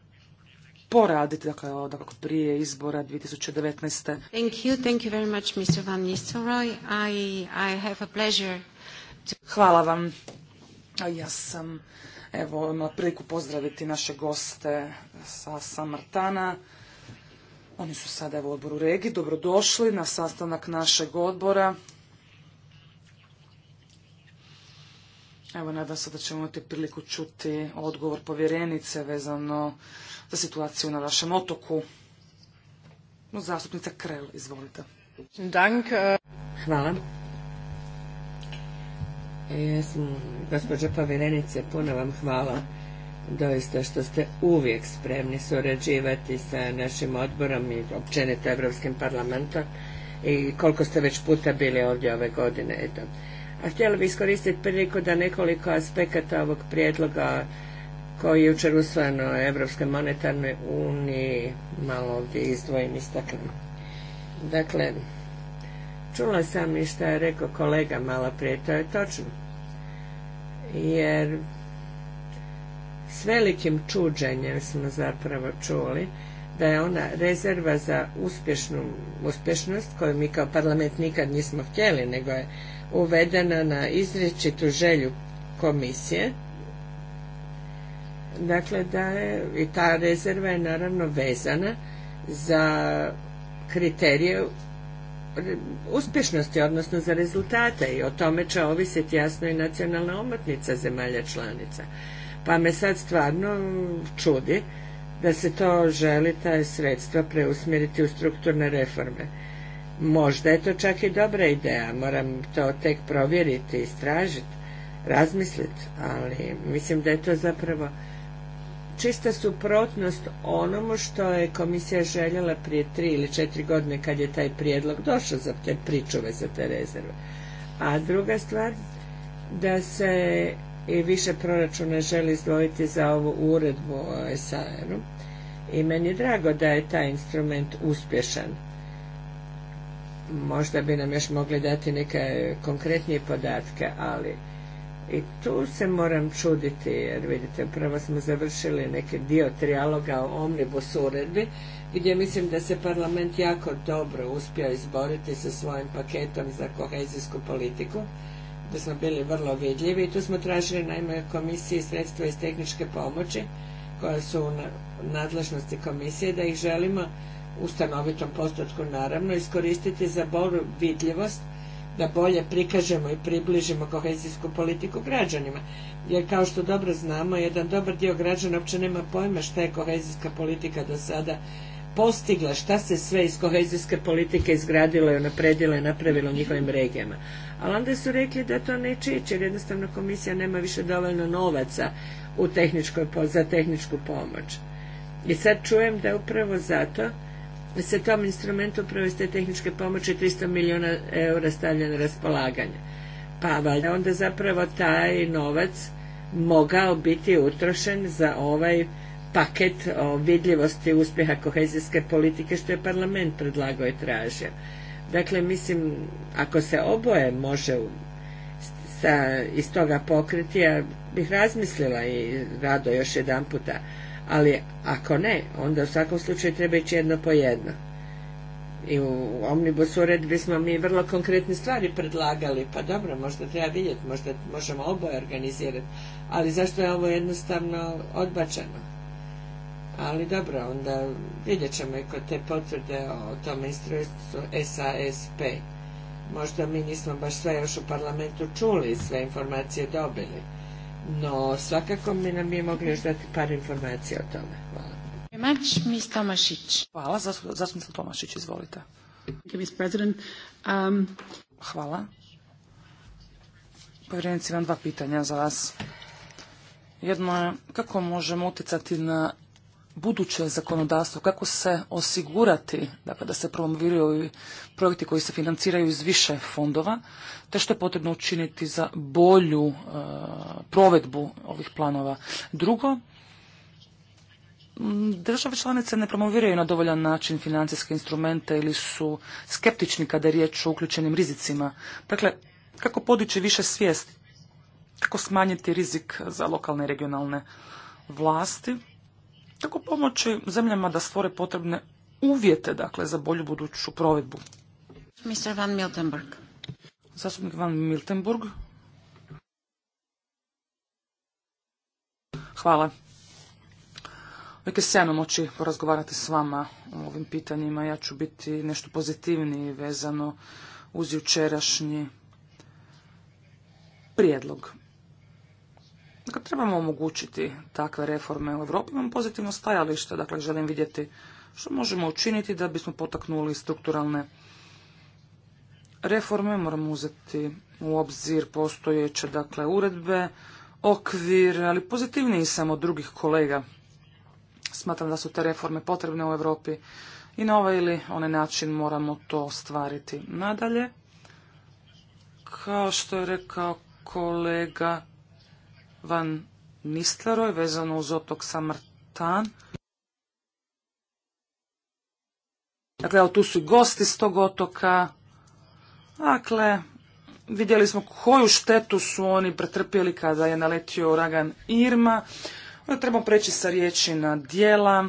poraditi, dakle, dakle prije izbora 2019. Thank you, thank you very much, Mr. Van I, I have a pleasure to... Hvala vam. ja sam, evo, imala priliku pozdraviti naše goste sa Samartana. Oni su sada evo, u odboru Regi. Dobrodošli na sastanak našeg odbora. Evo, nadam se da ćemo imati priliku čuti odgovor povjerenice vezano za situaciju na vašem otoku. Zastupnica Krel, izvolite. Dank. Eh. Hvala. E, Jesmo, gospođo puno vam hvala doista što ste uvijek spremni surađivati sa našim odborom i općenito Evropskim parlamentom i koliko ste već puta bili ovdje ove godine. A htjela bih iskoristiti priliku da nekoliko aspekata ovog prijedloga koji je jučer usvojen o Evropskoj monetarnoj uniji malo ovdje izdvojim istaknem. Dakle, čula sam i šta je rekao kolega malo prije, to je točno. Jer s velikim čuđenjem smo zapravo čuli da je ona rezerva za uspješnu uspješnost koju mi kao parlament nikad nismo htjeli nego je uvedena na izričitu želju komisije dakle da je i ta rezerva je naravno vezana za kriterije uspješnosti, odnosno za rezultate i o tome će ovisiti jasno i nacionalna omotnica zemalja članica. Pa me sad stvarno čudi da se to želi, ta sredstva preusmjeriti u strukturne reforme. Možda je to čak i dobra ideja, moram to tek provjeriti, istražiti, razmisliti, ali mislim da je to zapravo čista suprotnost onomu što je komisija željela prije tri ili četiri godine kad je taj prijedlog došao za te pričove, za te rezerve. A druga stvar, da se i više proračuna želi izdvojiti za ovu uredbu o SAR-u. I meni je drago da je taj instrument uspješan. Možda bi nam još mogli dati neke konkretnije podatke, ali i tu se moram čuditi, jer vidite, upravo smo završili neki dio trijaloga o omnibus uredbi, gdje mislim da se parlament jako dobro uspio izboriti sa svojim paketom za kohezijsku politiku, da smo bili vrlo vidljivi i tu smo tražili naime komisiji sredstva iz tehničke pomoći koja su u nadležnosti komisije da ih želimo u stanovitom postotku naravno iskoristiti za bolju vidljivost da bolje prikažemo i približimo kohezijsku politiku građanima. Jer kao što dobro znamo, jedan dobar dio građana uopće nema pojma šta je kohezijska politika do sada postigla, šta se sve iz kohezijske politike izgradilo i napredilo i napravilo u njihovim regijama. Ali onda su rekli da to neće ići jer jednostavno komisija nema više dovoljno novaca u tehničkoj, za tehničku pomoć. I sad čujem da upravo zato se tom instrumentu upravo tehničke pomoći 300 milijuna eura stavlja na raspolaganje. Pa valjda onda zapravo taj novac mogao biti utrošen za ovaj paket o vidljivosti uspjeha kohezijske politike što je parlament predlagao i tražio. Dakle, mislim, ako se oboje može iz toga pokriti, ja bih razmislila i rado još jedan puta ali ako ne, onda u svakom slučaju treba ići jedno po jedno. I u Omnibus uredbi smo mi vrlo konkretne stvari predlagali, pa dobro, možda treba vidjeti, možda možemo oboje organizirati, ali zašto je ovo jednostavno odbačeno? Ali dobro, onda vidjet ćemo i kod te potvrde o tom instruistu SASP. Možda mi nismo baš sve još u parlamentu čuli, sve informacije dobili no svakako mi nam je mogli još dati par informacija o tome. Hvala. Hvala, zastupnica Tomašić, izvolite. Um, Hvala. Povjerenici, imam dva pitanja za vas. Jedno je kako možemo utjecati na buduće zakonodavstvo, kako se osigurati dakle, da se promoviraju projekti koji se financiraju iz više fondova, te što je potrebno učiniti za bolju e, provedbu ovih planova. Drugo, države članice ne promoviraju na dovoljan način financijske instrumente ili su skeptični kada je riječ o uključenim rizicima. Dakle, kako podići više svijesti, kako smanjiti rizik za lokalne i regionalne vlasti, tako pomoći zemljama da stvore potrebne uvjete dakle, za bolju buduću provedbu. Mr. Van Miltenburg. Zastupnik Van Miltenburg. Hvala. Uvijek je sjajno moći porazgovarati s vama o ovim pitanjima. Ja ću biti nešto pozitivniji vezano uz jučerašnji prijedlog. Dakle, trebamo omogućiti takve reforme u Europi. Imam pozitivno stajalište, dakle želim vidjeti što možemo učiniti da bismo potaknuli strukturalne reforme. Moramo uzeti u obzir postojeće dakle, uredbe, okvir, ali pozitivniji sam od drugih kolega. Smatram da su te reforme potrebne u Europi i na ovaj ili onaj način moramo to ostvariti. Nadalje, kao što je rekao kolega Van Nistleroj, vezano uz otok Samrtan. Dakle, evo tu su i gosti s tog otoka. Dakle, vidjeli smo koju štetu su oni pretrpjeli kada je naletio uragan Irma. Onda trebamo preći sa riječi na dijela.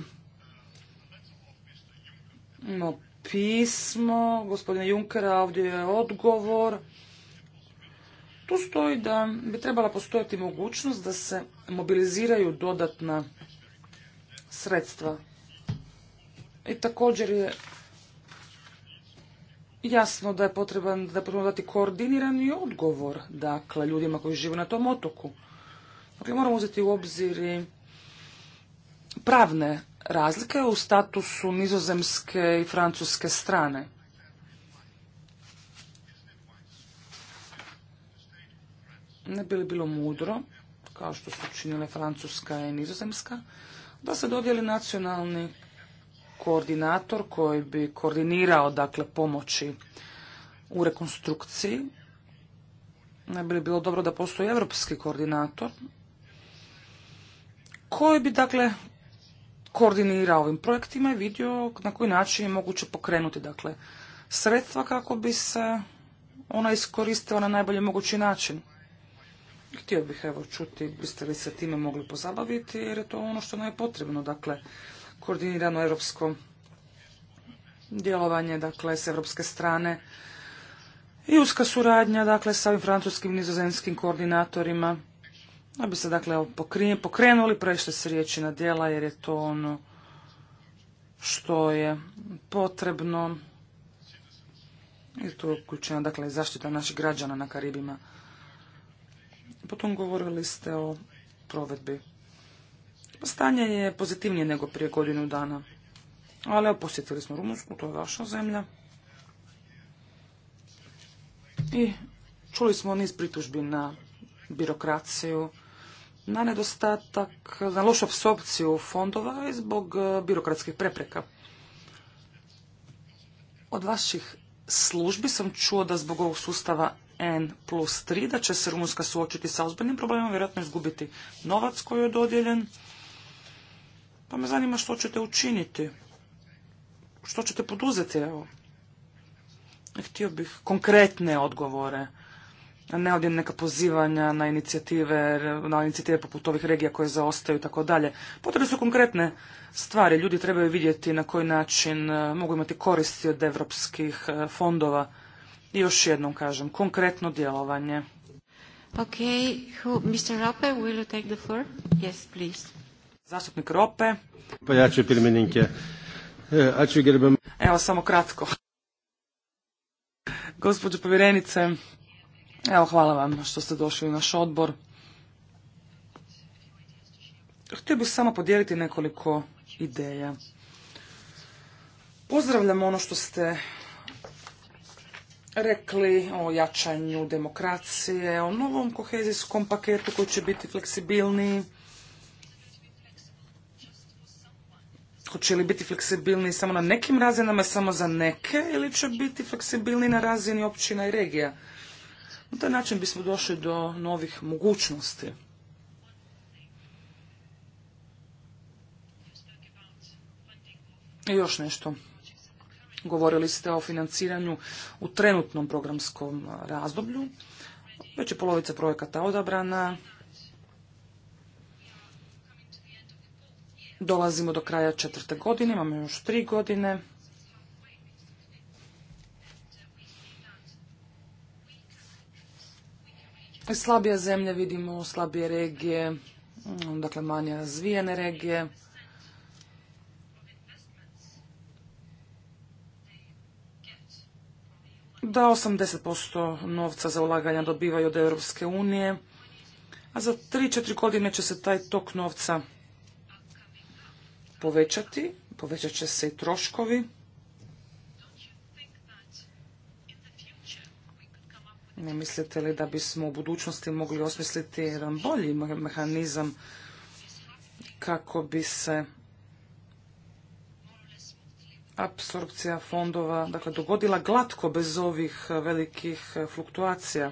Imamo pismo Gospodine Junkera, ovdje je odgovor. Tu stoji da bi trebala postojati mogućnost da se mobiliziraju dodatna sredstva. I također je jasno da je potreban da potrebno dati koordinirani odgovor dakle, ljudima koji žive na tom otoku. Dakle, moramo uzeti u obzir pravne razlike u statusu nizozemske i francuske strane. ne bi li bilo mudro, kao što su činile Francuska i Nizozemska, da se dodijeli nacionalni koordinator koji bi koordinirao dakle pomoći u rekonstrukciji. Ne bi li bilo dobro da postoji europski koordinator koji bi dakle koordinirao ovim projektima i vidio na koji način je moguće pokrenuti dakle sredstva kako bi se ona iskoristila na najbolji mogući način. Htio bih evo čuti, biste li se time mogli pozabaviti, jer je to ono što nam je potrebno, dakle, koordinirano europsko djelovanje, dakle, s europske strane i uska suradnja, dakle, sa ovim francuskim nizozemskim koordinatorima, da bi se, dakle, pokrenuli, prešli se riječi na djela, jer je to ono što je potrebno. I tu je uključena, dakle, zaštita naših građana na Karibima. Potom govorili ste o provedbi. Stanje je pozitivnije nego prije godinu dana. Ali posjetili smo Rumunsku, to je vaša zemlja. I čuli smo niz pritužbi na birokraciju, na nedostatak, na lošu apsorpciju fondova i zbog e, birokratskih prepreka. Od vaših službi sam čuo da zbog ovog sustava N plus 3, da će se Rumunska suočiti sa ozbiljnim problemom, vjerojatno izgubiti novac koji je dodijeljen. Pa me zanima što ćete učiniti. Što ćete poduzeti, evo. Htio bih konkretne odgovore. ne ovdje neka pozivanja na inicijative, na inicijative poput ovih regija koje zaostaju i tako dalje. Potrebne su konkretne stvari. Ljudi trebaju vidjeti na koji način e, mogu imati koristi od evropskih e, fondova. I još jednom kažem, konkretno djelovanje. Okay, who, Mr. Rope, will you take the floor? Yes, please. Zastupnik Rope. Pa ja ću je e, A ću Evo, samo kratko. Gospodje povjerenice, evo, hvala vam što ste došli u naš odbor. Htio bih samo podijeliti nekoliko ideja. Pozdravljam ono što ste rekli o jačanju demokracije, o novom kohezijskom paketu koji će biti fleksibilniji. Hoće li biti fleksibilniji samo na nekim razinama, samo za neke, ili će biti fleksibilniji na razini općina i regija? Na taj način bismo došli do novih mogućnosti. I još nešto. Govorili ste o financiranju u trenutnom programskom razdoblju. Već je polovica projekata odabrana. Dolazimo do kraja četvrte godine, imamo još tri godine. Slabije zemlje vidimo, slabije regije, dakle manje razvijene regije. da 80% novca za ulaganja dobivaju od Europske unije, a za 3-4 godine će se taj tok novca povećati, povećat će se i troškovi. Ne mislite li da bismo u budućnosti mogli osmisliti jedan bolji mehanizam kako bi se apsorpcija fondova dakle, dogodila glatko bez ovih eh, velikih eh, fluktuacija.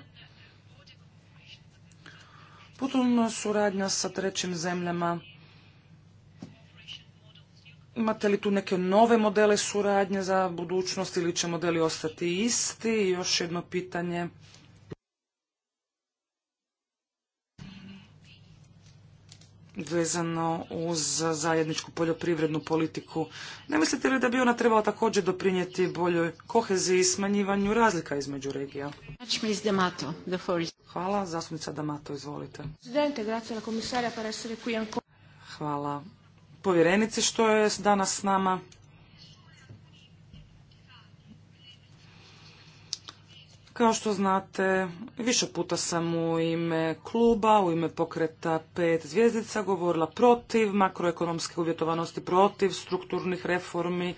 Potom suradnja sa trećim zemljama. Imate li tu neke nove modele suradnje za budućnost ili će modeli ostati isti? I još jedno pitanje vezano uz zajedničku poljoprivrednu politiku. Ne mislite li da bi ona trebala također doprinijeti boljoj koheziji i smanjivanju razlika između regija? Znači, Hvala, zastupnica D'Amato, izvolite. Hvala povjerenici što je danas s nama. Kao što znate, više puta sam u ime kluba, u ime pokreta pet zvijezdica govorila protiv makroekonomske uvjetovanosti, protiv strukturnih reformi,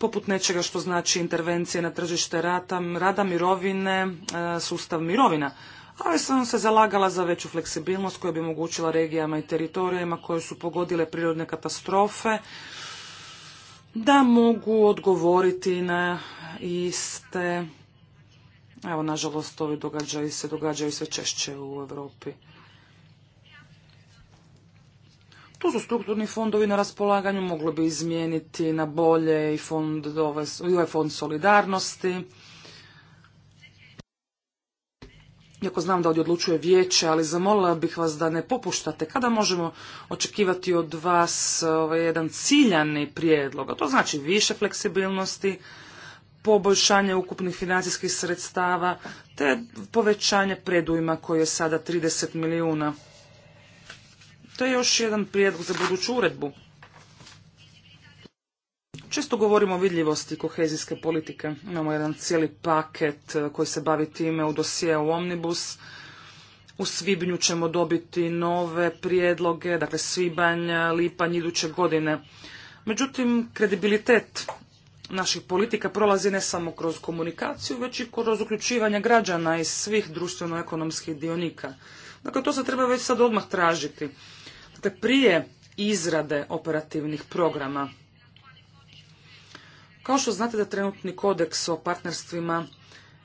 poput nečega što znači intervencije na tržište rata, rada mirovine, e, sustav mirovina. Ali sam se zalagala za veću fleksibilnost koja bi omogućila regijama i teritorijama koje su pogodile prirodne katastrofe da mogu odgovoriti na iste Evo, nažalost, ovi događaji se događaju sve češće u Europi. Tu su strukturni fondovi na raspolaganju, moglo bi izmijeniti na bolje ovaj, i, ovaj fond solidarnosti. Iako znam da ovdje odlučuje vijeće, ali zamolila bih vas da ne popuštate. Kada možemo očekivati od vas ovaj, jedan ciljani prijedlog? A to znači više fleksibilnosti, poboljšanje ukupnih financijskih sredstava te povećanje predujma koji je sada 30 milijuna. To je još jedan prijedlog za buduću uredbu. Često govorimo o vidljivosti kohezijske politike. Imamo jedan cijeli paket e, koji se bavi time u dosije u Omnibus. U svibnju ćemo dobiti nove prijedloge, dakle svibanj, lipanj iduće godine. Međutim, kredibilitet naših politika prolazi ne samo kroz komunikaciju, već i kroz uključivanje građana iz svih društveno-ekonomskih dionika. Dakle, to se treba već sad odmah tražiti. Dakle, prije izrade operativnih programa. Kao što znate da trenutni kodeks o partnerstvima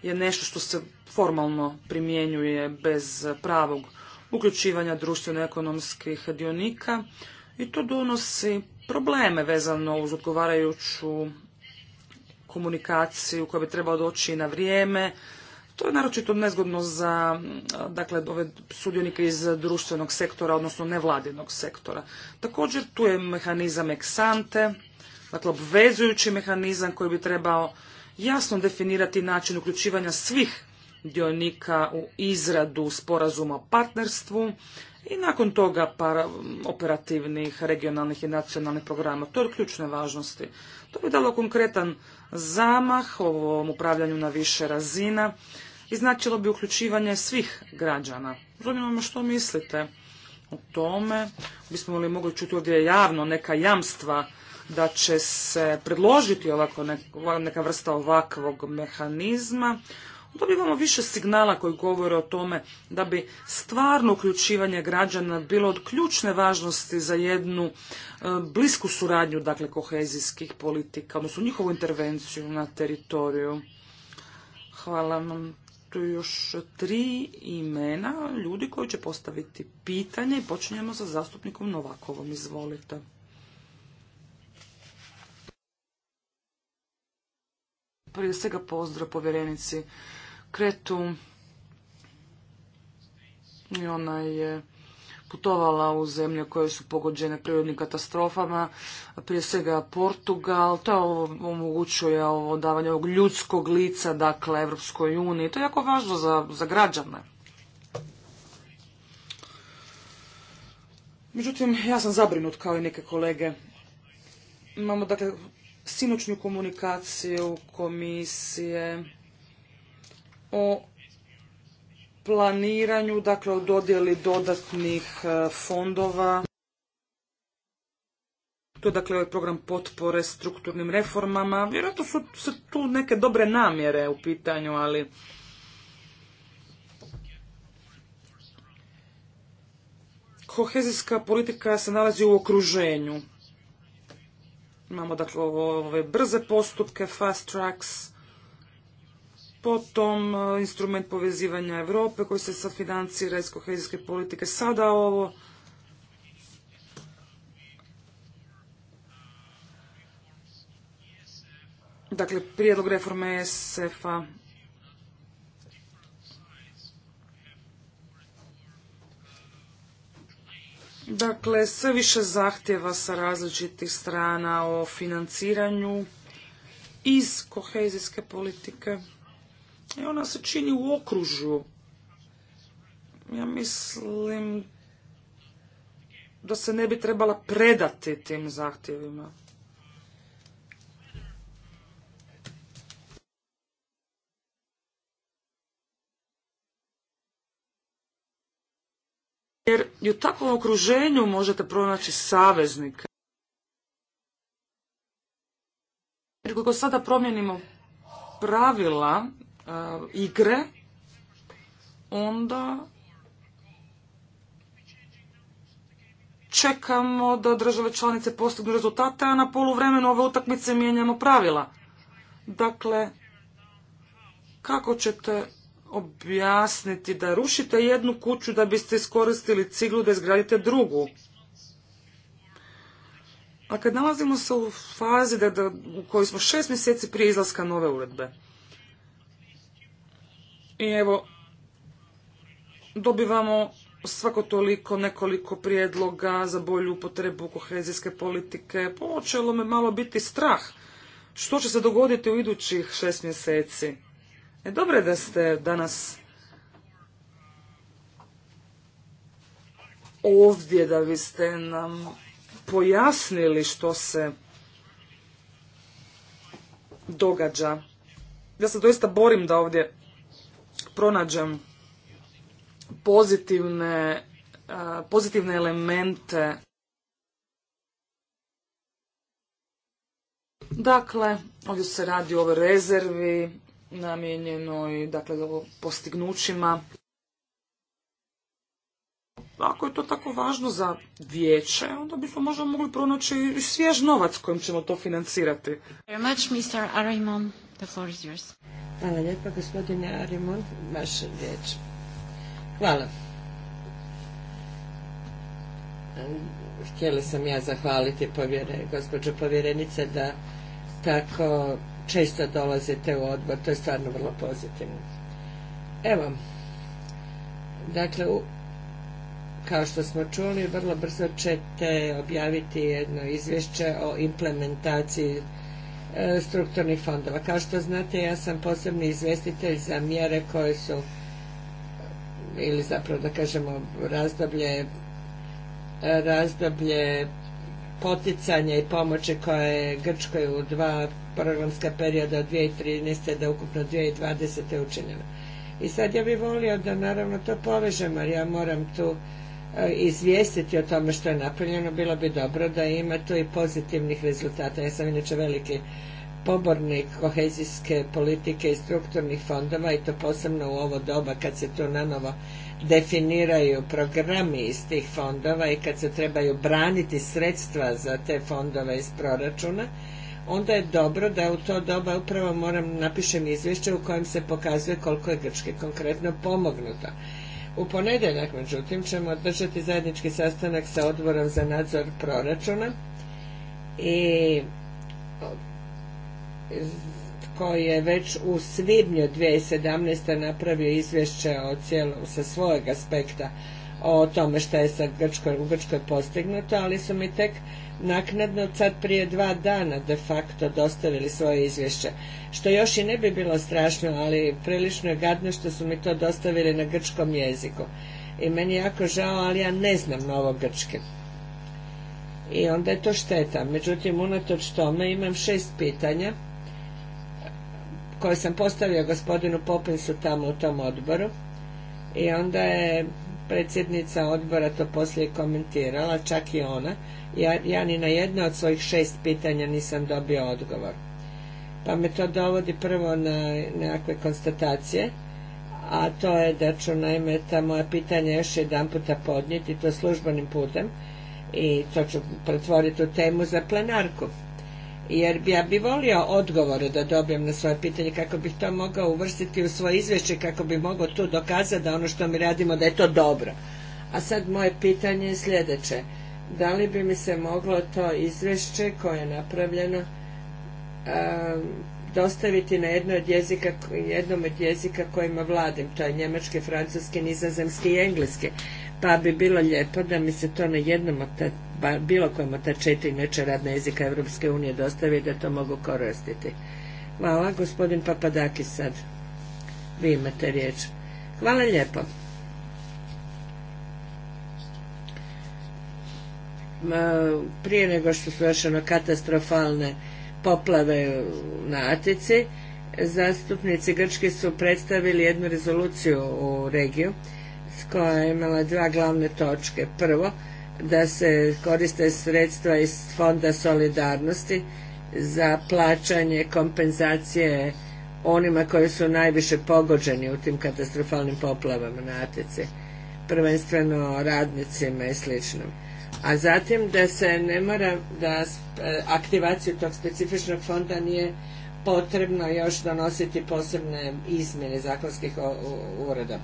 je nešto što se formalno primjenjuje bez pravog uključivanja društveno-ekonomskih dionika i to donosi probleme vezano uz odgovarajuću komunikaciju koja bi trebao doći na vrijeme. To je naročito nezgodno za dakle, ove sudionike iz društvenog sektora, odnosno nevladinog sektora. Također tu je mehanizam eksante, dakle obvezujući mehanizam koji bi trebao jasno definirati način uključivanja svih dionika u izradu sporazuma o partnerstvu i nakon toga operativnih, regionalnih i nacionalnih programa. To je od ključne važnosti. To bi dalo konkretan zamah ovom upravljanju na više razina i značilo bi uključivanje svih građana. Zanima me što mislite o tome. Bismo li mogli čuti ovdje javno neka jamstva da će se predložiti ovako neka vrsta ovakvog mehanizma dobivamo više signala koji govore o tome da bi stvarno uključivanje građana bilo od ključne važnosti za jednu e, blisku suradnju dakle kohezijskih politika, odnosno njihovu intervenciju na teritoriju. Hvala vam. Tu još tri imena ljudi koji će postaviti pitanje i počinjemo sa zastupnikom Novakovom. Izvolite. Prije svega pozdrav povjerenici Kretu i ona je putovala u zemlje koje su pogođene prirodnim katastrofama, prije svega Portugal, to omogućuje ovo davanje ovog ljudskog lica, dakle, Evropskoj uniji. To je jako važno za, za građane. Međutim, ja sam zabrinut kao i neke kolege. Imamo, dakle, sinoćnju komunikaciju komisije, o planiranju, dakle o dodjeli dodatnih e, fondova. To je dakle ovaj program potpore strukturnim reformama. Vjerojatno su se tu neke dobre namjere u pitanju, ali... Kohezijska politika se nalazi u okruženju. Imamo dakle ove brze postupke, fast tracks, Potom e, instrument povezivanja Europe koji se sad financira iz kohezijske politike. Sada ovo. Dakle, prijedlog reforme ESF-a. Dakle, sve više zahtjeva sa različitih strana o financiranju iz kohezijske politike. I ona se čini u okružu. Ja mislim da se ne bi trebala predati tim zahtjevima. Jer i u takvom okruženju možete pronaći saveznika. Jer kako sada promijenimo pravila E, igre, onda čekamo da države članice postignu rezultate, a na poluvremenu ove utakmice mijenjamo pravila. Dakle, kako ćete objasniti da rušite jednu kuću da biste iskoristili ciglu da izgradite drugu? A kad nalazimo se u fazi da, u kojoj smo šest mjeseci prije izlaska nove uredbe, i evo, dobivamo svako toliko nekoliko prijedloga za bolju upotrebu kohezijske politike. Počelo me malo biti strah. Što će se dogoditi u idućih šest mjeseci? E, dobro je da ste danas ovdje da biste nam pojasnili što se događa. Ja se doista borim da ovdje pronađem pozitivne, pozitivne elemente. Dakle, ovdje se radi o ovoj rezervi namijenjenoj dakle, o postignućima. Ako je to tako važno za vijeće, onda bismo možda mogli pronaći svjež novac kojim ćemo to financirati. Very much, Mr. Arimon. Hvala lijepa, gospodine Arimon. riječ. Hvala. Htjela sam ja zahvaliti gospođo povjerenice da tako često dolazite u odbor. To je stvarno vrlo pozitivno. Evo, dakle, kao što smo čuli, vrlo brzo ćete objaviti jedno izvješće o implementaciji E, strukturnih fondova. Kao što znate, ja sam posebni izvjestitelj za mjere koje su ili zapravo da kažemo razdoblje e, razdoblje poticanja i pomoći koja je Grčkoj u dva programska perioda od 2013. da ukupno 2020. učinjena. I sad ja bih volio da naravno to povežemo jer ja moram tu E, izvijestiti o tome što je napravljeno, bilo bi dobro da ima tu i pozitivnih rezultata. Ja sam inače veliki pobornik kohezijske politike i strukturnih fondova i to posebno u ovo doba kad se tu nanovo definiraju programi iz tih fondova i kad se trebaju braniti sredstva za te fondove iz proračuna, onda je dobro da u to doba upravo moram napišem izvješće u kojem se pokazuje koliko je Grčke konkretno pomognuto u ponedjeljak, međutim, ćemo održati zajednički sastanak sa odborom za nadzor proračuna i koji je već u svibnju 2017. napravio izvješće o cijelu sa svojeg aspekta o tome što je sa Grčkoj, u Grčkoj postignuto, ali su mi tek naknadno sad prije dva dana de facto dostavili svoje izvješće. Što još i ne bi bilo strašno, ali prilično je gadno što su mi to dostavili na grčkom jeziku. I meni je jako žao, ali ja ne znam novo grčke. I onda je to šteta. Međutim, unatoč tome imam šest pitanja koje sam postavio gospodinu Popinsu tamo u tom odboru. I onda je predsjednica odbora to poslije komentirala, čak i ona ja, ni na jedno od svojih šest pitanja nisam dobio odgovor. Pa me to dovodi prvo na nekakve konstatacije, a to je da ću naime ta moja pitanja još jedan puta podnijeti, to službenim putem, i to ću pretvoriti u temu za plenarku. Jer ja bi volio odgovore da dobijem na svoje pitanje kako bih to mogao uvrstiti u svoje izvješće, kako bi mogao tu dokazati da ono što mi radimo da je to dobro. A sad moje pitanje je sljedeće da li bi mi se moglo to izvješće koje je napravljeno dostaviti na jedno od jezika, jednom od jezika kojima vladim, to je njemački, francuski, nizozemski i engleski. Pa bi bilo lijepo da mi se to na jednom od ta, bilo kojem od ta četiri neče radna jezika Europske unije dostavi da to mogu koristiti. Hvala, gospodin Papadakis sad. Vi imate riječ. Hvala lijepo. prije nego što su još ono katastrofalne poplave na Atici, zastupnici Grčki su predstavili jednu rezoluciju u regiju koja je imala dva glavne točke. Prvo, da se koriste sredstva iz Fonda solidarnosti za plaćanje kompenzacije onima koji su najviše pogođeni u tim katastrofalnim poplavama na Atici, prvenstveno radnicima i sl a zatim da se ne mora da e, aktivaciju tog specifičnog fonda nije potrebno još donositi posebne izmjene zakonskih uredova.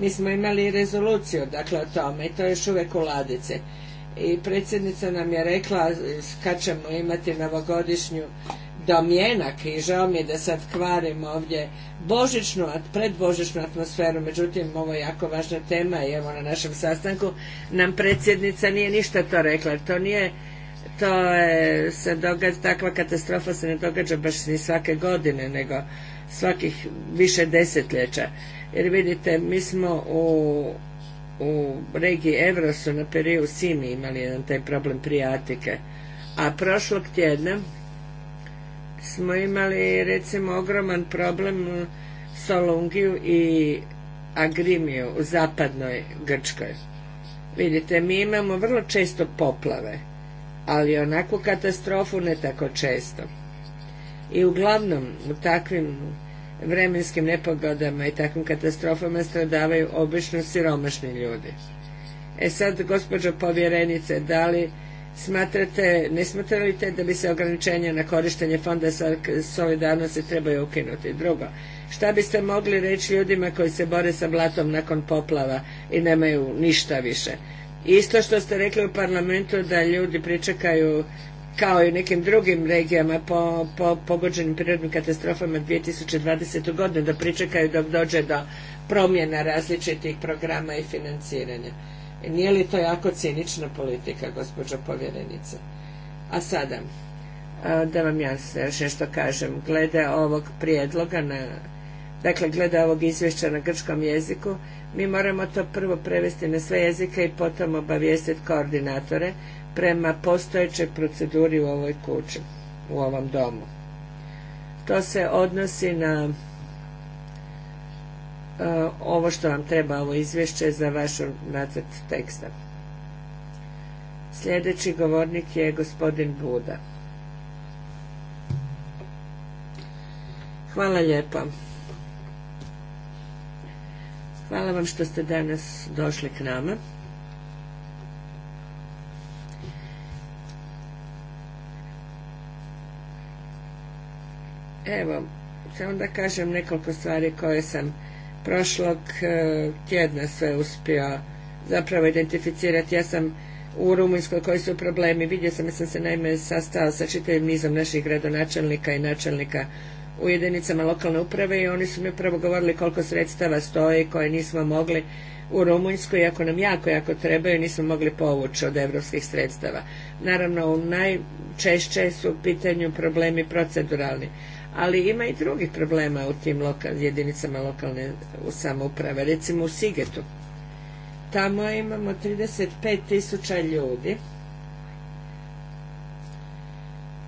Mi smo imali rezoluciju dakle o tome i to je još uvijek u ladice. I predsjednica nam je rekla e, kad ćemo imati novogodišnju domjenak i žao mi je da sad kvarim ovdje božićnu, predbožičnu atmosferu, međutim ovo je jako važna tema i evo na našem sastanku nam predsjednica nije ništa to rekla, to nije to je, se događa, takva katastrofa se ne događa baš ni svake godine, nego svakih više desetljeća. Jer vidite, mi smo u, regiji Evrosu na periodu Simi imali jedan taj problem prijatike A prošlog tjedna smo imali recimo ogroman problem e, Solungiju i Agrimiju u zapadnoj Grčkoj. Vidite, mi imamo vrlo često poplave, ali onakvu katastrofu ne tako često. I uglavnom u takvim vremenskim nepogodama i takvim katastrofama stradavaju obično siromašni ljudi. E sad, gospođo povjerenice, da li smatrate, ne smatrate da bi se ograničenja na korištenje fonda solidarnosti trebaju ukinuti? Drugo, šta biste mogli reći ljudima koji se bore sa blatom nakon poplava i nemaju ništa više? Isto što ste rekli u parlamentu da ljudi pričekaju kao i u nekim drugim regijama po, pogođenim prirodnim katastrofama 2020. godine da pričekaju dok dođe do promjena različitih programa i financiranja. Nije li to jako cinična politika, gospođo povjerenice? A sada, e, da vam ja još nešto kažem, glede ovog prijedloga na Dakle, glede ovog izvješća na grčkom jeziku, mi moramo to prvo prevesti na sve jezike i potom obavijestiti koordinatore prema postojećoj proceduri u ovoj kući, u ovom domu. To se odnosi na Eh, ovo što vam treba ovo izvješće za vaš nacrt teksta. Sljedeći govornik je gospodin Buda. Hvala lijepo. Hvala vam što ste danas došli k nama. Evo, samo da kažem nekoliko stvari koje sam prošlog e, tjedna sve uspio zapravo identificirati. Ja sam u Rumunjskoj koji su problemi. Vidio sam, da sam se naime sastao sa čitavim nizom naših gradonačelnika i načelnika u jedinicama lokalne uprave i oni su mi upravo govorili koliko sredstava stoji koje nismo mogli u Rumunjskoj, iako nam jako, jako trebaju, nismo mogli povući od evropskih sredstava. Naravno, najčešće su u pitanju problemi proceduralni ali ima i drugih problema u tim lokal, jedinicama lokalne samouprave. Recimo u Sigetu. Tamo imamo 35 tisuća ljudi,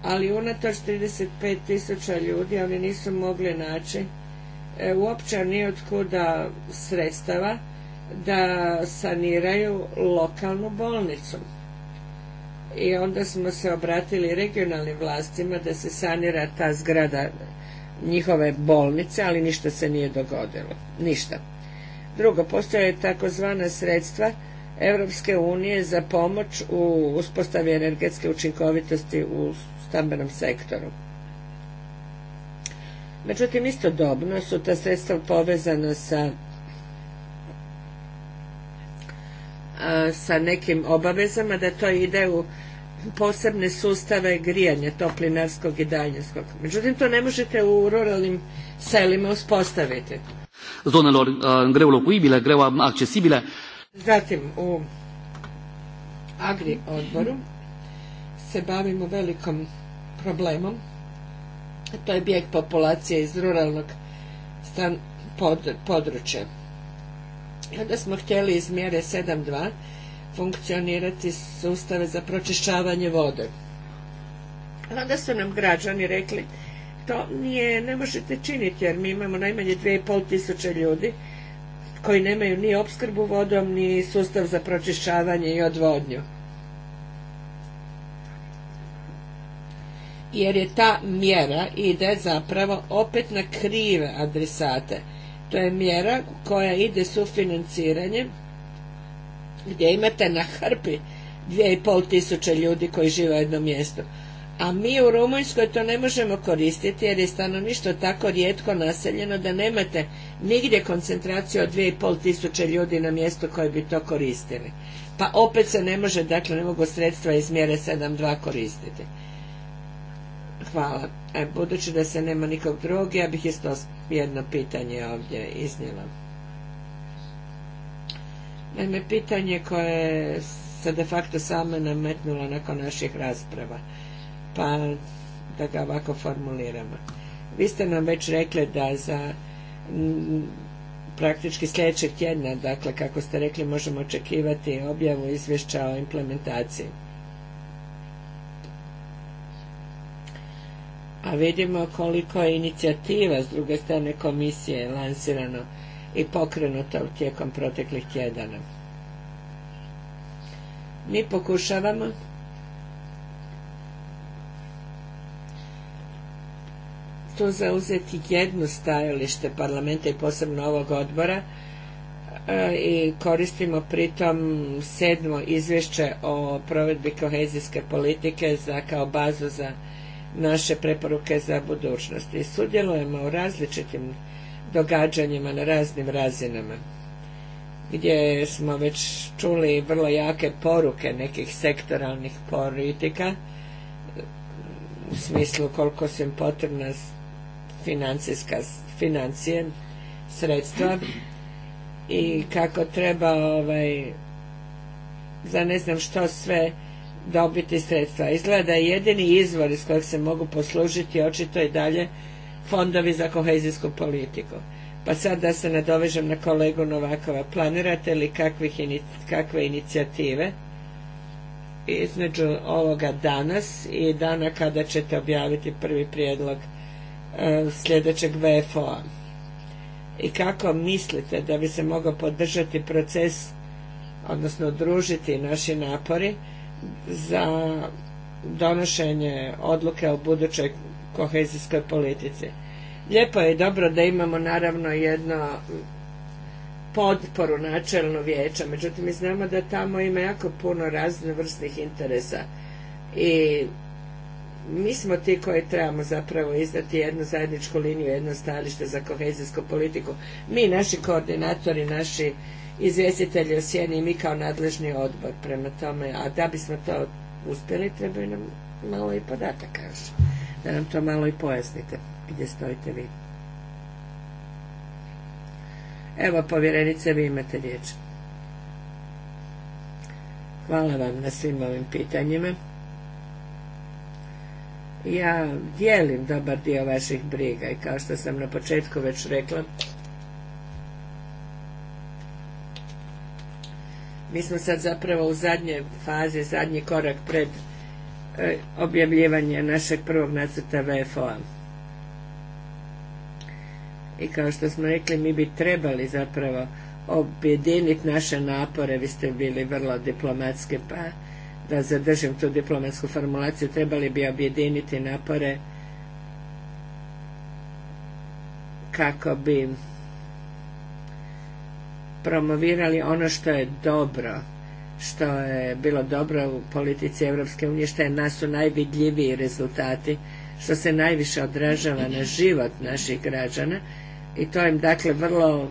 ali unatoč 35 tisuća ljudi oni nisu mogli naći e, uopće ni od kuda sredstava da saniraju lokalnu bolnicu i onda smo se obratili regionalnim vlastima da se sanira ta zgrada njihove bolnice, ali ništa se nije dogodilo. Ništa. Drugo, postoje takozvana sredstva Europske unije za pomoć u uspostavi energetske učinkovitosti u stambenom sektoru. Međutim, istodobno su ta sredstva povezana sa sa nekim obavezama da to ide u posebne sustave grijanja toplinarskog i daljinskog. Međutim, to ne možete u ruralnim selima uspostaviti. greu Zatim, u Agri odboru se bavimo velikom problemom. To je bijeg populacije iz ruralnog područja Onda smo htjeli iz mjere 7.2 funkcionirati sustave za pročišćavanje vode. Onda su nam građani rekli to nije, ne možete činiti jer mi imamo najmanje 2,5 tisuće ljudi koji nemaju ni opskrbu vodom, ni sustav za pročišćavanje i odvodnju. Jer je ta mjera ide zapravo opet na krive adresate to je mjera koja ide sufinanciranjem gdje imate na hrpi 2,5 tisuće ljudi koji žive u jednom mjestu. A mi u Rumunjskoj to ne možemo koristiti jer je stanovništvo tako rijetko naseljeno da nemate nigdje koncentraciju od 2,5 tisuće ljudi na mjestu koje bi to koristili. Pa opet se ne može, dakle ne mogu sredstva iz mjere 7.2 koristiti. Hvala. E, budući da se nema nikog drugog, ja bih isto jedno pitanje ovdje iznijela. Naime, pitanje koje se de facto samo nametnulo nakon naših rasprava, pa da ga ovako formuliramo. Vi ste nam već rekli da za praktički sljedećeg tjedna, dakle kako ste rekli, možemo očekivati objavu izvješća o implementaciji. a vidimo koliko je inicijativa s druge strane komisije lansirano i pokrenuto tijekom proteklih tjedana. Mi pokušavamo tu zauzeti jedno stajalište parlamenta i posebno ovog odbora e, i koristimo pritom sedmo izvješće o provedbi kohezijske politike za, kao bazu za naše preporuke za budućnost. I sudjelujemo u različitim događanjima na raznim razinama gdje smo već čuli vrlo jake poruke nekih sektoralnih politika u smislu koliko su im potrebna financijska financije, sredstva i kako treba ovaj, za ne znam što sve dobiti sredstva. Izgleda da je jedini izvor iz kojeg se mogu poslužiti očito i dalje fondovi za kohezijsku politiku. Pa sad da se nadovežem na kolegu Novakova. Planirate li kakve inicijative između ovoga danas i dana kada ćete objaviti prvi prijedlog e, sljedećeg VFO-a? I kako mislite da bi se mogao podržati proces, odnosno družiti naši napori za donošenje odluke o budućoj kohezijskoj politici. Lijepo je dobro da imamo naravno jedno potporu načelno vijeća, međutim mi znamo da tamo ima jako puno raznovrsnih interesa i mi smo ti koji trebamo zapravo izdati jednu zajedničku liniju, jedno stajalište za kohezijsku politiku. Mi, naši koordinatori, naši izvjestitelji u sjeni i mi kao nadležni odbor. Prema tome, a da bismo to uspjeli, trebaju nam malo i podataka još. Da nam to malo i pojasnite gdje stojite vi. Evo, povjerenice, vi imate riječ. Hvala vam na svim ovim pitanjima. Ja dijelim dobar dio vaših briga i kao što sam na početku već rekla, Mi smo sad zapravo u zadnje fazi, zadnji korak pred e, objavljivanje našeg prvog nacrta VFO-a. I kao što smo rekli, mi bi trebali zapravo objediniti naše napore, vi ste bili vrlo diplomatski, pa da zadržim tu diplomatsku formulaciju, trebali bi objediniti napore kako bi promovirali ono što je dobro što je bilo dobro u politici Europske unije, što je nas su najvidljiviji rezultati, što se najviše odražava na život naših građana i to im dakle vrlo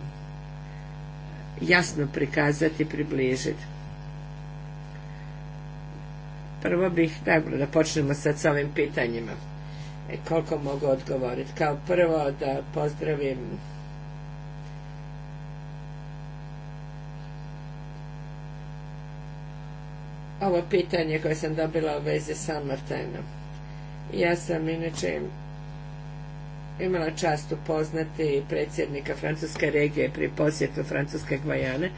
jasno prikazati i približiti. Prvo bih, dakle, da počnemo sad s ovim pitanjima. E, koliko mogu odgovoriti? Kao prvo da pozdravim ovo pitanje koje sam dobila u vezi sa Martenom. Ja sam inače imala čast upoznati predsjednika Francuske regije pri posjetu Francuske Gvajane,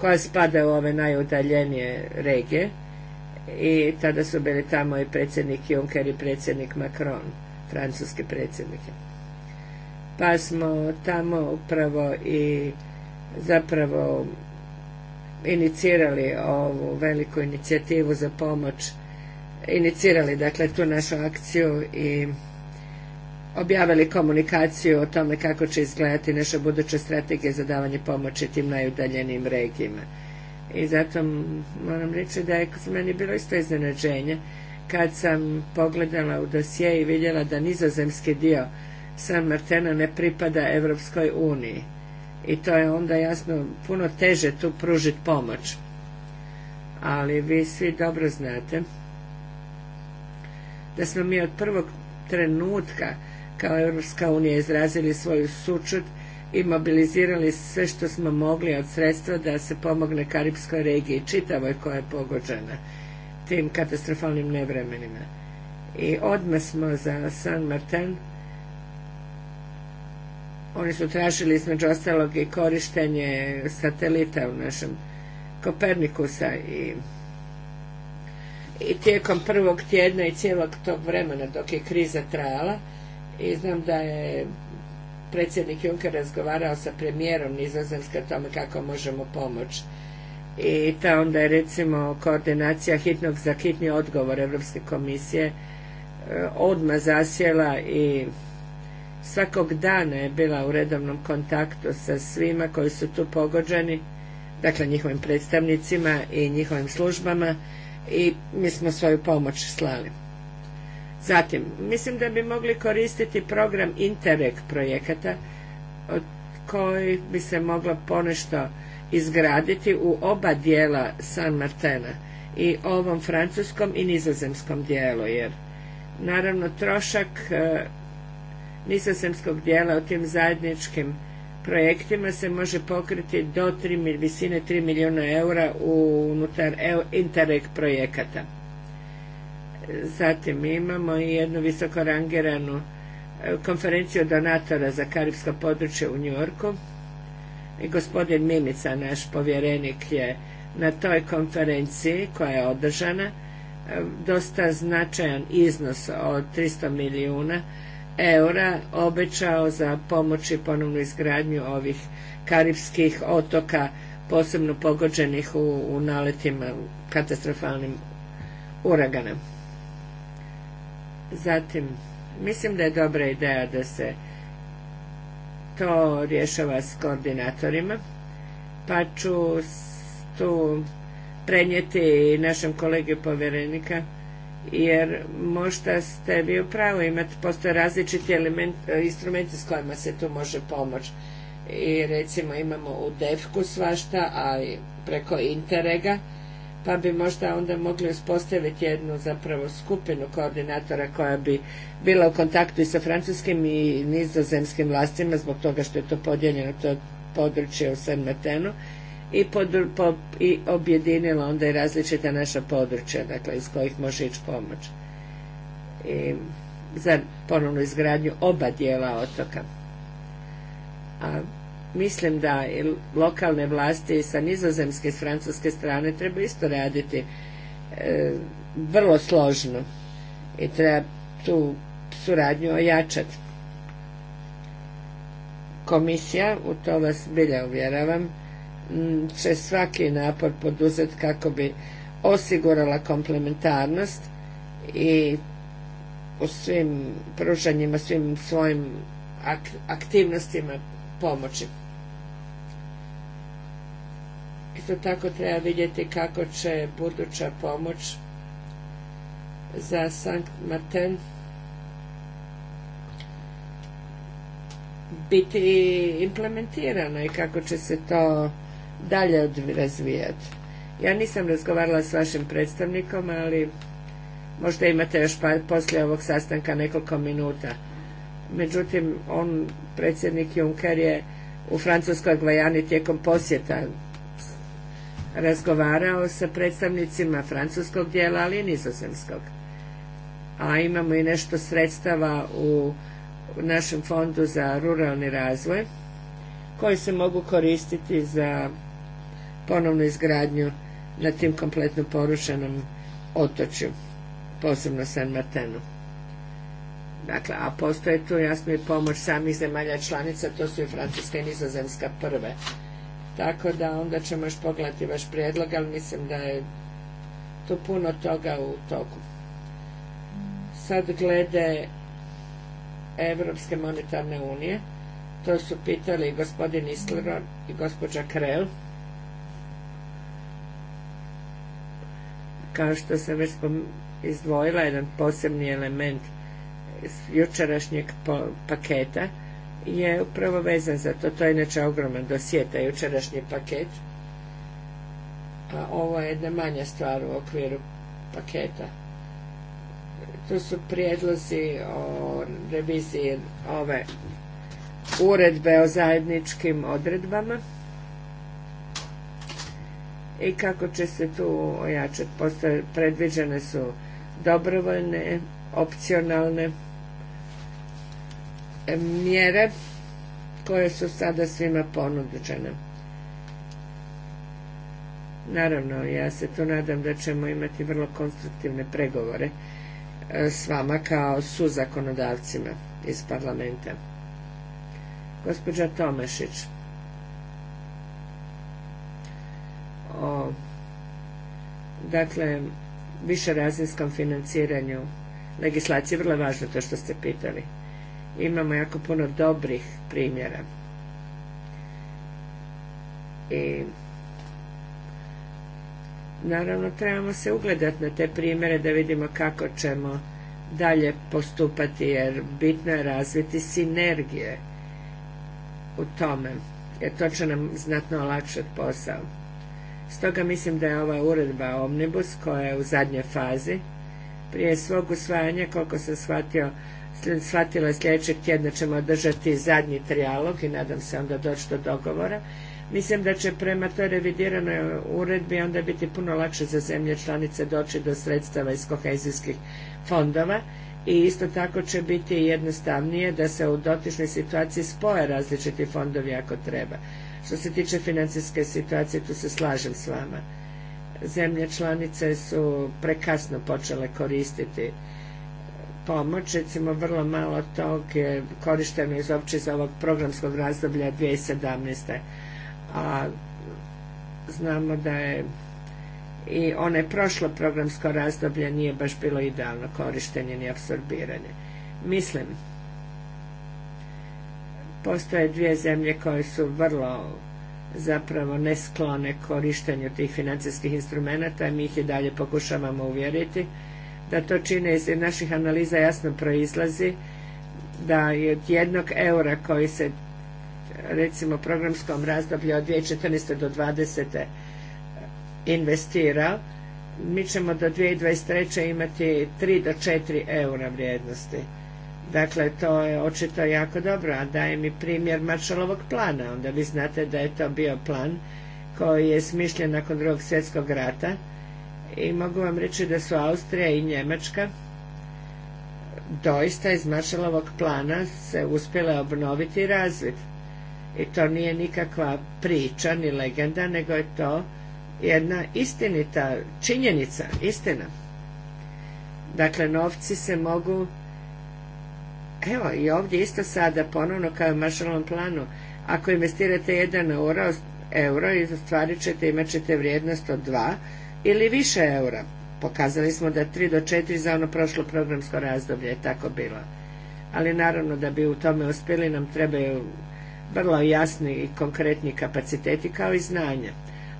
koja spada u ove najudaljenije regije i tada su bili tamo i predsjednik Juncker i predsjednik Macron, francuski predsjednik. Pa smo tamo upravo i zapravo inicirali ovu veliku inicijativu za pomoć inicirali dakle tu našu akciju i objavili komunikaciju o tome kako će izgledati naša buduća strategija za davanje pomoći tim najudaljenijim regijima. I zato moram reći da je meni bilo isto iznenađenje kad sam pogledala u dosje i vidjela da nizozemski dio San Martena ne pripada Evropskoj uniji i to je onda jasno puno teže tu pružiti pomoć. Ali vi svi dobro znate da smo mi od prvog trenutka kao Europska unija izrazili svoju sučut i mobilizirali sve što smo mogli od sredstva da se pomogne Karibskoj regiji, čitavoj koja je pogođena tim katastrofalnim nevremenima. I odmah smo za San Martin oni su tražili između ostalog i korištenje satelita u našem Kopernikusa i i tijekom prvog tjedna i cijelog tog vremena dok je kriza trajala i znam da je predsjednik Juncker razgovarao sa premijerom Nizozemske o tome kako možemo pomoći i ta onda je recimo koordinacija hitnog za hitni odgovor Europske komisije e, odmah zasjela i svakog dana je bila u redovnom kontaktu sa svima koji su tu pogođeni, dakle njihovim predstavnicima i njihovim službama i mi smo svoju pomoć slali. Zatim, mislim da bi mogli koristiti program Interreg projekata od koji bi se moglo ponešto izgraditi u oba dijela San Martena i ovom francuskom i nizozemskom dijelu jer naravno trošak e, Nisosemskog dijela o tim zajedničkim projektima se može pokriti do visine 3 milijuna eura unutar e Interreg projekata. Zatim imamo i jednu visoko rangiranu e, konferenciju donatora za karibsko područje u Njorku i gospodin Mimica, naš povjerenik, je na toj konferenciji koja je održana e, dosta značajan iznos od 300 milijuna eura obećao za pomoć i ponovnu izgradnju ovih karibskih otoka posebno pogođenih u, naletima katastrofalnim uragana. Zatim, mislim da je dobra ideja da se to rješava s koordinatorima, pa ću tu prenijeti našem kolegi povjerenika jer možda ste vi u pravu postoje različiti element, e, instrumenti s kojima se tu može pomoći. i recimo imamo u defku svašta, a i preko interega pa bi možda onda mogli uspostaviti jednu zapravo skupinu koordinatora koja bi bila u kontaktu i sa francuskim i nizozemskim vlastima zbog toga što je to podijeljeno to područje u Sermetenu i, pod, i objedinila onda i različita naša područja dakle iz kojih može ići pomoć i za ponovnu izgradnju oba dijela otoka a mislim da i lokalne vlasti sa nizozemske i s francuske strane treba isto raditi e, vrlo složno i treba tu suradnju ojačati komisija u to vas bilja uvjeravam Mm, će svaki napor poduzet kako bi osigurala komplementarnost i u svim pružanjima, svim svojim aktivnostima pomoći. Isto tako treba vidjeti kako će buduća pomoć za Sankt Martin biti implementirana i kako će se to dalje razvijati. Ja nisam razgovarala s vašim predstavnikom, ali možda imate još pa, poslije ovog sastanka nekoliko minuta. Međutim, on, predsjednik Juncker je u Francuskoj Gvajani tijekom posjeta razgovarao sa predstavnicima francuskog dijela, ali i nizozemskog. A imamo i nešto sredstava u našem fondu za ruralni razvoj koji se mogu koristiti za ponovnu izgradnju na tim kompletno porušenom otočju, posebno San Martenu. Dakle, a postoje tu jasno i pomoć samih zemalja članica, to su i Francuska i Nizozemska prve. Tako da onda ćemo još pogledati vaš prijedlog, ali mislim da je tu puno toga u toku. Sad glede Evropske monetarne unije, to su pitali i gospodin Isler i gospođa Krell. kao što sam već izdvojila jedan posebni element jučerašnjeg paketa je upravo vezan za to. To je inače ogroman dosjeta jučerašnji paket. A ovo je jedna manja stvar u okviru paketa. Tu su prijedlozi o reviziji ove uredbe o zajedničkim odredbama i kako će se tu ojačati. predviđene su dobrovoljne, opcionalne e, mjere koje su sada svima ponuđene. Naravno, ja se tu nadam da ćemo imati vrlo konstruktivne pregovore e, s vama kao su zakonodavcima iz parlamenta. Gospođa Tomašić. o dakle višerazinskom financiranju legislacije, vrlo važno to što ste pitali. Imamo jako puno dobrih primjera. I naravno trebamo se ugledati na te primjere da vidimo kako ćemo dalje postupati jer bitno je razviti sinergije u tome jer to će nam znatno olakšati posao. Stoga mislim da je ova uredba Omnibus koja je u zadnjoj fazi prije svog usvajanja, koliko sam shvatio, shvatila sljedećeg tjedna ćemo održati zadnji trijalog i nadam se onda doći do dogovora. Mislim da će prema toj revidiranoj uredbi onda biti puno lakše za zemlje članice doći do sredstava iz kohezijskih fondova i isto tako će biti jednostavnije da se u dotičnoj situaciji spoje različiti fondovi ako treba. Što se tiče financijske situacije, tu se slažem s vama. Zemlje članice su prekasno počele koristiti pomoć, recimo vrlo malo tog je korišteno iz opće za ovog programskog razdoblja 2017. A znamo da je i one prošlo programsko razdoblje nije baš bilo idealno korištenje ni apsorbiranje. Mislim Postoje dvije zemlje koje su vrlo zapravo nesklone korištenju tih financijskih instrumenata, mi ih i dalje pokušavamo uvjeriti da to čine iz naših analiza jasno proizlazi da je od jednog eura koji se recimo programskom razdoblju od 2014. do 2020. investira mi ćemo do 2023. imati 3 do 4 eura vrijednosti Dakle, to je očito jako dobro, a daje mi primjer Maršalovog plana. Onda vi znate da je to bio plan koji je smišljen nakon drugog svjetskog rata i mogu vam reći da su Austrija i Njemačka doista iz Maršalovog plana se uspjele obnoviti i razviti. I to nije nikakva priča ni legenda, nego je to jedna istinita činjenica, istina. Dakle, novci se mogu Evo i ovdje isto sada ponovno kao i u maršalnom planu, ako investirate jedan euro, euro i ostvarit ćete, imat ćete vrijednost od dva ili više eura. Pokazali smo da tri do četiri za ono prošlo programsko razdoblje je tako bilo. Ali naravno da bi u tome uspjeli nam trebaju vrlo jasni i konkretni kapaciteti kao i znanja.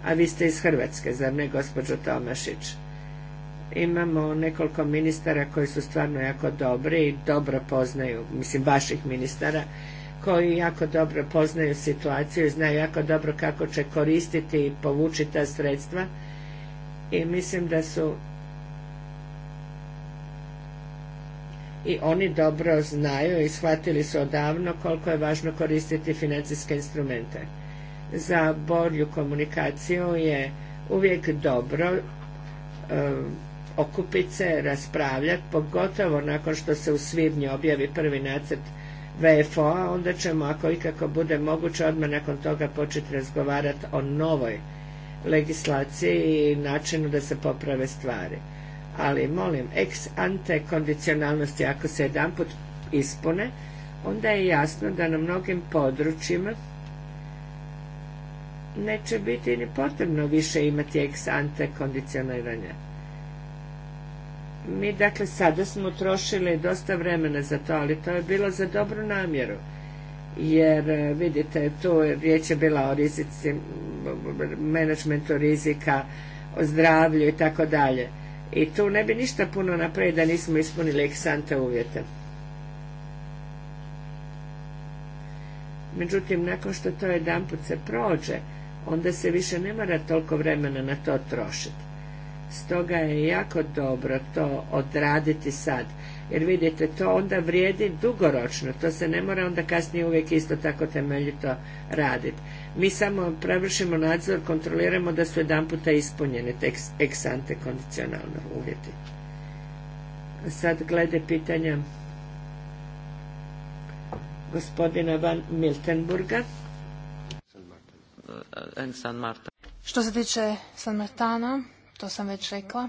A vi ste iz Hrvatske, zar ne gospođo Tomašić? imamo nekoliko ministara koji su stvarno jako dobri i dobro poznaju, mislim vaših ministara, koji jako dobro poznaju situaciju i znaju jako dobro kako će koristiti i povući ta sredstva i mislim da su i oni dobro znaju i shvatili su odavno koliko je važno koristiti financijske instrumente. Za bolju komunikaciju je uvijek dobro ehm, okupiti se, raspravljati, pogotovo nakon što se u svibnju objavi prvi nacrt VFO-a, onda ćemo ako ikako bude moguće odmah nakon toga početi razgovarati o novoj legislaciji i načinu da se poprave stvari. Ali molim, ex ante kondicionalnosti ako se jedanput ispune, onda je jasno da na mnogim područjima neće biti ni potrebno više imati ex ante kondicioniranja. Mi dakle sada smo trošili dosta vremena za to, ali to je bilo za dobru namjeru. Jer e, vidite, tu riječ je bila o rizici, menadžmentu rizika, o zdravlju i tako dalje. I tu ne bi ništa puno napravili da nismo ispunili eksante uvjete. Međutim, nakon što to jedan put se prođe, onda se više ne mora toliko vremena na to trošiti. Stoga je jako dobro to odraditi sad. Jer vidite, to onda vrijedi dugoročno. To se ne mora onda kasnije uvijek isto tako temeljito raditi. Mi samo prevršimo nadzor, kontroliramo da su jedan puta ispunjene ex ante kondicionalno uvjeti. Sad glede pitanja gospodina Van Miltenburga. Što se tiče San Martana, to sam već rekla.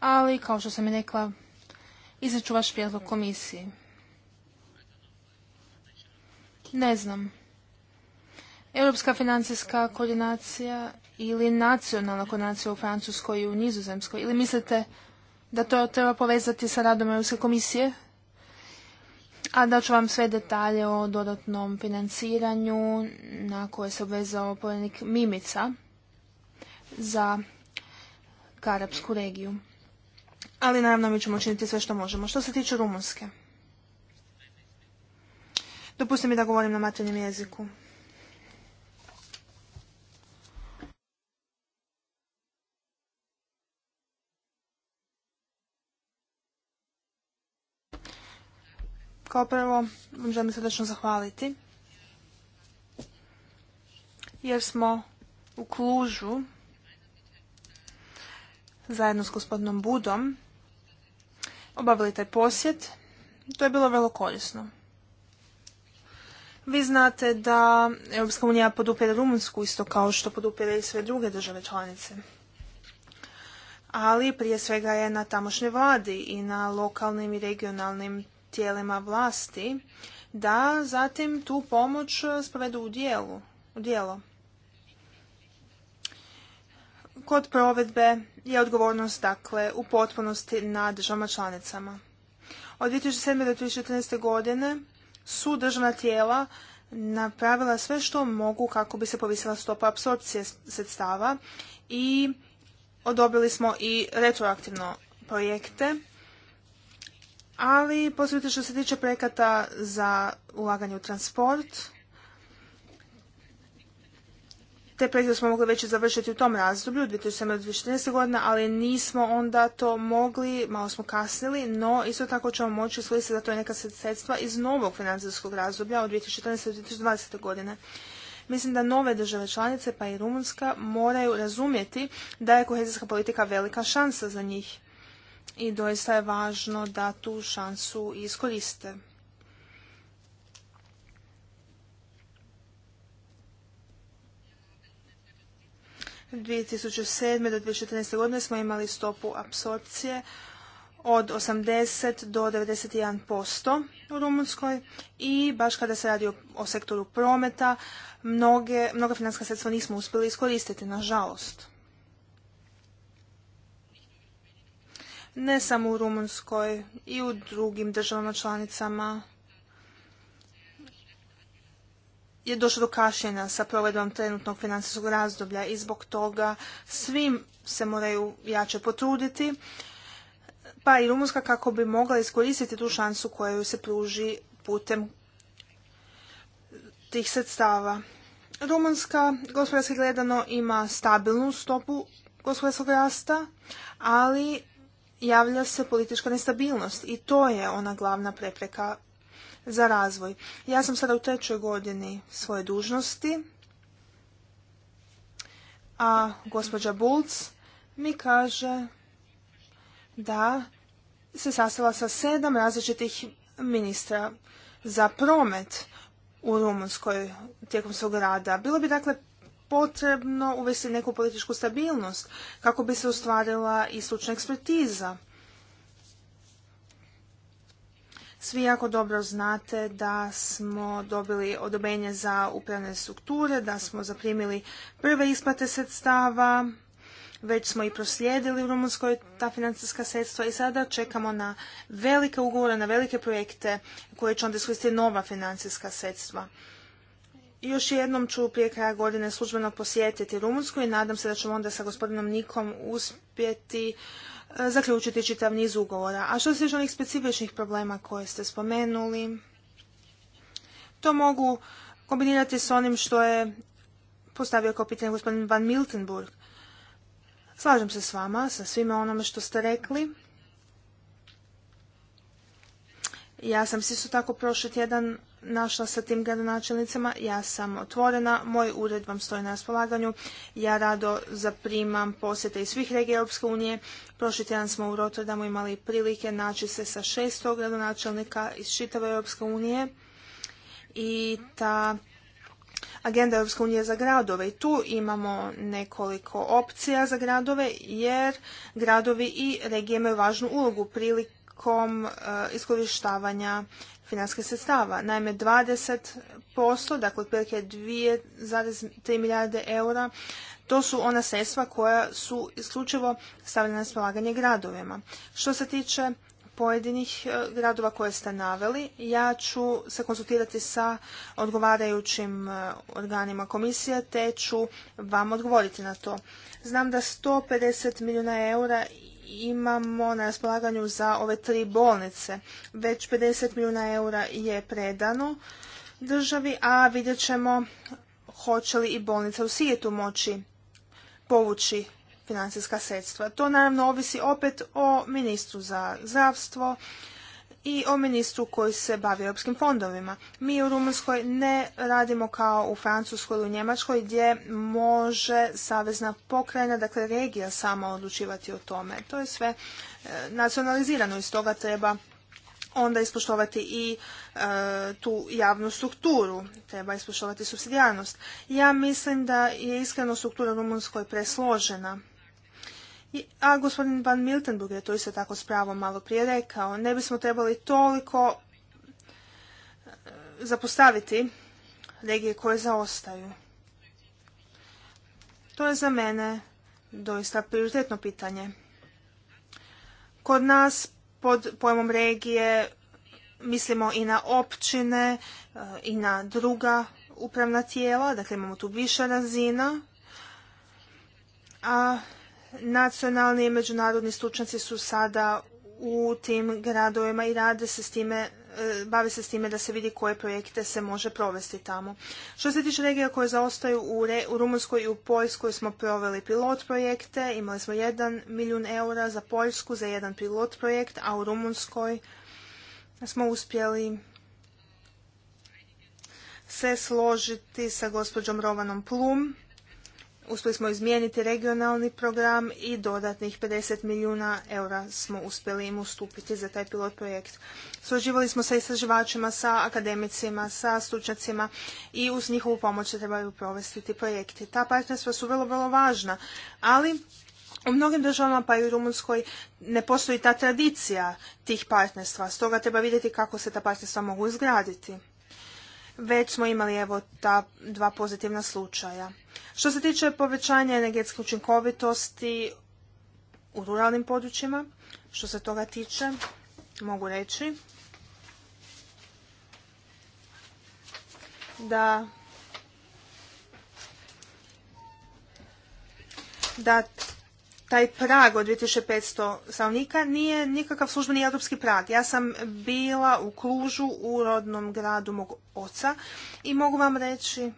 Ali, kao što sam i rekla, izreću vaš prijedlog komisiji. Ne znam. Europska financijska koordinacija ili nacionalna koordinacija u Francuskoj i u Nizozemskoj? Ili mislite da to treba povezati sa radom Europske komisije? A da ću vam sve detalje o dodatnom financiranju na koje se obvezao povjednik Mimica za Karapsku regiju. Ali naravno mi ćemo učiniti sve što možemo. Što se tiče Rumunske. Dopustite mi da govorim na maternjem jeziku. Kao prvo, želim srdečno zahvaliti jer smo u Klužu zajedno s gospodinom Budom obavili taj posjet. To je bilo vrlo korisno. Vi znate da Europska unija podupire Rumunsku isto kao što podupire i sve druge države članice. Ali prije svega je na tamošnjoj vladi i na lokalnim i regionalnim tijelima vlasti da zatim tu pomoć sprovedu u dijelu, kod provedbe je odgovornost dakle u potpunosti na državama članicama. Od 2007. do 2014. godine su državna tijela napravila sve što mogu kako bi se povisila stopa apsorpcije sredstava i odobrili smo i retroaktivno projekte, ali posebno što se tiče projekata za ulaganje u transport, te projekte smo mogli već završiti u tom razdoblju, 2014. godina, ali nismo onda to mogli, malo smo kasnili, no isto tako ćemo moći iskoristiti za to neka sredstva iz novog financijskog razdoblja od 2014. do 2020. godine. Mislim da nove države članice, pa i Rumunska, moraju razumjeti da je kohezijska politika velika šansa za njih. I doista je važno da tu šansu iskoriste. 2007. do 2014. godine smo imali stopu apsorpcije od 80 do 91% u Rumunskoj i baš kada se radi o, sektoru prometa, mnoge, mnoga financijska sredstva nismo uspjeli iskoristiti, nažalost. Ne samo u Rumunskoj i u drugim državama članicama je došlo do kašnjenja sa provedbom trenutnog financijskog razdoblja i zbog toga svim se moraju jače potruditi, pa i Rumunska kako bi mogla iskoristiti tu šansu koju se pruži putem tih sredstava. Rumunska, gospodarski gledano, ima stabilnu stopu gospodarskog rasta, ali javlja se politička nestabilnost i to je ona glavna prepreka za razvoj. Ja sam sada u trećoj godini svoje dužnosti, a gospođa Bulc mi kaže da se sastala sa sedam različitih ministra za promet u Rumunskoj tijekom svog rada. Bilo bi dakle potrebno uvesti neku političku stabilnost kako bi se ostvarila i stručna ekspertiza Svi jako dobro znate da smo dobili odobenje za upravne strukture, da smo zaprimili prve isplate sredstava, već smo i proslijedili u Rumunskoj ta financijska sredstva i sada čekamo na velike ugovore, na velike projekte koje će onda iskoristiti nova financijska sredstva. Još jednom ću prije kraja godine službeno posjetiti Rumunsku i nadam se da ćemo onda sa gospodinom Nikom uspjeti E, zaključiti čitav niz ugovora. A što se tiče onih specifičnih problema koje ste spomenuli, to mogu kombinirati s onim što je postavio kao pitanje gospodin Van Miltenburg. Slažem se s vama, sa svime onome što ste rekli. Ja sam se isto tako prošli tjedan našla sa tim gradonačelnicama, ja sam otvorena, moj ured vam stoji na raspolaganju, ja rado zaprimam posjete iz svih regija Europske unije. Prošli tjedan smo u Rotterdamu imali prilike naći se sa šestog gradonačelnika iz čitave Europske unije i ta agenda Europske unije za gradove. I tu imamo nekoliko opcija za gradove jer gradovi i regije imaju važnu ulogu priliku kom e, iskorištavanja financijskih sredstava. Naime, 20%, dakle otprilike 2,3 milijarde eura, to su ona sredstva koja su isključivo stavljena na spolaganje gradovima. Što se tiče pojedinih e, gradova koje ste naveli. Ja ću se konsultirati sa odgovarajućim e, organima komisije te ću vam odgovoriti na to. Znam da 150 milijuna eura imamo na raspolaganju za ove tri bolnice. Već 50 milijuna eura je predano državi, a vidjet ćemo hoće li i bolnica u Sijetu moći povući financijska sredstva. To naravno ovisi opet o ministru za zdravstvo, i o ministru koji se bavi europskim fondovima. Mi u Rumunskoj ne radimo kao u Francuskoj ili u Njemačkoj gdje može savezna pokrajina, dakle regija sama odlučivati o tome. To je sve e, nacionalizirano i stoga treba onda ispoštovati i e, tu javnu strukturu, treba ispoštovati subsidijarnost. Ja mislim da je iskreno struktura Rumunskoj presložena a gospodin Van Miltenburg je to isto tako s pravom malo prije rekao. Ne bismo trebali toliko e, zapostaviti regije koje zaostaju. To je za mene doista prioritetno pitanje. Kod nas pod pojmom regije mislimo i na općine e, i na druga upravna tijela, dakle imamo tu više razina, a Nacionalni i međunarodni stručnjaci su sada u tim gradovima i rade se s time e, bave se s time da se vidi koje projekte se može provesti tamo. Što se tiče regija koje zaostaju u, Re, u Rumunjskoj i u Poljskoj smo proveli pilot projekte, imali smo 1 milijun eura za Poljsku za jedan pilot projekt, a u Rumunskoj smo uspjeli se složiti sa gospođom Rovanom Plum uspjeli smo izmijeniti regionalni program i dodatnih 50 milijuna eura smo uspjeli im ustupiti za taj pilot projekt. Složivali smo sa istraživačima, sa akademicima, sa stručnjacima i uz njihovu pomoć se trebaju provesti ti projekti. Ta partnerstva su vrlo, vrlo važna, ali u mnogim državama, pa i u Rumunskoj, ne postoji ta tradicija tih partnerstva. Stoga treba vidjeti kako se ta partnerstva mogu izgraditi već smo imali evo ta dva pozitivna slučaja. Što se tiče povećanja energetske učinkovitosti u ruralnim područjima, što se toga tiče, mogu reći da da taj prag od 2500 stanovnika nije nikakav službeni europski prag. Ja sam bila u Klužu u rodnom gradu mog oca i mogu vam reći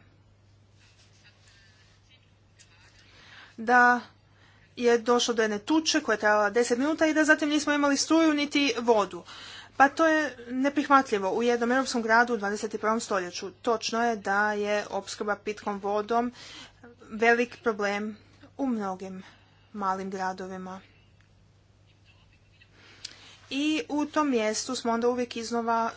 da je došlo do jedne tuče koja je trajala 10 minuta i da zatim nismo imali struju niti vodu. Pa to je neprihvatljivo u jednom europskom gradu u 21. stoljeću. Točno je da je opskrba pitkom vodom velik problem u mnogim malim gradovima. I u tom mjestu smo onda uvijek iznova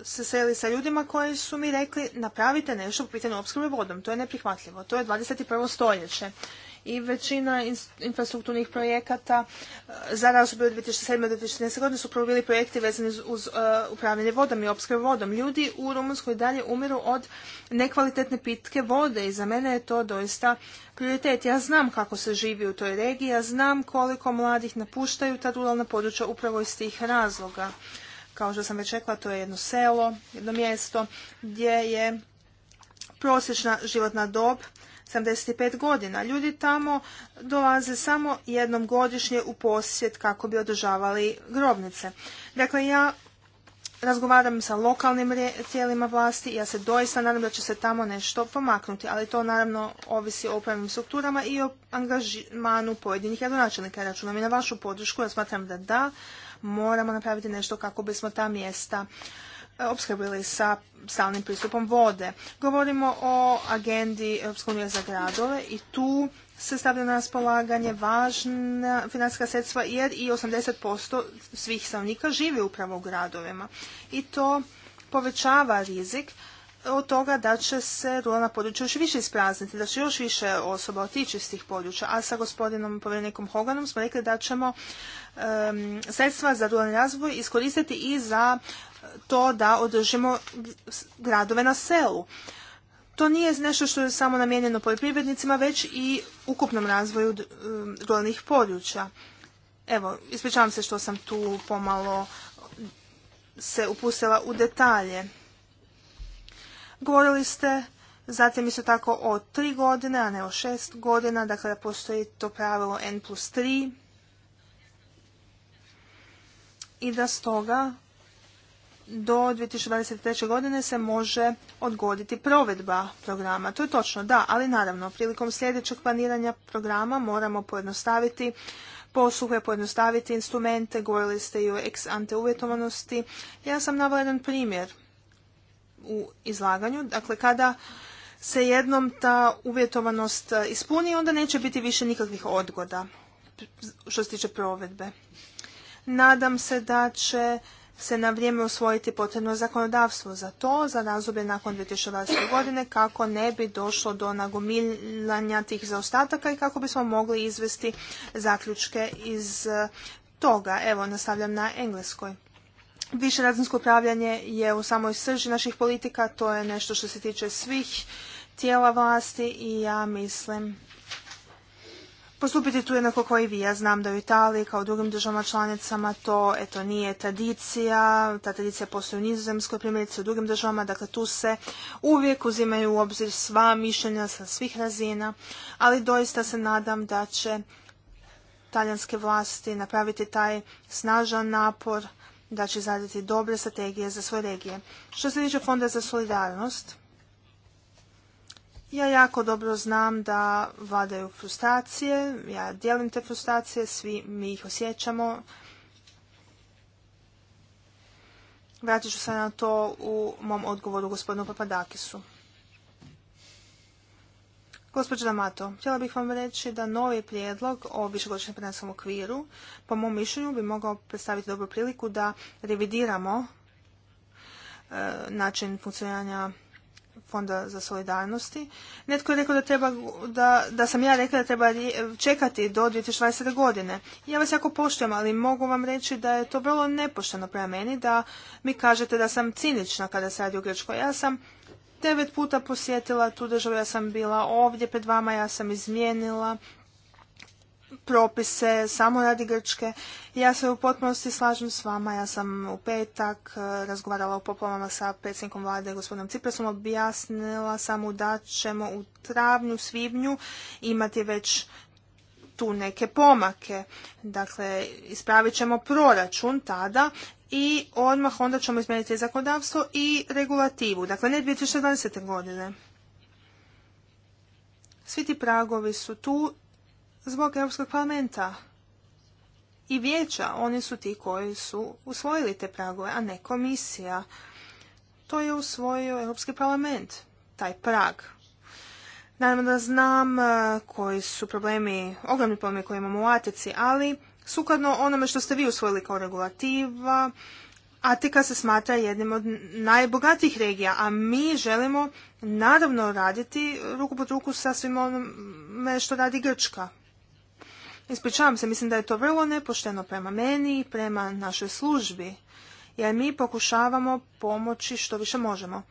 se seli sa ljudima koji su mi rekli napravite nešto u pitanju opskrbe vodom. To je neprihvatljivo. To je 21. stoljeće i većina infrastrukturnih projekata e, za razdoblje od 2007. do 2014. godine su provili projekti vezani uz e, upravljanje vodom i opskrbu vodom. Ljudi u Rumunskoj dalje umiru od nekvalitetne pitke vode i za mene je to doista prioritet. Ja znam kako se živi u toj regiji, ja znam koliko mladih napuštaju ta ruralna područja upravo iz tih razloga. Kao što sam već rekla, to je jedno selo, jedno mjesto gdje je prosječna životna dob 75 godina. Ljudi tamo dolaze samo jednom godišnje u posjet kako bi održavali grobnice. Dakle, ja razgovaram sa lokalnim tijelima vlasti i ja se doista nadam da će se tamo nešto pomaknuti, ali to naravno ovisi o upravnim strukturama i o angažmanu pojedinih gradonačelnika. Računam i na vašu podršku, ja smatram da da, moramo napraviti nešto kako bismo ta mjesta opskrbili sa stalnim pristupom vode. Govorimo o agendi Europske unije za gradove i tu se stavlja na raspolaganje važna financijska sredstva jer i 80% svih stanovnika živi upravo u gradovima. I to povećava rizik od toga da će se ruralna područja još više isprazniti, da će još više osoba otići iz tih područja. A sa gospodinom povjerenikom Hoganom smo rekli da ćemo sredstva za ruralni razvoj iskoristiti i za to da održimo gradove na selu. To nije nešto što je samo namijenjeno poljoprivrednicima, već i ukupnom razvoju um, ruralnih područja. Evo, ispričavam se što sam tu pomalo se upustila u detalje. Govorili ste zatim isto tako o tri godine, a ne o šest godina, dakle da postoji to pravilo N plus 3 i da stoga do 2023. godine se može odgoditi provedba programa. To je točno, da, ali naravno, prilikom sljedećeg planiranja programa moramo pojednostaviti posluhe, pojednostaviti instrumente, govorili ste i o ex ante uvjetovanosti. Ja sam navela jedan primjer u izlaganju. Dakle, kada se jednom ta uvjetovanost ispuni, onda neće biti više nikakvih odgoda što se tiče provedbe. Nadam se da će se na vrijeme usvojiti potrebno zakonodavstvo za to, za razdoblje nakon 2020. godine, kako ne bi došlo do nagomilanja tih zaostataka i kako bismo mogli izvesti zaključke iz e, toga. Evo, nastavljam na engleskoj. Više razinsko upravljanje je u samoj srži naših politika, to je nešto što se tiče svih tijela vlasti i ja mislim postupiti tu jednako kao i vi. Ja znam da u Italiji kao u drugim državama članicama to eto nije tradicija, ta tradicija postoji u Nizozemskoj primjerice u drugim državama, dakle tu se uvijek uzimaju u obzir sva mišljenja sa svih razina, ali doista se nadam da će talijanske vlasti napraviti taj snažan napor da će izraditi dobre strategije za svoje regije. Što se tiče Fonda za solidarnost, ja jako dobro znam da vladaju frustracije, ja dijelim te frustracije, svi mi ih osjećamo. Vratit ću se na to u mom odgovoru gospodinu Papadakisu. Gospođo Damato, htjela bih vam reći da novi prijedlog o višegodišnjem financijskom okviru, po mom mišljenju, bi mogao predstaviti dobru priliku da revidiramo e, način funkcioniranja fonda za solidarnosti. Netko je rekao da, treba, da, da sam ja rekla da treba čekati do 2020. godine. Ja vas jako poštujem, ali mogu vam reći da je to vrlo nepošteno prema meni, da mi kažete da sam cinična kada se radi o Grčkoj. Ja sam devet puta posjetila tu državu, ja sam bila ovdje pred vama, ja sam izmijenila propise samo radi Grčke. Ja se u potpunosti slažem s vama. Ja sam u petak eh, razgovarala o poplavama sa predsjednikom vlade gospodinom Cipresom, Objasnila sam mu da ćemo u travnju, svibnju imati već tu neke pomake. Dakle, ispravit ćemo proračun tada i odmah onda ćemo izmijeniti zakonodavstvo i regulativu. Dakle, ne 2020. godine. Svi ti pragovi su tu zbog Europskog parlamenta i vijeća. Oni su ti koji su usvojili te pragove, a ne komisija. To je usvojio Europski parlament, taj prag. Naravno da znam e, koji su problemi, ogromni problemi koje imamo u Atici, ali sukladno onome što ste vi usvojili kao regulativa, Atika se smatra jednim od najbogatijih regija, a mi želimo naravno raditi ruku pod ruku sa svim onome što radi Grčka. Ispričavam se, mislim da je to vrlo nepošteno prema meni i prema našoj službi, jer mi pokušavamo pomoći što više možemo.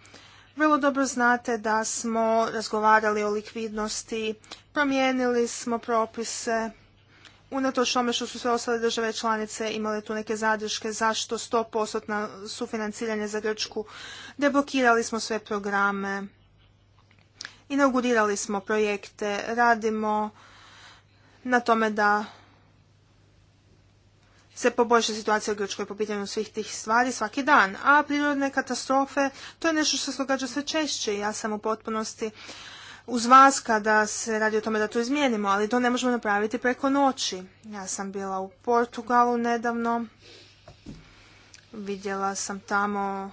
Vrlo dobro znate da smo razgovarali o likvidnosti, promijenili smo propise, unatoč tome što su sve ostale države članice imale tu neke zadrške, zašto 100% sufinanciranje za Grčku, deblokirali smo sve programe, inaugurirali smo projekte, radimo na tome da se poboljša situacija u Grčkoj po pitanju svih tih stvari svaki dan. A prirodne katastrofe, to je nešto što se događa sve češće. Ja sam u potpunosti uz vas kada se radi o tome da to izmijenimo, ali to ne možemo napraviti preko noći. Ja sam bila u Portugalu nedavno, vidjela sam tamo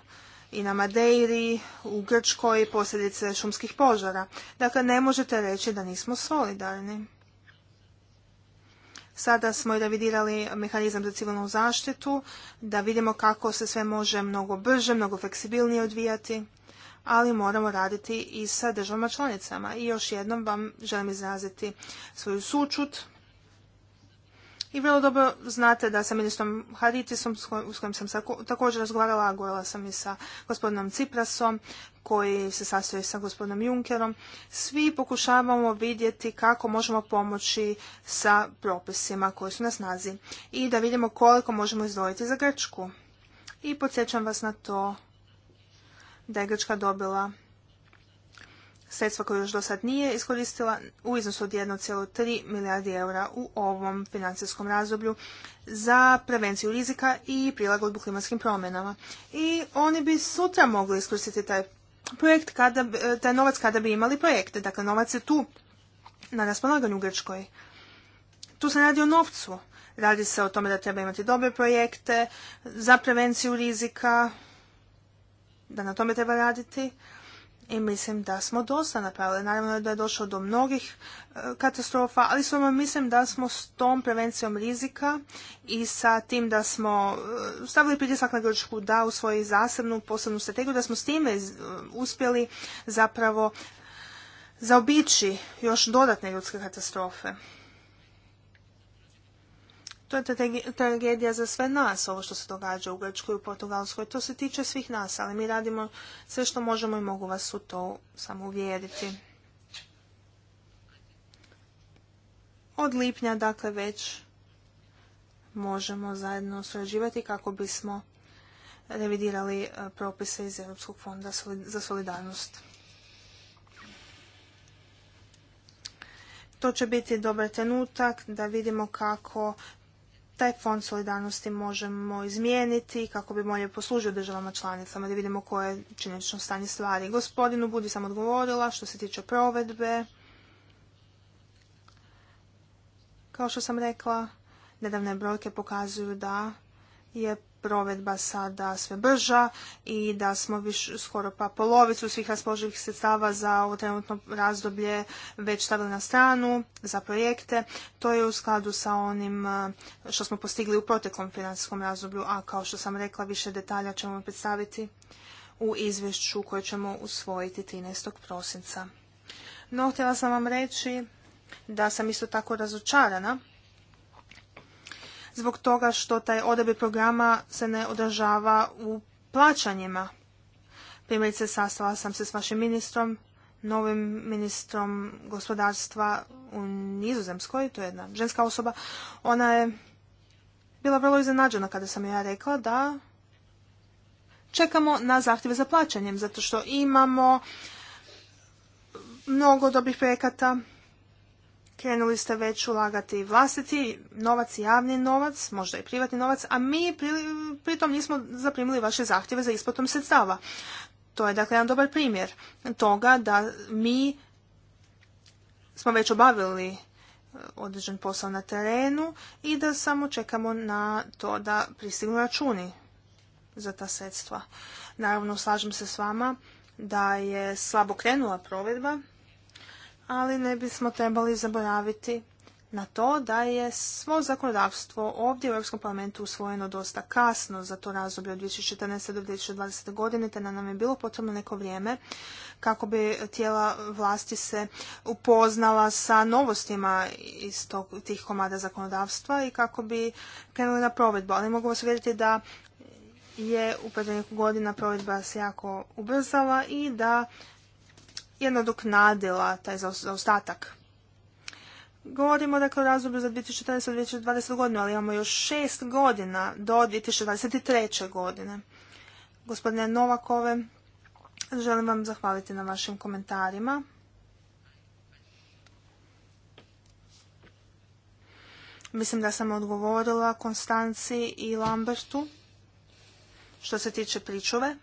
i na Madeiri, u Grčkoj posljedice šumskih požara. Dakle, ne možete reći da nismo solidarni. Sada smo i revidirali mehanizam za civilnu zaštitu, da vidimo kako se sve može mnogo brže, mnogo fleksibilnije odvijati, ali moramo raditi i sa državama članicama. I još jednom vam želim izraziti svoju sučut. I vrlo dobro znate da sam ministrom Haritisom, s kojim sam također razgovarala, govorila sam i sa gospodinom Ciprasom, koji se sastoji sa gospodinom Junkerom, svi pokušavamo vidjeti kako možemo pomoći sa propisima koji su na snazi i da vidimo koliko možemo izdvojiti za Grčku. I podsjećam vas na to da je Grčka dobila sredstva koje još do sad nije iskoristila u iznosu od 1,3 milijardi eura u ovom financijskom razdoblju za prevenciju rizika i prilagodbu klimatskim promjenama. I oni bi sutra mogli iskoristiti taj projekt kada, e, taj novac kada bi imali projekte. Dakle, novac je tu na raspolaganju u Grčkoj. Tu se radi o novcu. Radi se o tome da treba imati dobre projekte za prevenciju rizika, da na tome treba raditi, i mislim da smo dosta napravili. Naravno da je došlo do mnogih e, katastrofa, ali mislim da smo s tom prevencijom rizika i sa tim da smo e, stavili pritisak na Grčku da u svoju zasebnu posebnu strategiju, da smo s time e, uspjeli zapravo zaobići još dodatne ljudske katastrofe. To je tragedija za sve nas, ovo što se događa u Grčkoj i u Portugalskoj. To se tiče svih nas, ali mi radimo sve što možemo i mogu vas u to samo uvjeriti. Od lipnja, dakle, već možemo zajedno surađivati kako bismo revidirali e, propise iz Europskog fonda za solidarnost. To će biti dobar trenutak da vidimo kako taj fond solidarnosti možemo izmijeniti kako bi bolje poslužio državama članicama da vidimo koje je činjenično stanje stvari. Gospodinu Budi sam odgovorila što se tiče provedbe. Kao što sam rekla, nedavne brojke pokazuju da je provedba sada sve brža i da smo viš, skoro pa polovicu svih raspoloživih sredstava za ovo trenutno razdoblje već stavili na stranu za projekte. To je u skladu sa onim e, što smo postigli u proteklom financijskom razdoblju, a kao što sam rekla više detalja ćemo predstaviti u izvješću koje ćemo usvojiti 13. prosinca. No, htjela sam vam reći da sam isto tako razočarana zbog toga što taj odabir programa se ne odražava u plaćanjima. Primjerice, sastala sam se s vašim ministrom, novim ministrom gospodarstva u Nizozemskoj, to je jedna ženska osoba. Ona je bila vrlo iznenađena kada sam ja rekla da čekamo na zahtjeve za plaćanjem, zato što imamo mnogo dobrih projekata krenuli ste već ulagati vlastiti novac, javni novac, možda i privatni novac, a mi pritom nismo zaprimili vaše zahtjeve za isplatom sredstava. To je dakle jedan dobar primjer toga da mi smo već obavili e, određen posao na terenu i da samo čekamo na to da pristignu računi za ta sredstva. Naravno, slažem se s vama da je slabo krenula provedba ali ne bismo trebali zaboraviti na to da je svo zakonodavstvo ovdje u Europskom parlamentu usvojeno dosta kasno za to razdoblje od 2014. do 2020. godine, te nam je bilo potrebno neko vrijeme kako bi tijela vlasti se upoznala sa novostima iz tog, tih komada zakonodavstva i kako bi krenuli na provedbu. Ali mogu vas uvjeriti da je u prednjeg godina provedba se jako ubrzala i da je nadoknadila taj zaostatak. Govorimo dakle o razdoblju za 2014. 2020. godinu, ali imamo još šest godina do 2023. godine. Gospodine Novakove, želim vam zahvaliti na vašim komentarima. Mislim da sam odgovorila Konstanci i Lambertu što se tiče pričove.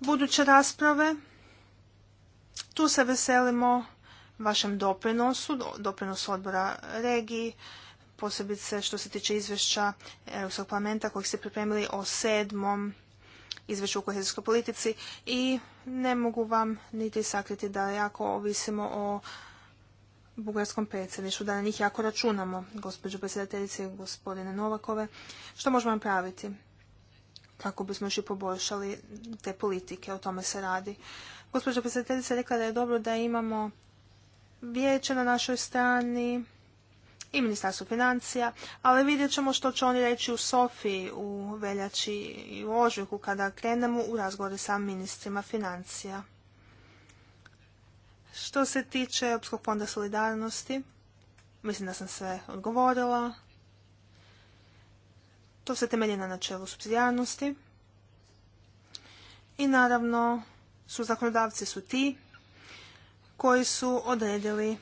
Buduće rasprave tu se veselimo vašem doprinosu, doprinosu odbora regiji, posebice što se tiče izvješća Europskog parlamenta kojeg ste pripremili o sedmom izvješću u kohezijskoj politici i ne mogu vam niti sakriti da jako ovisimo o bugarskom predsjedništvu, da na njih jako računamo, gospođo predsjedateljice i gospodine Novakove, što možemo napraviti kako bismo još i poboljšali te politike, o tome se radi. Gospođa predsjedateljica rekla da je dobro da imamo vijeće na našoj strani i ministarstvo financija, ali vidjet ćemo što će oni reći u Sofiji, u veljači i u ožujku kada krenemo u razgovore sa ministrima financija. Što se tiče Europskog fonda solidarnosti, mislim da sam sve odgovorila. To se temelji na načelu subsidijarnosti. I naravno, su zakonodavci su ti koji su odredili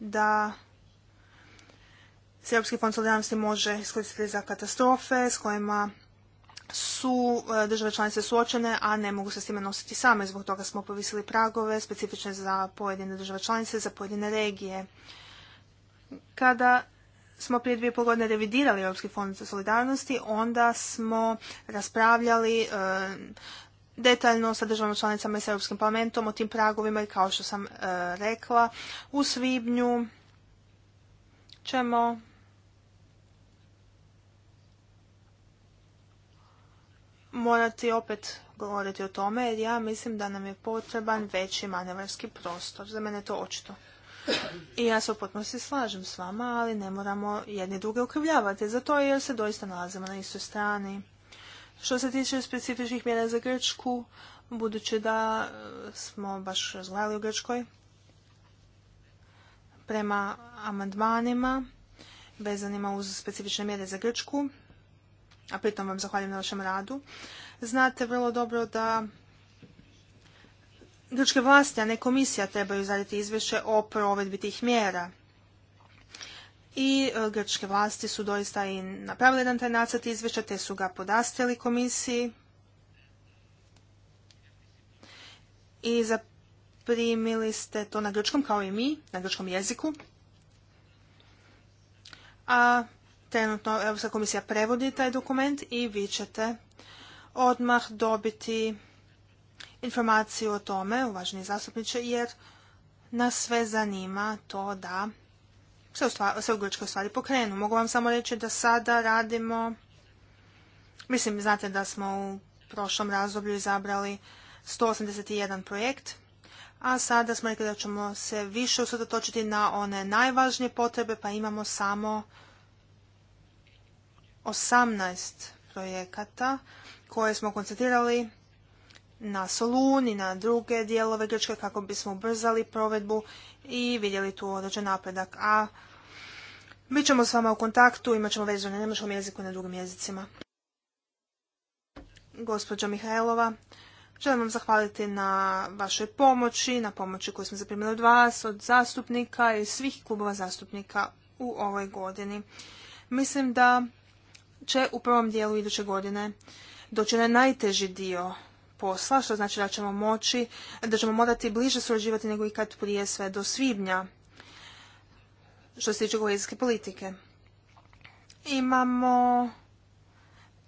da se Europski fond solidarnosti može iskoristiti za katastrofe s kojima su e, države članice suočene, a ne mogu se s time nositi same. Zbog toga smo povisili pragove specifične za pojedine države članice, za pojedine regije. Kada smo prije dvije godine revidirali Europski fond solidarnosti, onda smo raspravljali e, detaljno sa državama članicama i sa Europskim parlamentom o tim pragovima i kao što sam e, rekla, u svibnju ćemo morati opet govoriti o tome jer ja mislim da nam je potreban veći manevarski prostor. Za mene je to očito. I ja se u potpunosti slažem s vama, ali ne moramo jedni druge ukrivljavati za to jer se doista nalazimo na istoj strani. Što se tiče specifičnih mjera za Grčku, budući da e, smo baš razgledali o Grčkoj, prema amandmanima vezanima uz specifične mjere za Grčku, a pritom vam zahvaljujem na vašem radu, znate vrlo dobro da grčke vlasti, a ne komisija, trebaju izraditi izvješće o provedbi tih mjera i e, grčke vlasti su doista i napravili jedan taj nacrt izvješća, te su ga podastili komisiji. I zaprimili ste to na grčkom kao i mi, na grčkom jeziku. A trenutno Europska komisija prevodi taj dokument i vi ćete odmah dobiti informaciju o tome, uvaženi zastupniče, jer nas sve zanima to da se, u Grčkoj stvari pokrenu. Mogu vam samo reći da sada radimo, mislim, znate da smo u prošlom razdoblju izabrali 181 projekt, a sada smo rekli da ćemo se više usredotočiti na one najvažnije potrebe, pa imamo samo 18 projekata koje smo koncentrirali na Solun i na druge dijelove Grčke kako bismo ubrzali provedbu i vidjeli tu određen napredak. A mi ćemo s vama u kontaktu, imat ćemo vezu na njemačkom jeziku i na drugim jezicima. Gospođo Mihajlova, želim vam zahvaliti na vašoj pomoći, na pomoći koju smo zaprimili od vas, od zastupnika i svih klubova zastupnika u ovoj godini. Mislim da će u prvom dijelu iduće godine doći na najteži dio posla, što znači da ćemo moći, da ćemo morati bliže surađivati nego ikad prije sve do svibnja što se tiče kohezijske politike. Imamo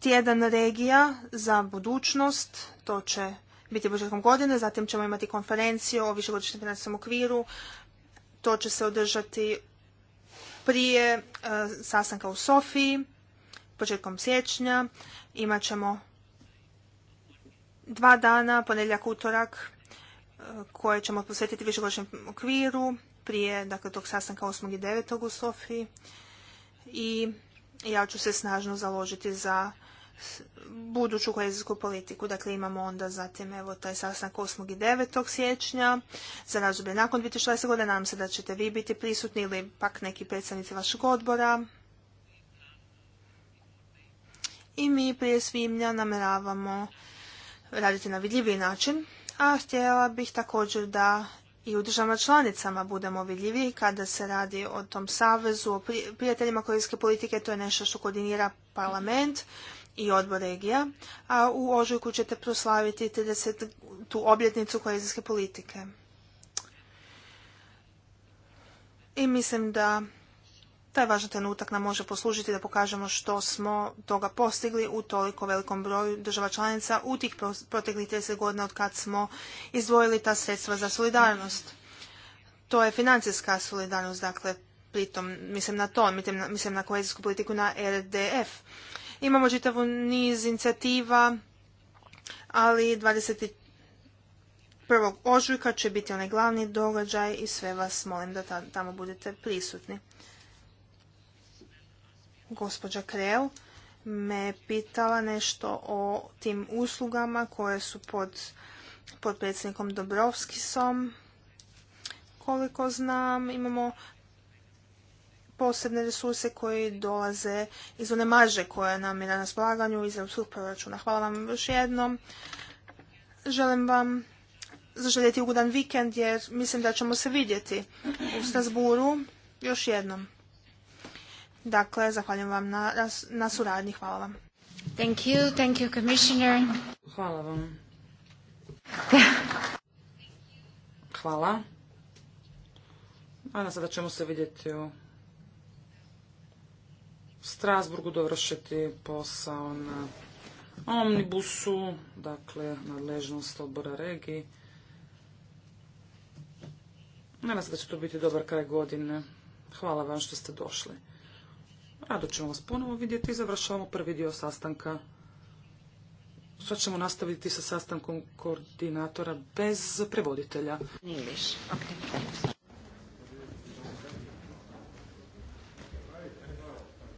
tjedan regija za budućnost, to će biti početkom godine, zatim ćemo imati konferenciju o višegodišnjem financijskom okviru, to će se održati prije e, sastanka u Sofiji, početkom siječnja, imat ćemo dva dana, ponedjeljak, utorak, e, koje ćemo posvetiti višegodišnjem okviru, prije dakle, tog sastanka 8. i 9. u Sofiji i ja ću se snažno založiti za buduću kohezijsku politiku. Dakle, imamo onda zatim evo, taj sastanak 8. i 9. siječnja za razdoblje nakon 2016. godine. Nadam se da ćete vi biti prisutni ili pak neki predstavnici vašeg odbora. I mi prije svibnja nameravamo raditi na vidljiviji način. A htjela bih također da i u državama članicama budemo vidljivi kada se radi o tom savezu, o prijateljima korijske politike, to je nešto što koordinira parlament i odbor regija, a u ožujku ćete proslaviti 30. tu obljetnicu korijske politike. I mislim da taj važan trenutak nam može poslužiti da pokažemo što smo toga postigli u toliko velikom broju država članica u tih proteklih 30 godina od kad smo izdvojili ta sredstva za solidarnost. To je financijska solidarnost, dakle, pritom mislim na to, mislim na kohezijsku politiku na RDF. Imamo čitavu niz inicijativa, ali 21. ožujka će biti onaj glavni događaj i sve vas molim da tamo budete prisutni gospođa Krel me pitala nešto o tim uslugama koje su pod, pod predsjednikom Dobrovskisom. Koliko znam, imamo posebne resurse koji dolaze iz one marže koja nam je na raspolaganju iz europskog proračuna. Hvala vam još jednom. Želim vam zaželjeti ugodan vikend jer mislim da ćemo se vidjeti u Strasburu još jednom. Dakle, zahvaljujem vam na, suradnji. Hvala vam. Thank you, thank you, commissioner. Hvala vam. Hvala. Nadam se da ćemo se vidjeti u Strasburgu, dovršiti posao na omnibusu, dakle nadležnost odbora regiji. Nadam se da će to biti dobar kraj godine. Hvala vam što ste došli. Rado ćemo vas ponovo vidjeti i završavamo prvi dio sastanka. Sad ćemo nastaviti sa sastankom koordinatora bez prevoditelja.